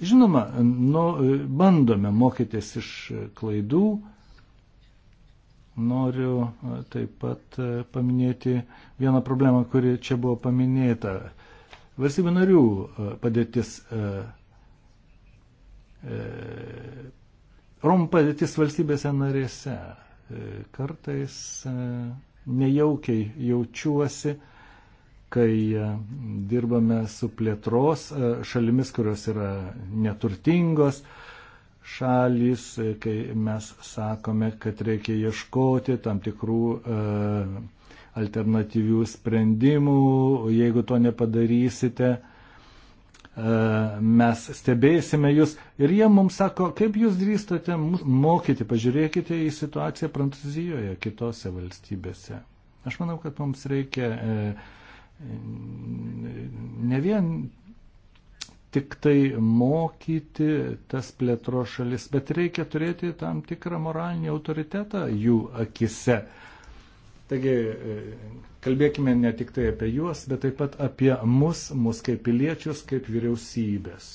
Žinoma, nu, bandome mokytis iš klaidų. Noriu taip pat paminėti vieną problemą, kuri čia buvo paminėta. Valstybių narių padėtis. E, Romų padėtis valstybėse narėse. E, kartais e, nejaukiai jaučiuosi, kai e, dirbame su plėtros e, šalimis, kurios yra neturtingos šalis, e, kai mes sakome, kad reikia ieškoti tam tikrų alternatyvių sprendimų, jeigu to nepadarysite, mes stebėsime jūs. Ir jie mums sako, kaip jūs drįstate mokyti, pažiūrėkite į situaciją Prancūzijoje, kitose valstybėse. Aš manau, kad mums reikia e, ne vien tik tai mokyti tas plėtro šalis, bet reikia turėti tam tikrą moralinį autoritetą jų akise. Taigi kalbėkime ne tik tai apie juos, bet taip pat apie mus, mus kaip piliečius, kaip vyriausybės.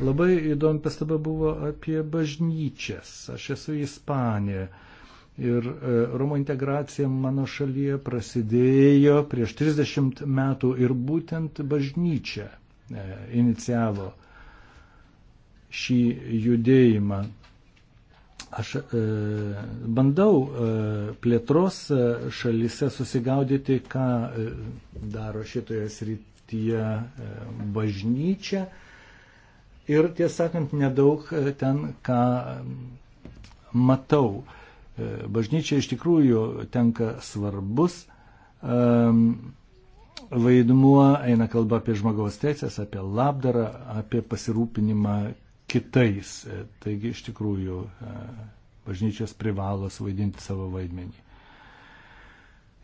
Labai įdomi pastaba buvo apie bažnyčias. Aš esu Ispanija ir e, Romų integracija mano šalyje prasidėjo prieš 30 metų ir būtent bažnyčia e, inicijavo šį judėjimą. Aš e, bandau e, plėtros e, šalise susigaudyti, ką e, daro šitoje srityje e, bažnyčia. E, ir, tiesąkant, nedaug e, ten ką matau. E, bažnyčia iš tikrųjų tenka svarbus vaidmuo, eina kalba apie žmogaus teisės, apie labdarą, apie pasirūpinimą kitais. E, taigi iš tikrųjų bažnyčios privalo suvaidinti savo vaidmenį.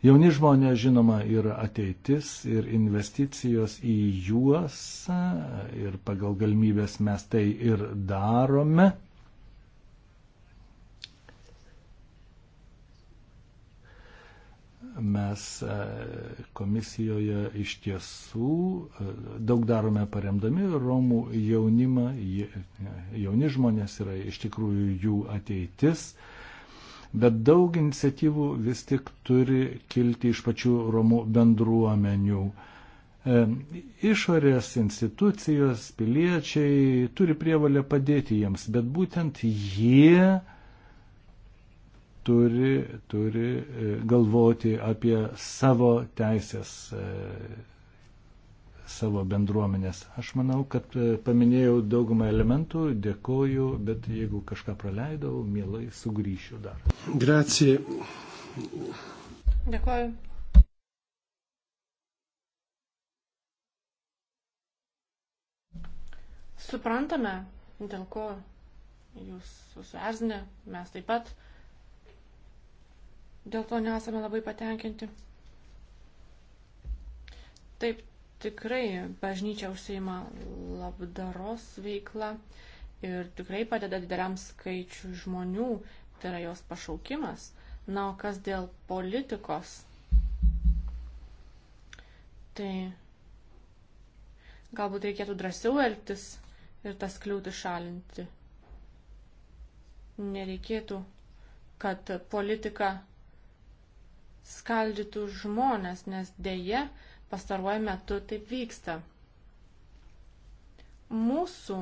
Jauni žmonės, žinoma, yra ateitis ir investicijos į juos ir pagal galimybės mes tai ir darome. Mes e, komisijoje iš tiesų e, daug darome paremdami Romų jaunimą, e, jauni žmonės yra iš tikrųjų jų ateitis bet daug iniciatyvų vis tik turi kilti iš pačių Romų bendruomenių. E, išorės institucijos, piliečiai turi prievalę padėti jiems, bet būtent jie turi, turi e, galvoti apie savo teisės e, savo bendruomenės. Aš manau, kad e, paminėjau daugumą elementų, dėkoju, bet jeigu kažką praleidau, mielai sugrįšiu dar. Gracija. Dėkoju. Suprantame, dėl ko jūs susierzinę, mes taip pat dėl to nesame labai patenkinti. Taip, Tikrai bažnyčia užsieima labdaros veiklą ir tikrai padeda dideliam skaičiu žmonių, tai yra jos pašaukimas. Na, o kas dėl politikos? Tai galbūt reikėtų drąsiau elgtis ir tas kliūtis šalinti. Nereikėtų, kad politika skaldytų žmonės, nes dėje pastaruoju metu taip vyksta. Mūsų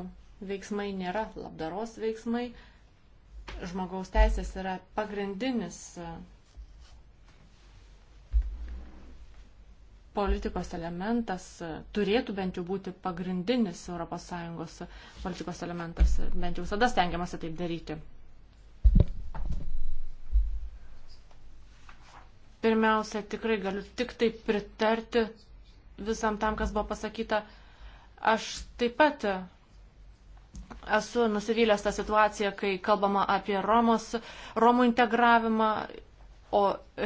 veiksmai nėra labdaros veiksmai, žmogaus teisės yra pagrindinis e, politikos elementas, e, turėtų bent jau būti pagrindinis ES politikos elementas, bent jau visada stengiamasi taip daryti. Pirmiausia, tikrai galiu tik tai pritarti visam tam, kas buvo pasakyta. Aš taip pat esu nusivylęs tą situaciją, kai kalbama apie Romos, Romų integravimą, o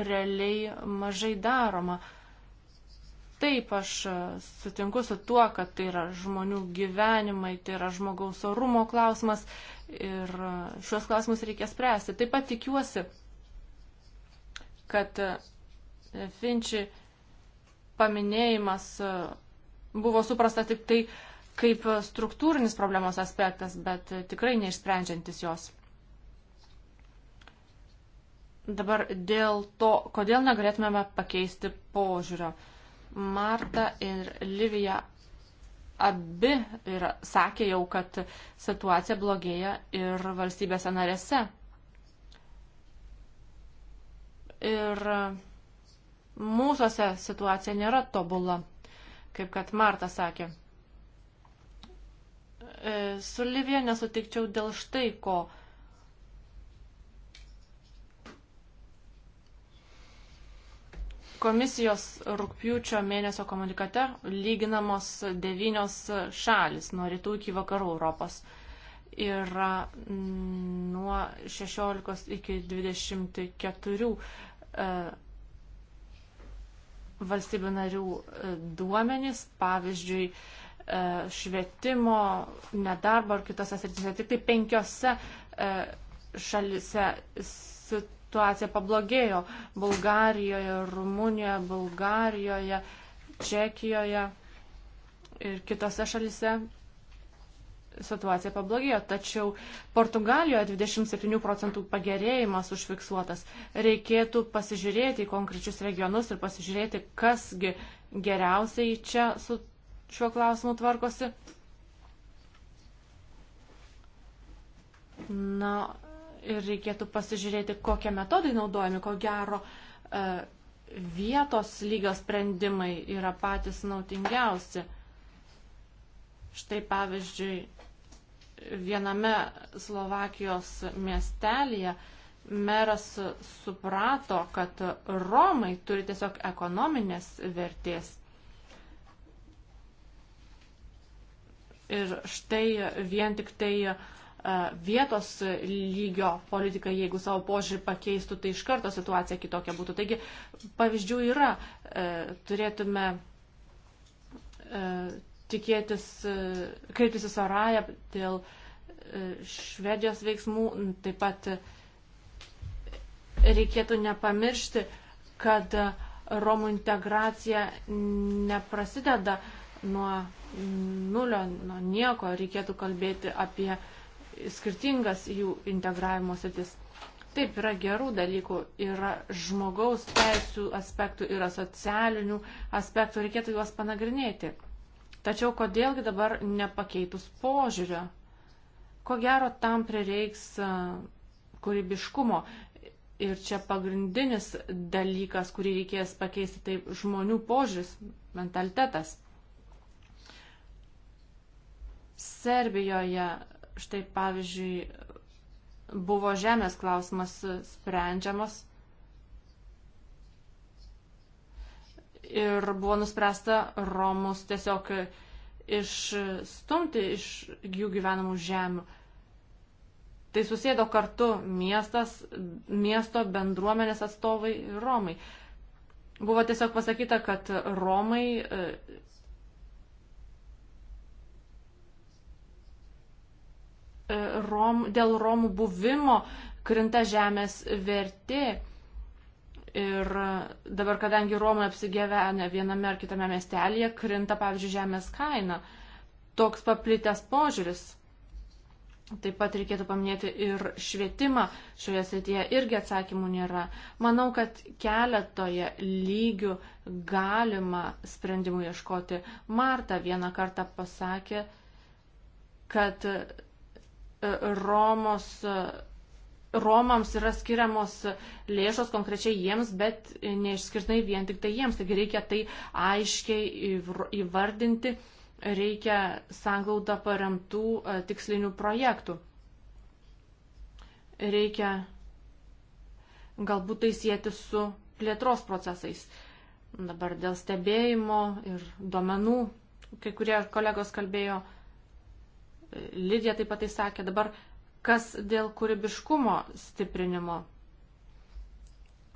realiai mažai daroma. Taip, aš sutinku su tuo, kad tai yra žmonių gyvenimai, tai yra žmogaus orumo klausimas ir šios klausimus reikia spręsti. Taip pat tikiuosi, kad e, Finči paminėjimas e, buvo suprasta tik tai kaip struktūrinis problemos aspektas, bet e, tikrai neišsprendžiantis jos. Dabar dėl to, kodėl negalėtumėme pakeisti požiūrio. Marta ir Livija abi ir sakė jau, kad situacija blogėja ir valstybėse narėse ir mūsųse situacija nėra tobula, kaip kad Marta sakė. E, su Livija nesutikčiau dėl štai ko. Komisijos rūpjūčio mėnesio komunikate lyginamos devynios šalis nuo rytų iki vakarų Europos yra nuo 16 iki 24 e, valstybių narių e, duomenys, pavyzdžiui, e, švietimo, nedarbo ar kitose srityse. Tik tai penkiose šalise situacija pablogėjo. Bulgarijoje, Rumunijoje, Bulgarijoje, Čekijoje ir kitose šalise situacija pablogėjo, tačiau Portugalijoje 27 procentų pagerėjimas užfiksuotas. Reikėtų pasižiūrėti į konkrečius regionus ir pasižiūrėti, kasgi geriausiai čia su šiuo klausimu tvarkosi. Na ir reikėtų pasižiūrėti, kokie metodai naudojami, ko gero. Uh, vietos lygio sprendimai yra patys nautingiausi. Štai pavyzdžiui, viename Slovakijos miestelėje meras suprato, kad Romai turi tiesiog ekonominės vertės. Ir štai vien tik tai e, vietos lygio politikai, jeigu savo požiūrį pakeistų, tai iš karto situacija kitokia būtų. Taigi pavyzdžių yra, e, turėtume e, tikėtis, e, kreiptis į Sarają dėl e, Švedijos veiksmų. Taip pat e, reikėtų nepamiršti, kad Romų integracija neprasideda nuo nulio, nuo nieko. Reikėtų kalbėti apie skirtingas jų integravimo sritis. Taip yra gerų dalykų, yra žmogaus teisų aspektų, yra socialinių aspektų, reikėtų juos panagrinėti. Tačiau kodėlgi dabar nepakeitus požiūrio? Ko gero tam prireiks kūrybiškumo. Ir čia pagrindinis dalykas, kurį reikės pakeisti, tai žmonių požiūris, mentalitetas. Serbijoje, štai pavyzdžiui, buvo žemės klausimas sprendžiamas ir buvo nuspręsta Romus tiesiog išstumti iš jų gyvenamų žemių. Tai susėdo kartu miestas, miesto bendruomenės atstovai Romai. Buvo tiesiog pasakyta, kad Romai e, e, Rom, dėl Romų buvimo krinta žemės vertė. Ir dabar, kadangi Romai apsigyvena viename ar kitame miestelėje, krinta, pavyzdžiui, žemės kaina. Toks paplitęs požiūris. Taip pat reikėtų paminėti ir švietimą. Šioje srityje irgi atsakymų nėra. Manau, kad keletoje lygių galima sprendimų ieškoti. Marta vieną kartą pasakė, kad e, Romos Romams yra skiriamos lėšos konkrečiai jiems, bet neišskirtinai vien tik tai jiems. Taigi reikia tai aiškiai įvardinti, reikia sanglaudą paremtų e, tikslinių projektų. Reikia galbūt tai sieti su plėtros procesais. Dabar dėl stebėjimo ir duomenų, kai kurie kolegos kalbėjo, Lidija taip pat tai sakė, dabar Kas dėl kūrybiškumo stiprinimo?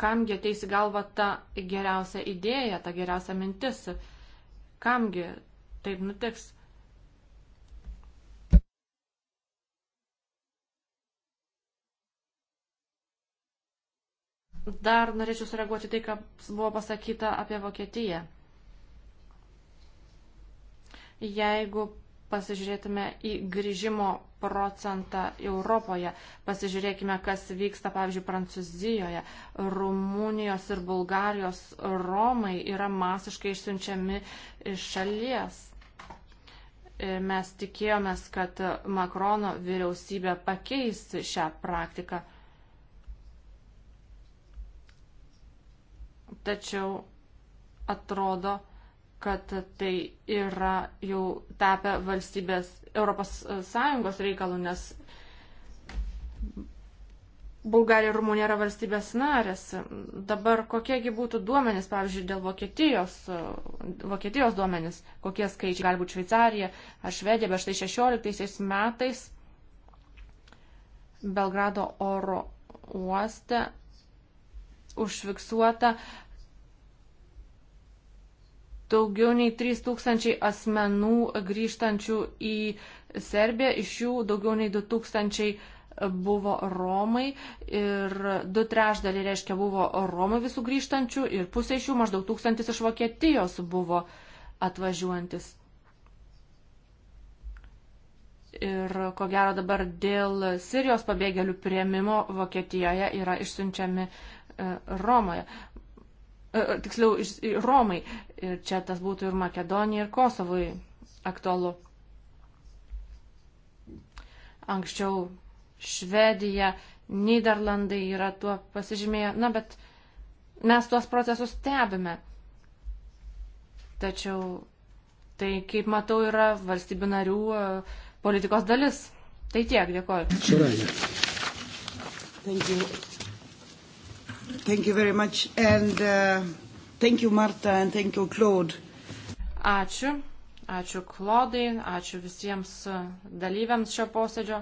Kamgi ateis į galvą ta geriausia idėja, ta geriausia mintis? Kamgi taip nutiks? Dar norėčiau sureaguoti tai, ką buvo pasakyta apie Vokietiją. Jeigu pasižiūrėtume į grįžimo procentą Europoje, pasižiūrėkime, kas vyksta, pavyzdžiui, Prancūzijoje, Rumunijos ir Bulgarijos Romai yra masiškai išsiunčiami iš šalies. E, mes tikėjomės, kad Makrono vyriausybė pakeis šią praktiką. Tačiau atrodo, kad tai yra jau tapę valstybės ES e, reikalų, nes Bulgarija ir Rumunija yra valstybės narės. Dabar kokiegi būtų duomenys, pavyzdžiui, dėl Vokietijos, e, Vokietijos duomenys, kokie skaičiai gali būti Šveicarija ar Švedija, bet štai 16 metais Belgrado oro uoste užfiksuota daugiau nei 3000 asmenų grįžtančių į Serbiją, iš jų daugiau nei 2000 buvo Romai ir du trešdaliai, reiškia, buvo Romai visų grįžtančių ir pusė iš jų maždaug tūkstantis iš Vokietijos buvo atvažiuojantis. Ir ko gero dabar dėl Sirijos pabėgėlių prieimimo Vokietijoje yra išsiunčiami e, Romoje. E, e, tiksliau, Romai. Ir čia tas būtų ir Makedonijai, ir Kosovui aktualu. Anksčiau Švedija, Niderlandai yra tuo pasižymėję. Na, bet mes tuos procesus stebime. Tačiau tai, kaip matau, yra valstybių narių e, politikos dalis. Tai tiek, dėkoju. Suraja. Thank you. Thank you very much. And uh, thank you, Marta, and thank you, Claude. Ačiū. Ačiū Klodai, ačiū visiems uh, dalyviams šio posėdžio.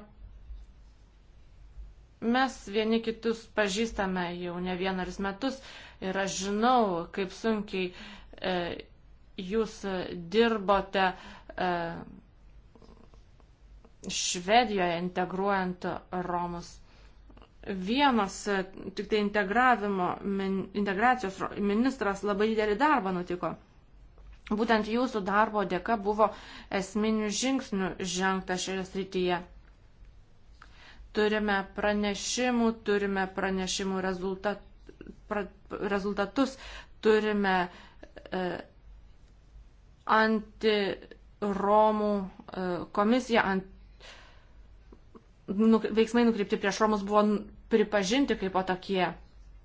Mes vieni kitus pažįstame jau ne vienerius metus ir aš žinau, kaip sunkiai e, jūs e, dirbote e, Švedijoje integruojant Romus vienas e, tik tai integravimo, integracijos ministras labai didelį darbą nutiko. Būtent jūsų darbo dėka buvo esminių žingsnių žengta šioje srityje. Turime pranešimų, turime pranešimų rezultat, pra, rezultatus, turime e, antiromų e, komisiją, ant nuk, veiksmai nukreipti prieš Romus buvo pripažinti kaip o tokie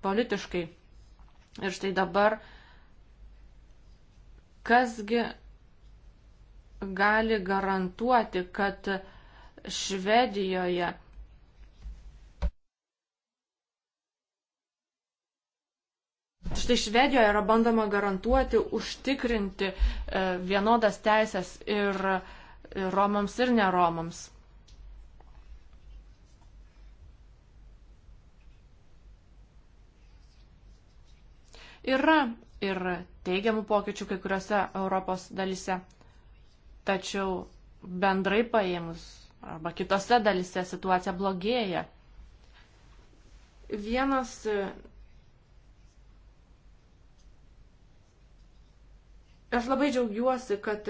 politiškai. Ir štai dabar, kasgi gali garantuoti, kad Švedijoje Štai Švedijoje yra bandoma garantuoti, užtikrinti e, vienodas teisės ir romams ir neromams. Yra ir teigiamų pokyčių kai kuriuose Europos dalise, tačiau bendrai paėmus arba kitose dalise situacija blogėja. Vienas Aš labai džiaugiuosi, kad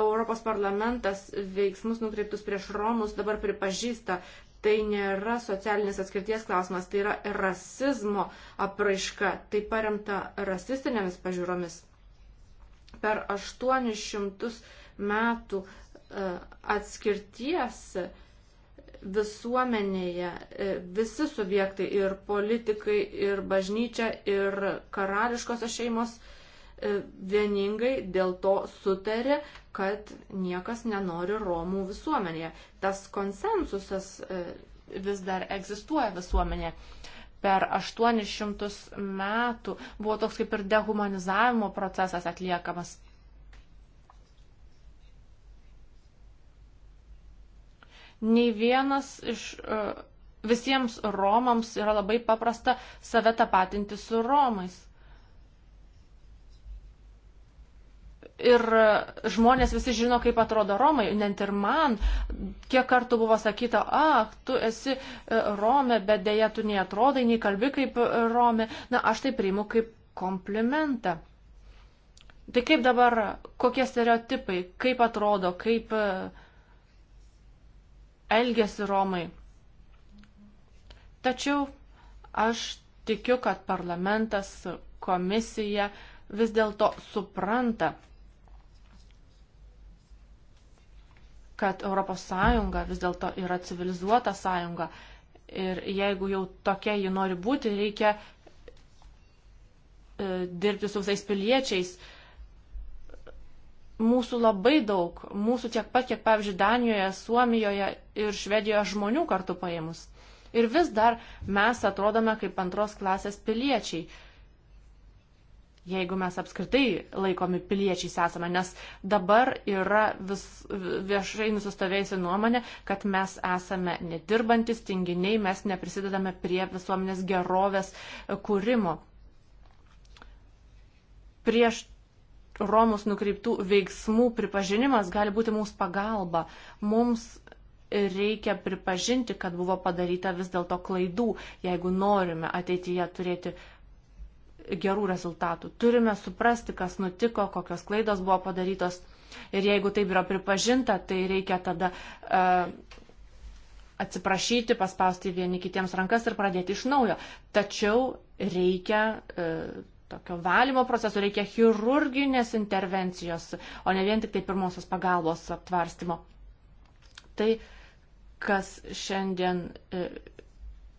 Europos parlamentas veiksmus nukreiptus prieš Romus dabar pripažįsta tai nėra socialinės atskirties klausimas, tai yra rasizmo apraiška, tai paremta rasistinėmis pažiūromis. Per 800 metų e, atskirties visuomenėje e, visi subjektai ir politikai, ir bažnyčia, ir karališkosios šeimos e, vieningai dėl to sutarė, kad niekas nenori Romų visuomenėje. Tas konsensusas e, vis dar egzistuoja visuomenėje. Per 800 metų buvo toks kaip ir dehumanizavimo procesas atliekamas. Nei vienas iš e, visiems Romams yra labai paprasta save tapatinti su Romais. Ir žmonės visi žino, kaip atrodo Romai. Net ir man, kiek kartų buvo sakyta, ah, tu esi e, Rome, bet dėja tu neatrodai, nei kalbi kaip e, Rome. Na, aš tai priimu kaip komplimentą. Tai kaip dabar, kokie stereotipai, kaip atrodo, kaip e, elgesi Romai. Tačiau aš tikiu, kad parlamentas, komisija vis dėlto supranta, kad ES vis dėlto yra civilizuota sąjunga. Ir jeigu jau tokia ji nori būti, reikia e, dirbti su visais piliečiais. Mūsų labai daug, mūsų tiek pat, kiek pavyzdžiui Danijoje, Suomijoje ir Švedijoje žmonių kartu paėmus. Ir vis dar mes atrodome kaip antros klasės piliečiai jeigu mes apskritai laikomi piliečiais esame, nes dabar yra vis, viešai nusistovėjusi nuomonė, kad mes esame nedirbantis, tinginiai, mes neprisidedame prie visuomenės gerovės kūrimo. Prieš Romus nukreiptų veiksmų pripažinimas gali būti mums pagalba. Mums reikia pripažinti, kad buvo padaryta vis dėlto klaidų, jeigu norime ateityje turėti gerų rezultatų. Turime suprasti, kas nutiko, kokios klaidos buvo padarytos. Ir jeigu taip yra pripažinta, tai reikia tada uh, atsiprašyti, paspausti vieni kitiems rankas ir pradėti iš naujo. Tačiau reikia uh, tokio valymo proceso, reikia chirurginės intervencijos, o ne vien tik tai pirmosios pagalbos aptvarstymo. Tai, kas šiandien uh,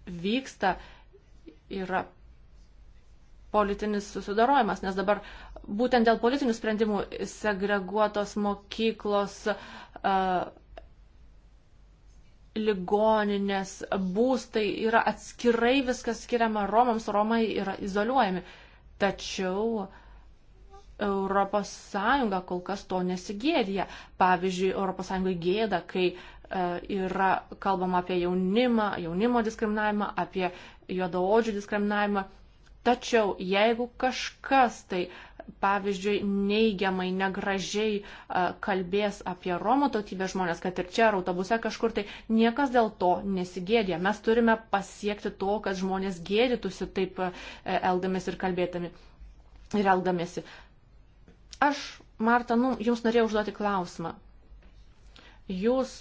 vyksta, yra politinis susidarojimas, nes dabar būtent dėl politinių sprendimų segreguotos mokyklos, ligoninės, būstai yra atskirai viskas skiriama Romams, Romai yra izoliuojami. Tačiau ES kol kas to nesigėdė. Pavyzdžiui, ES gėda, kai e, yra kalbama apie jaunimą, jaunimo diskriminavimą, apie juodaodžių diskriminavimą Tačiau jeigu kažkas tai, pavyzdžiui, neigiamai, negražiai kalbės apie Romų tautybės žmonės, kad ir čia ar autobuse kažkur, tai niekas dėl to nesigėdė. Mes turime pasiekti to, kad žmonės gėdytųsi taip eldamėsi ir kalbėtami ir eldamėsi. Aš, Marta, nu, jums norėjau užduoti klausimą. Jūs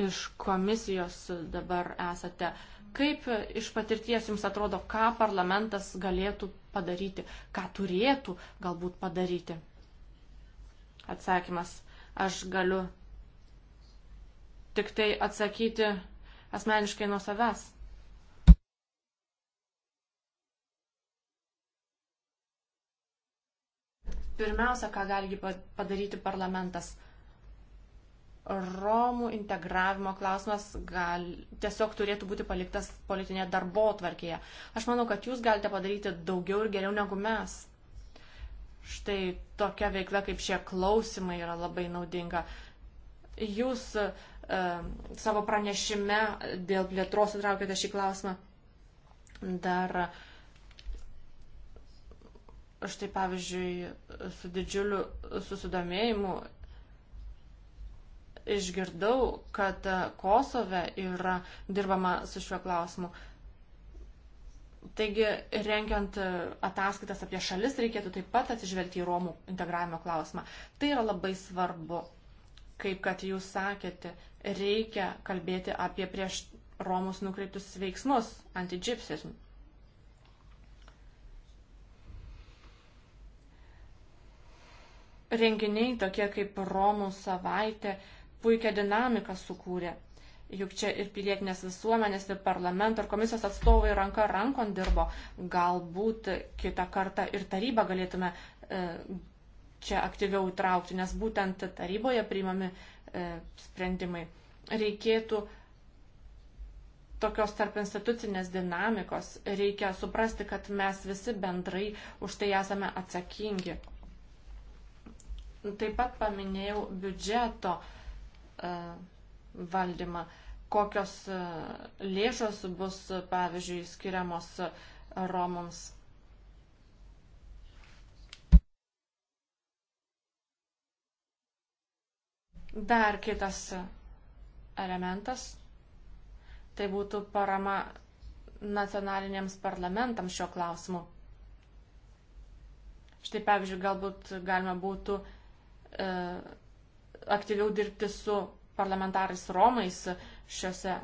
iš komisijos dabar esate uh, Kaip iš patirties jums atrodo, ką parlamentas galėtų padaryti, ką turėtų galbūt padaryti? Atsakymas. Aš galiu tik tai atsakyti asmeniškai nuo savęs. Pirmiausia, ką gali padaryti parlamentas Romų integravimo klausimas gal, tiesiog turėtų būti paliktas politinėje darbo tvarkėje. Aš manau, kad jūs galite padaryti daugiau ir geriau negu mes. Štai tokia veikla kaip šie klausimai yra labai naudinga. Jūs e, savo pranešime dėl plėtros įtraukėte šį klausimą. Dar štai pavyzdžiui su didžiuliu susidomėjimu išgirdau, kad Kosove yra dirbama su šiuo klausimu. Taigi, renkiant ataskaitas apie šalis, reikėtų taip pat atsižvelgti į Romų integravimo klausimą. Tai yra labai svarbu. Kaip kad jūs sakėte, reikia kalbėti apie prieš Romus nukreiptus veiksmus, antigypsizm. Renginiai tokie kaip Romų savaitė puikią dinamiką sukūrė. Juk čia ir pilietinės visuomenės, ir parlamento, ir komisijos atstovai ranka rankon dirbo. Galbūt kitą kartą ir tarybą galėtume e, čia aktyviau įtraukti, nes būtent taryboje priimami e, sprendimai. Reikėtų tokios tarp institucinės dinamikos, reikia suprasti, kad mes visi bendrai už tai esame atsakingi. Taip pat paminėjau biudžeto uh, E, valdymą, kokios e, lėšos bus, pavyzdžiui, skiriamos Romams. Dar kitas elementas - tai būtų parama nacionaliniams parlamentams šio klausimu. Štai pavyzdžiui, galbūt galima būtų e, aktyviau dirbti su parlamentarais Romais šiuose,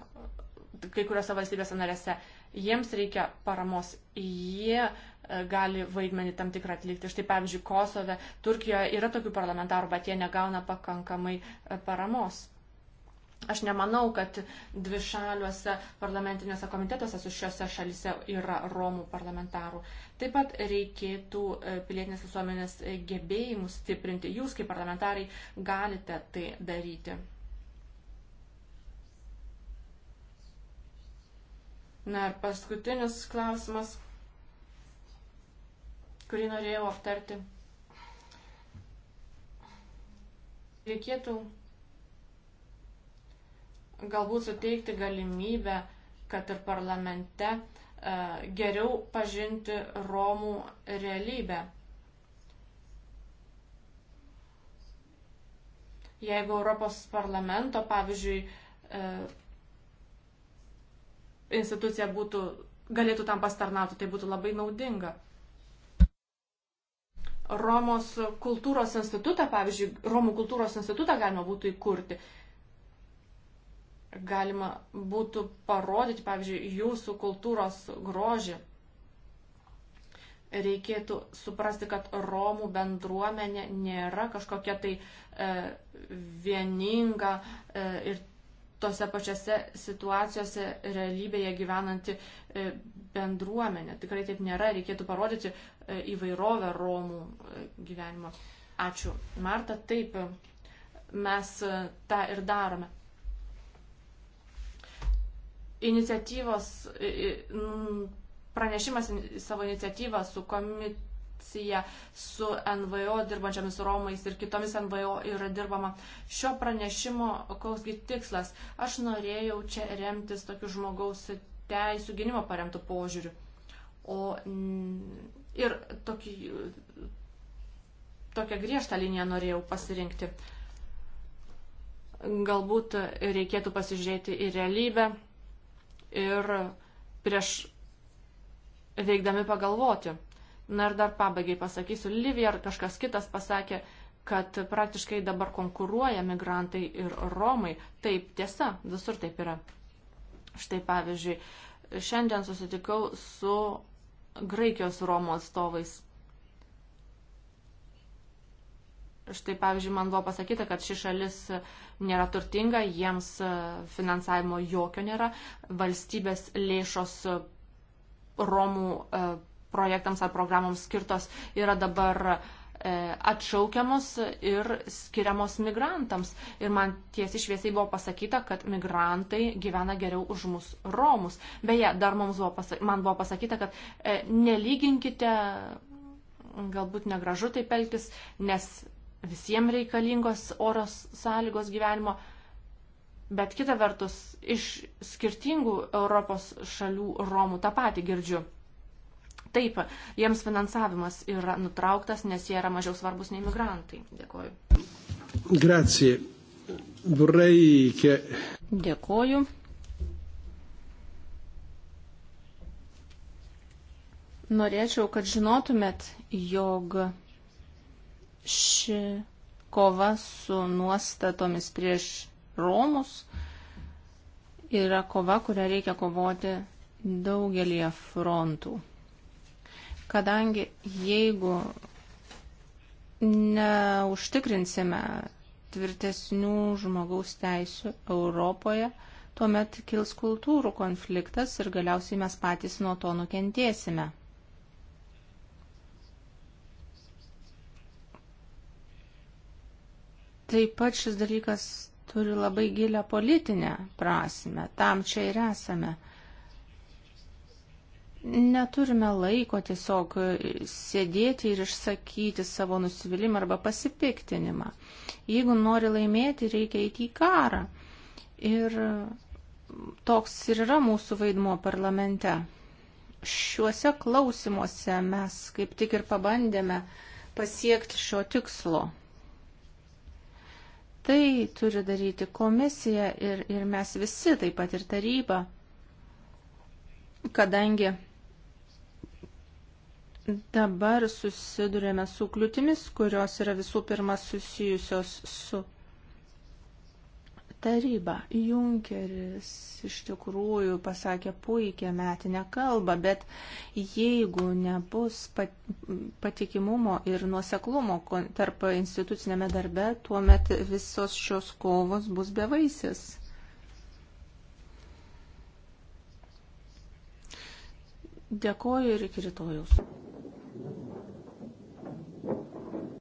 kai kuriuose valstybėse narėse. Jiems reikia paramos, jie e, gali vaidmenį tam tikrą atlikti. Štai pavyzdžiui, Kosove, Turkijoje yra tokių parlamentarų, bet jie negauna pakankamai e, paramos. Aš nemanau, kad dvi šaliuose parlamentinėse komitetuose su šiuose šalise yra Romų parlamentarų. Taip pat reikėtų e, pilietinės visuomenės gebėjimus stiprinti. Jūs kaip parlamentarai galite tai daryti. Na ir paskutinis klausimas, kurį norėjau aptarti. Reikėtų galbūt suteikti galimybę, kad ir parlamente e, geriau pažinti Romų realybę. Jeigu Europos parlamento, pavyzdžiui, e, institucija būtų, galėtų tam pastarnauti, tai būtų labai naudinga. Romos kultūros institutą, pavyzdžiui, Romų kultūros institutą galima būtų įkurti galima būtų parodyti, pavyzdžiui, jūsų kultūros grožį. Reikėtų suprasti, kad Romų bendruomenė nėra kažkokia tai e, vieninga e, ir tose pačiose situacijose realybėje gyvenanti e, bendruomenė. Tikrai taip nėra, reikėtų parodyti e, įvairovę Romų e, gyvenimo. Ačiū. Marta, taip, mes e, tą ir darome iniciatyvos, pranešimas savo iniciatyvą su komisija, su NVO dirbančiamis Romais ir kitomis NVO yra dirbama. Šio pranešimo, koksgi tikslas, aš norėjau čia remtis tokiu žmogaus teisų gynimo paremtų požiūriu. O ir tokį, tokią griežtą liniją norėjau pasirinkti. Galbūt reikėtų pasižiūrėti į realybę ir prieš veikdami pagalvoti. Na ir dar pabaigai pasakysiu, Livija ar kažkas kitas pasakė, kad praktiškai dabar konkuruoja migrantai ir Romai. Taip, tiesa, visur taip yra. Štai pavyzdžiui, šiandien susitikau su Graikijos Romų atstovais Štai, pavyzdžiui, man buvo pasakyta, kad ši šalis nėra turtinga, jiems e, finansavimo jokio nėra, valstybės lėšos e, Romų e, projektams ar programoms skirtos yra dabar atšaukiamos ir skiriamos migrantams. Ir man tiesiai šviesiai buvo pasakyta, kad migrantai gyvena geriau už mus Romus. Beje, dar buvo pasakyta, man buvo pasakyta, kad e, nelyginkite, galbūt negražu taip elgtis, nes visiems reikalingos oros sąlygos gyvenimo, bet kita vertus iš skirtingų Europos šalių Romų tą patį girdžiu. Taip, jiems finansavimas yra nutrauktas, nes jie yra mažiau svarbus nei migrantai. Dėkoju. Grazie. Vorrei che... Dėkoju. Norėčiau, kad žinotumėt, jog ši kova su nuostatomis prieš Romus yra kova, kurią reikia kovoti daugelį frontų. Kadangi jeigu neužtikrinsime tvirtesnių žmogaus teisų Europoje, tuomet kils kultūrų konfliktas ir galiausiai mes patys nuo to nukentėsime. Taip pat šis dalykas turi labai gilę politinę prasme, tam čia ir esame. Neturime laiko tiesiog sėdėti ir išsakyti savo nusivylimą arba pasipiktinimą. Jeigu nori laimėti, reikia eiti į karą. Ir toks ir yra mūsų vaidmuo parlamente. Šiuose klausimuose mes kaip tik ir pabandėme pasiekti šio tikslo. Tai turi daryti komisija ir, ir mes visi, taip pat ir taryba, kadangi dabar susidurėme su kliūtimis, kurios yra visų pirma susijusios su taryba. Junkeris iš tikrųjų pasakė puikią metinę kalbą, bet jeigu nebus patikimumo ir nuoseklumo tarp institucinėme darbe, tuomet visos šios kovos bus bevaisis. Dėkoju ir iki rytojaus.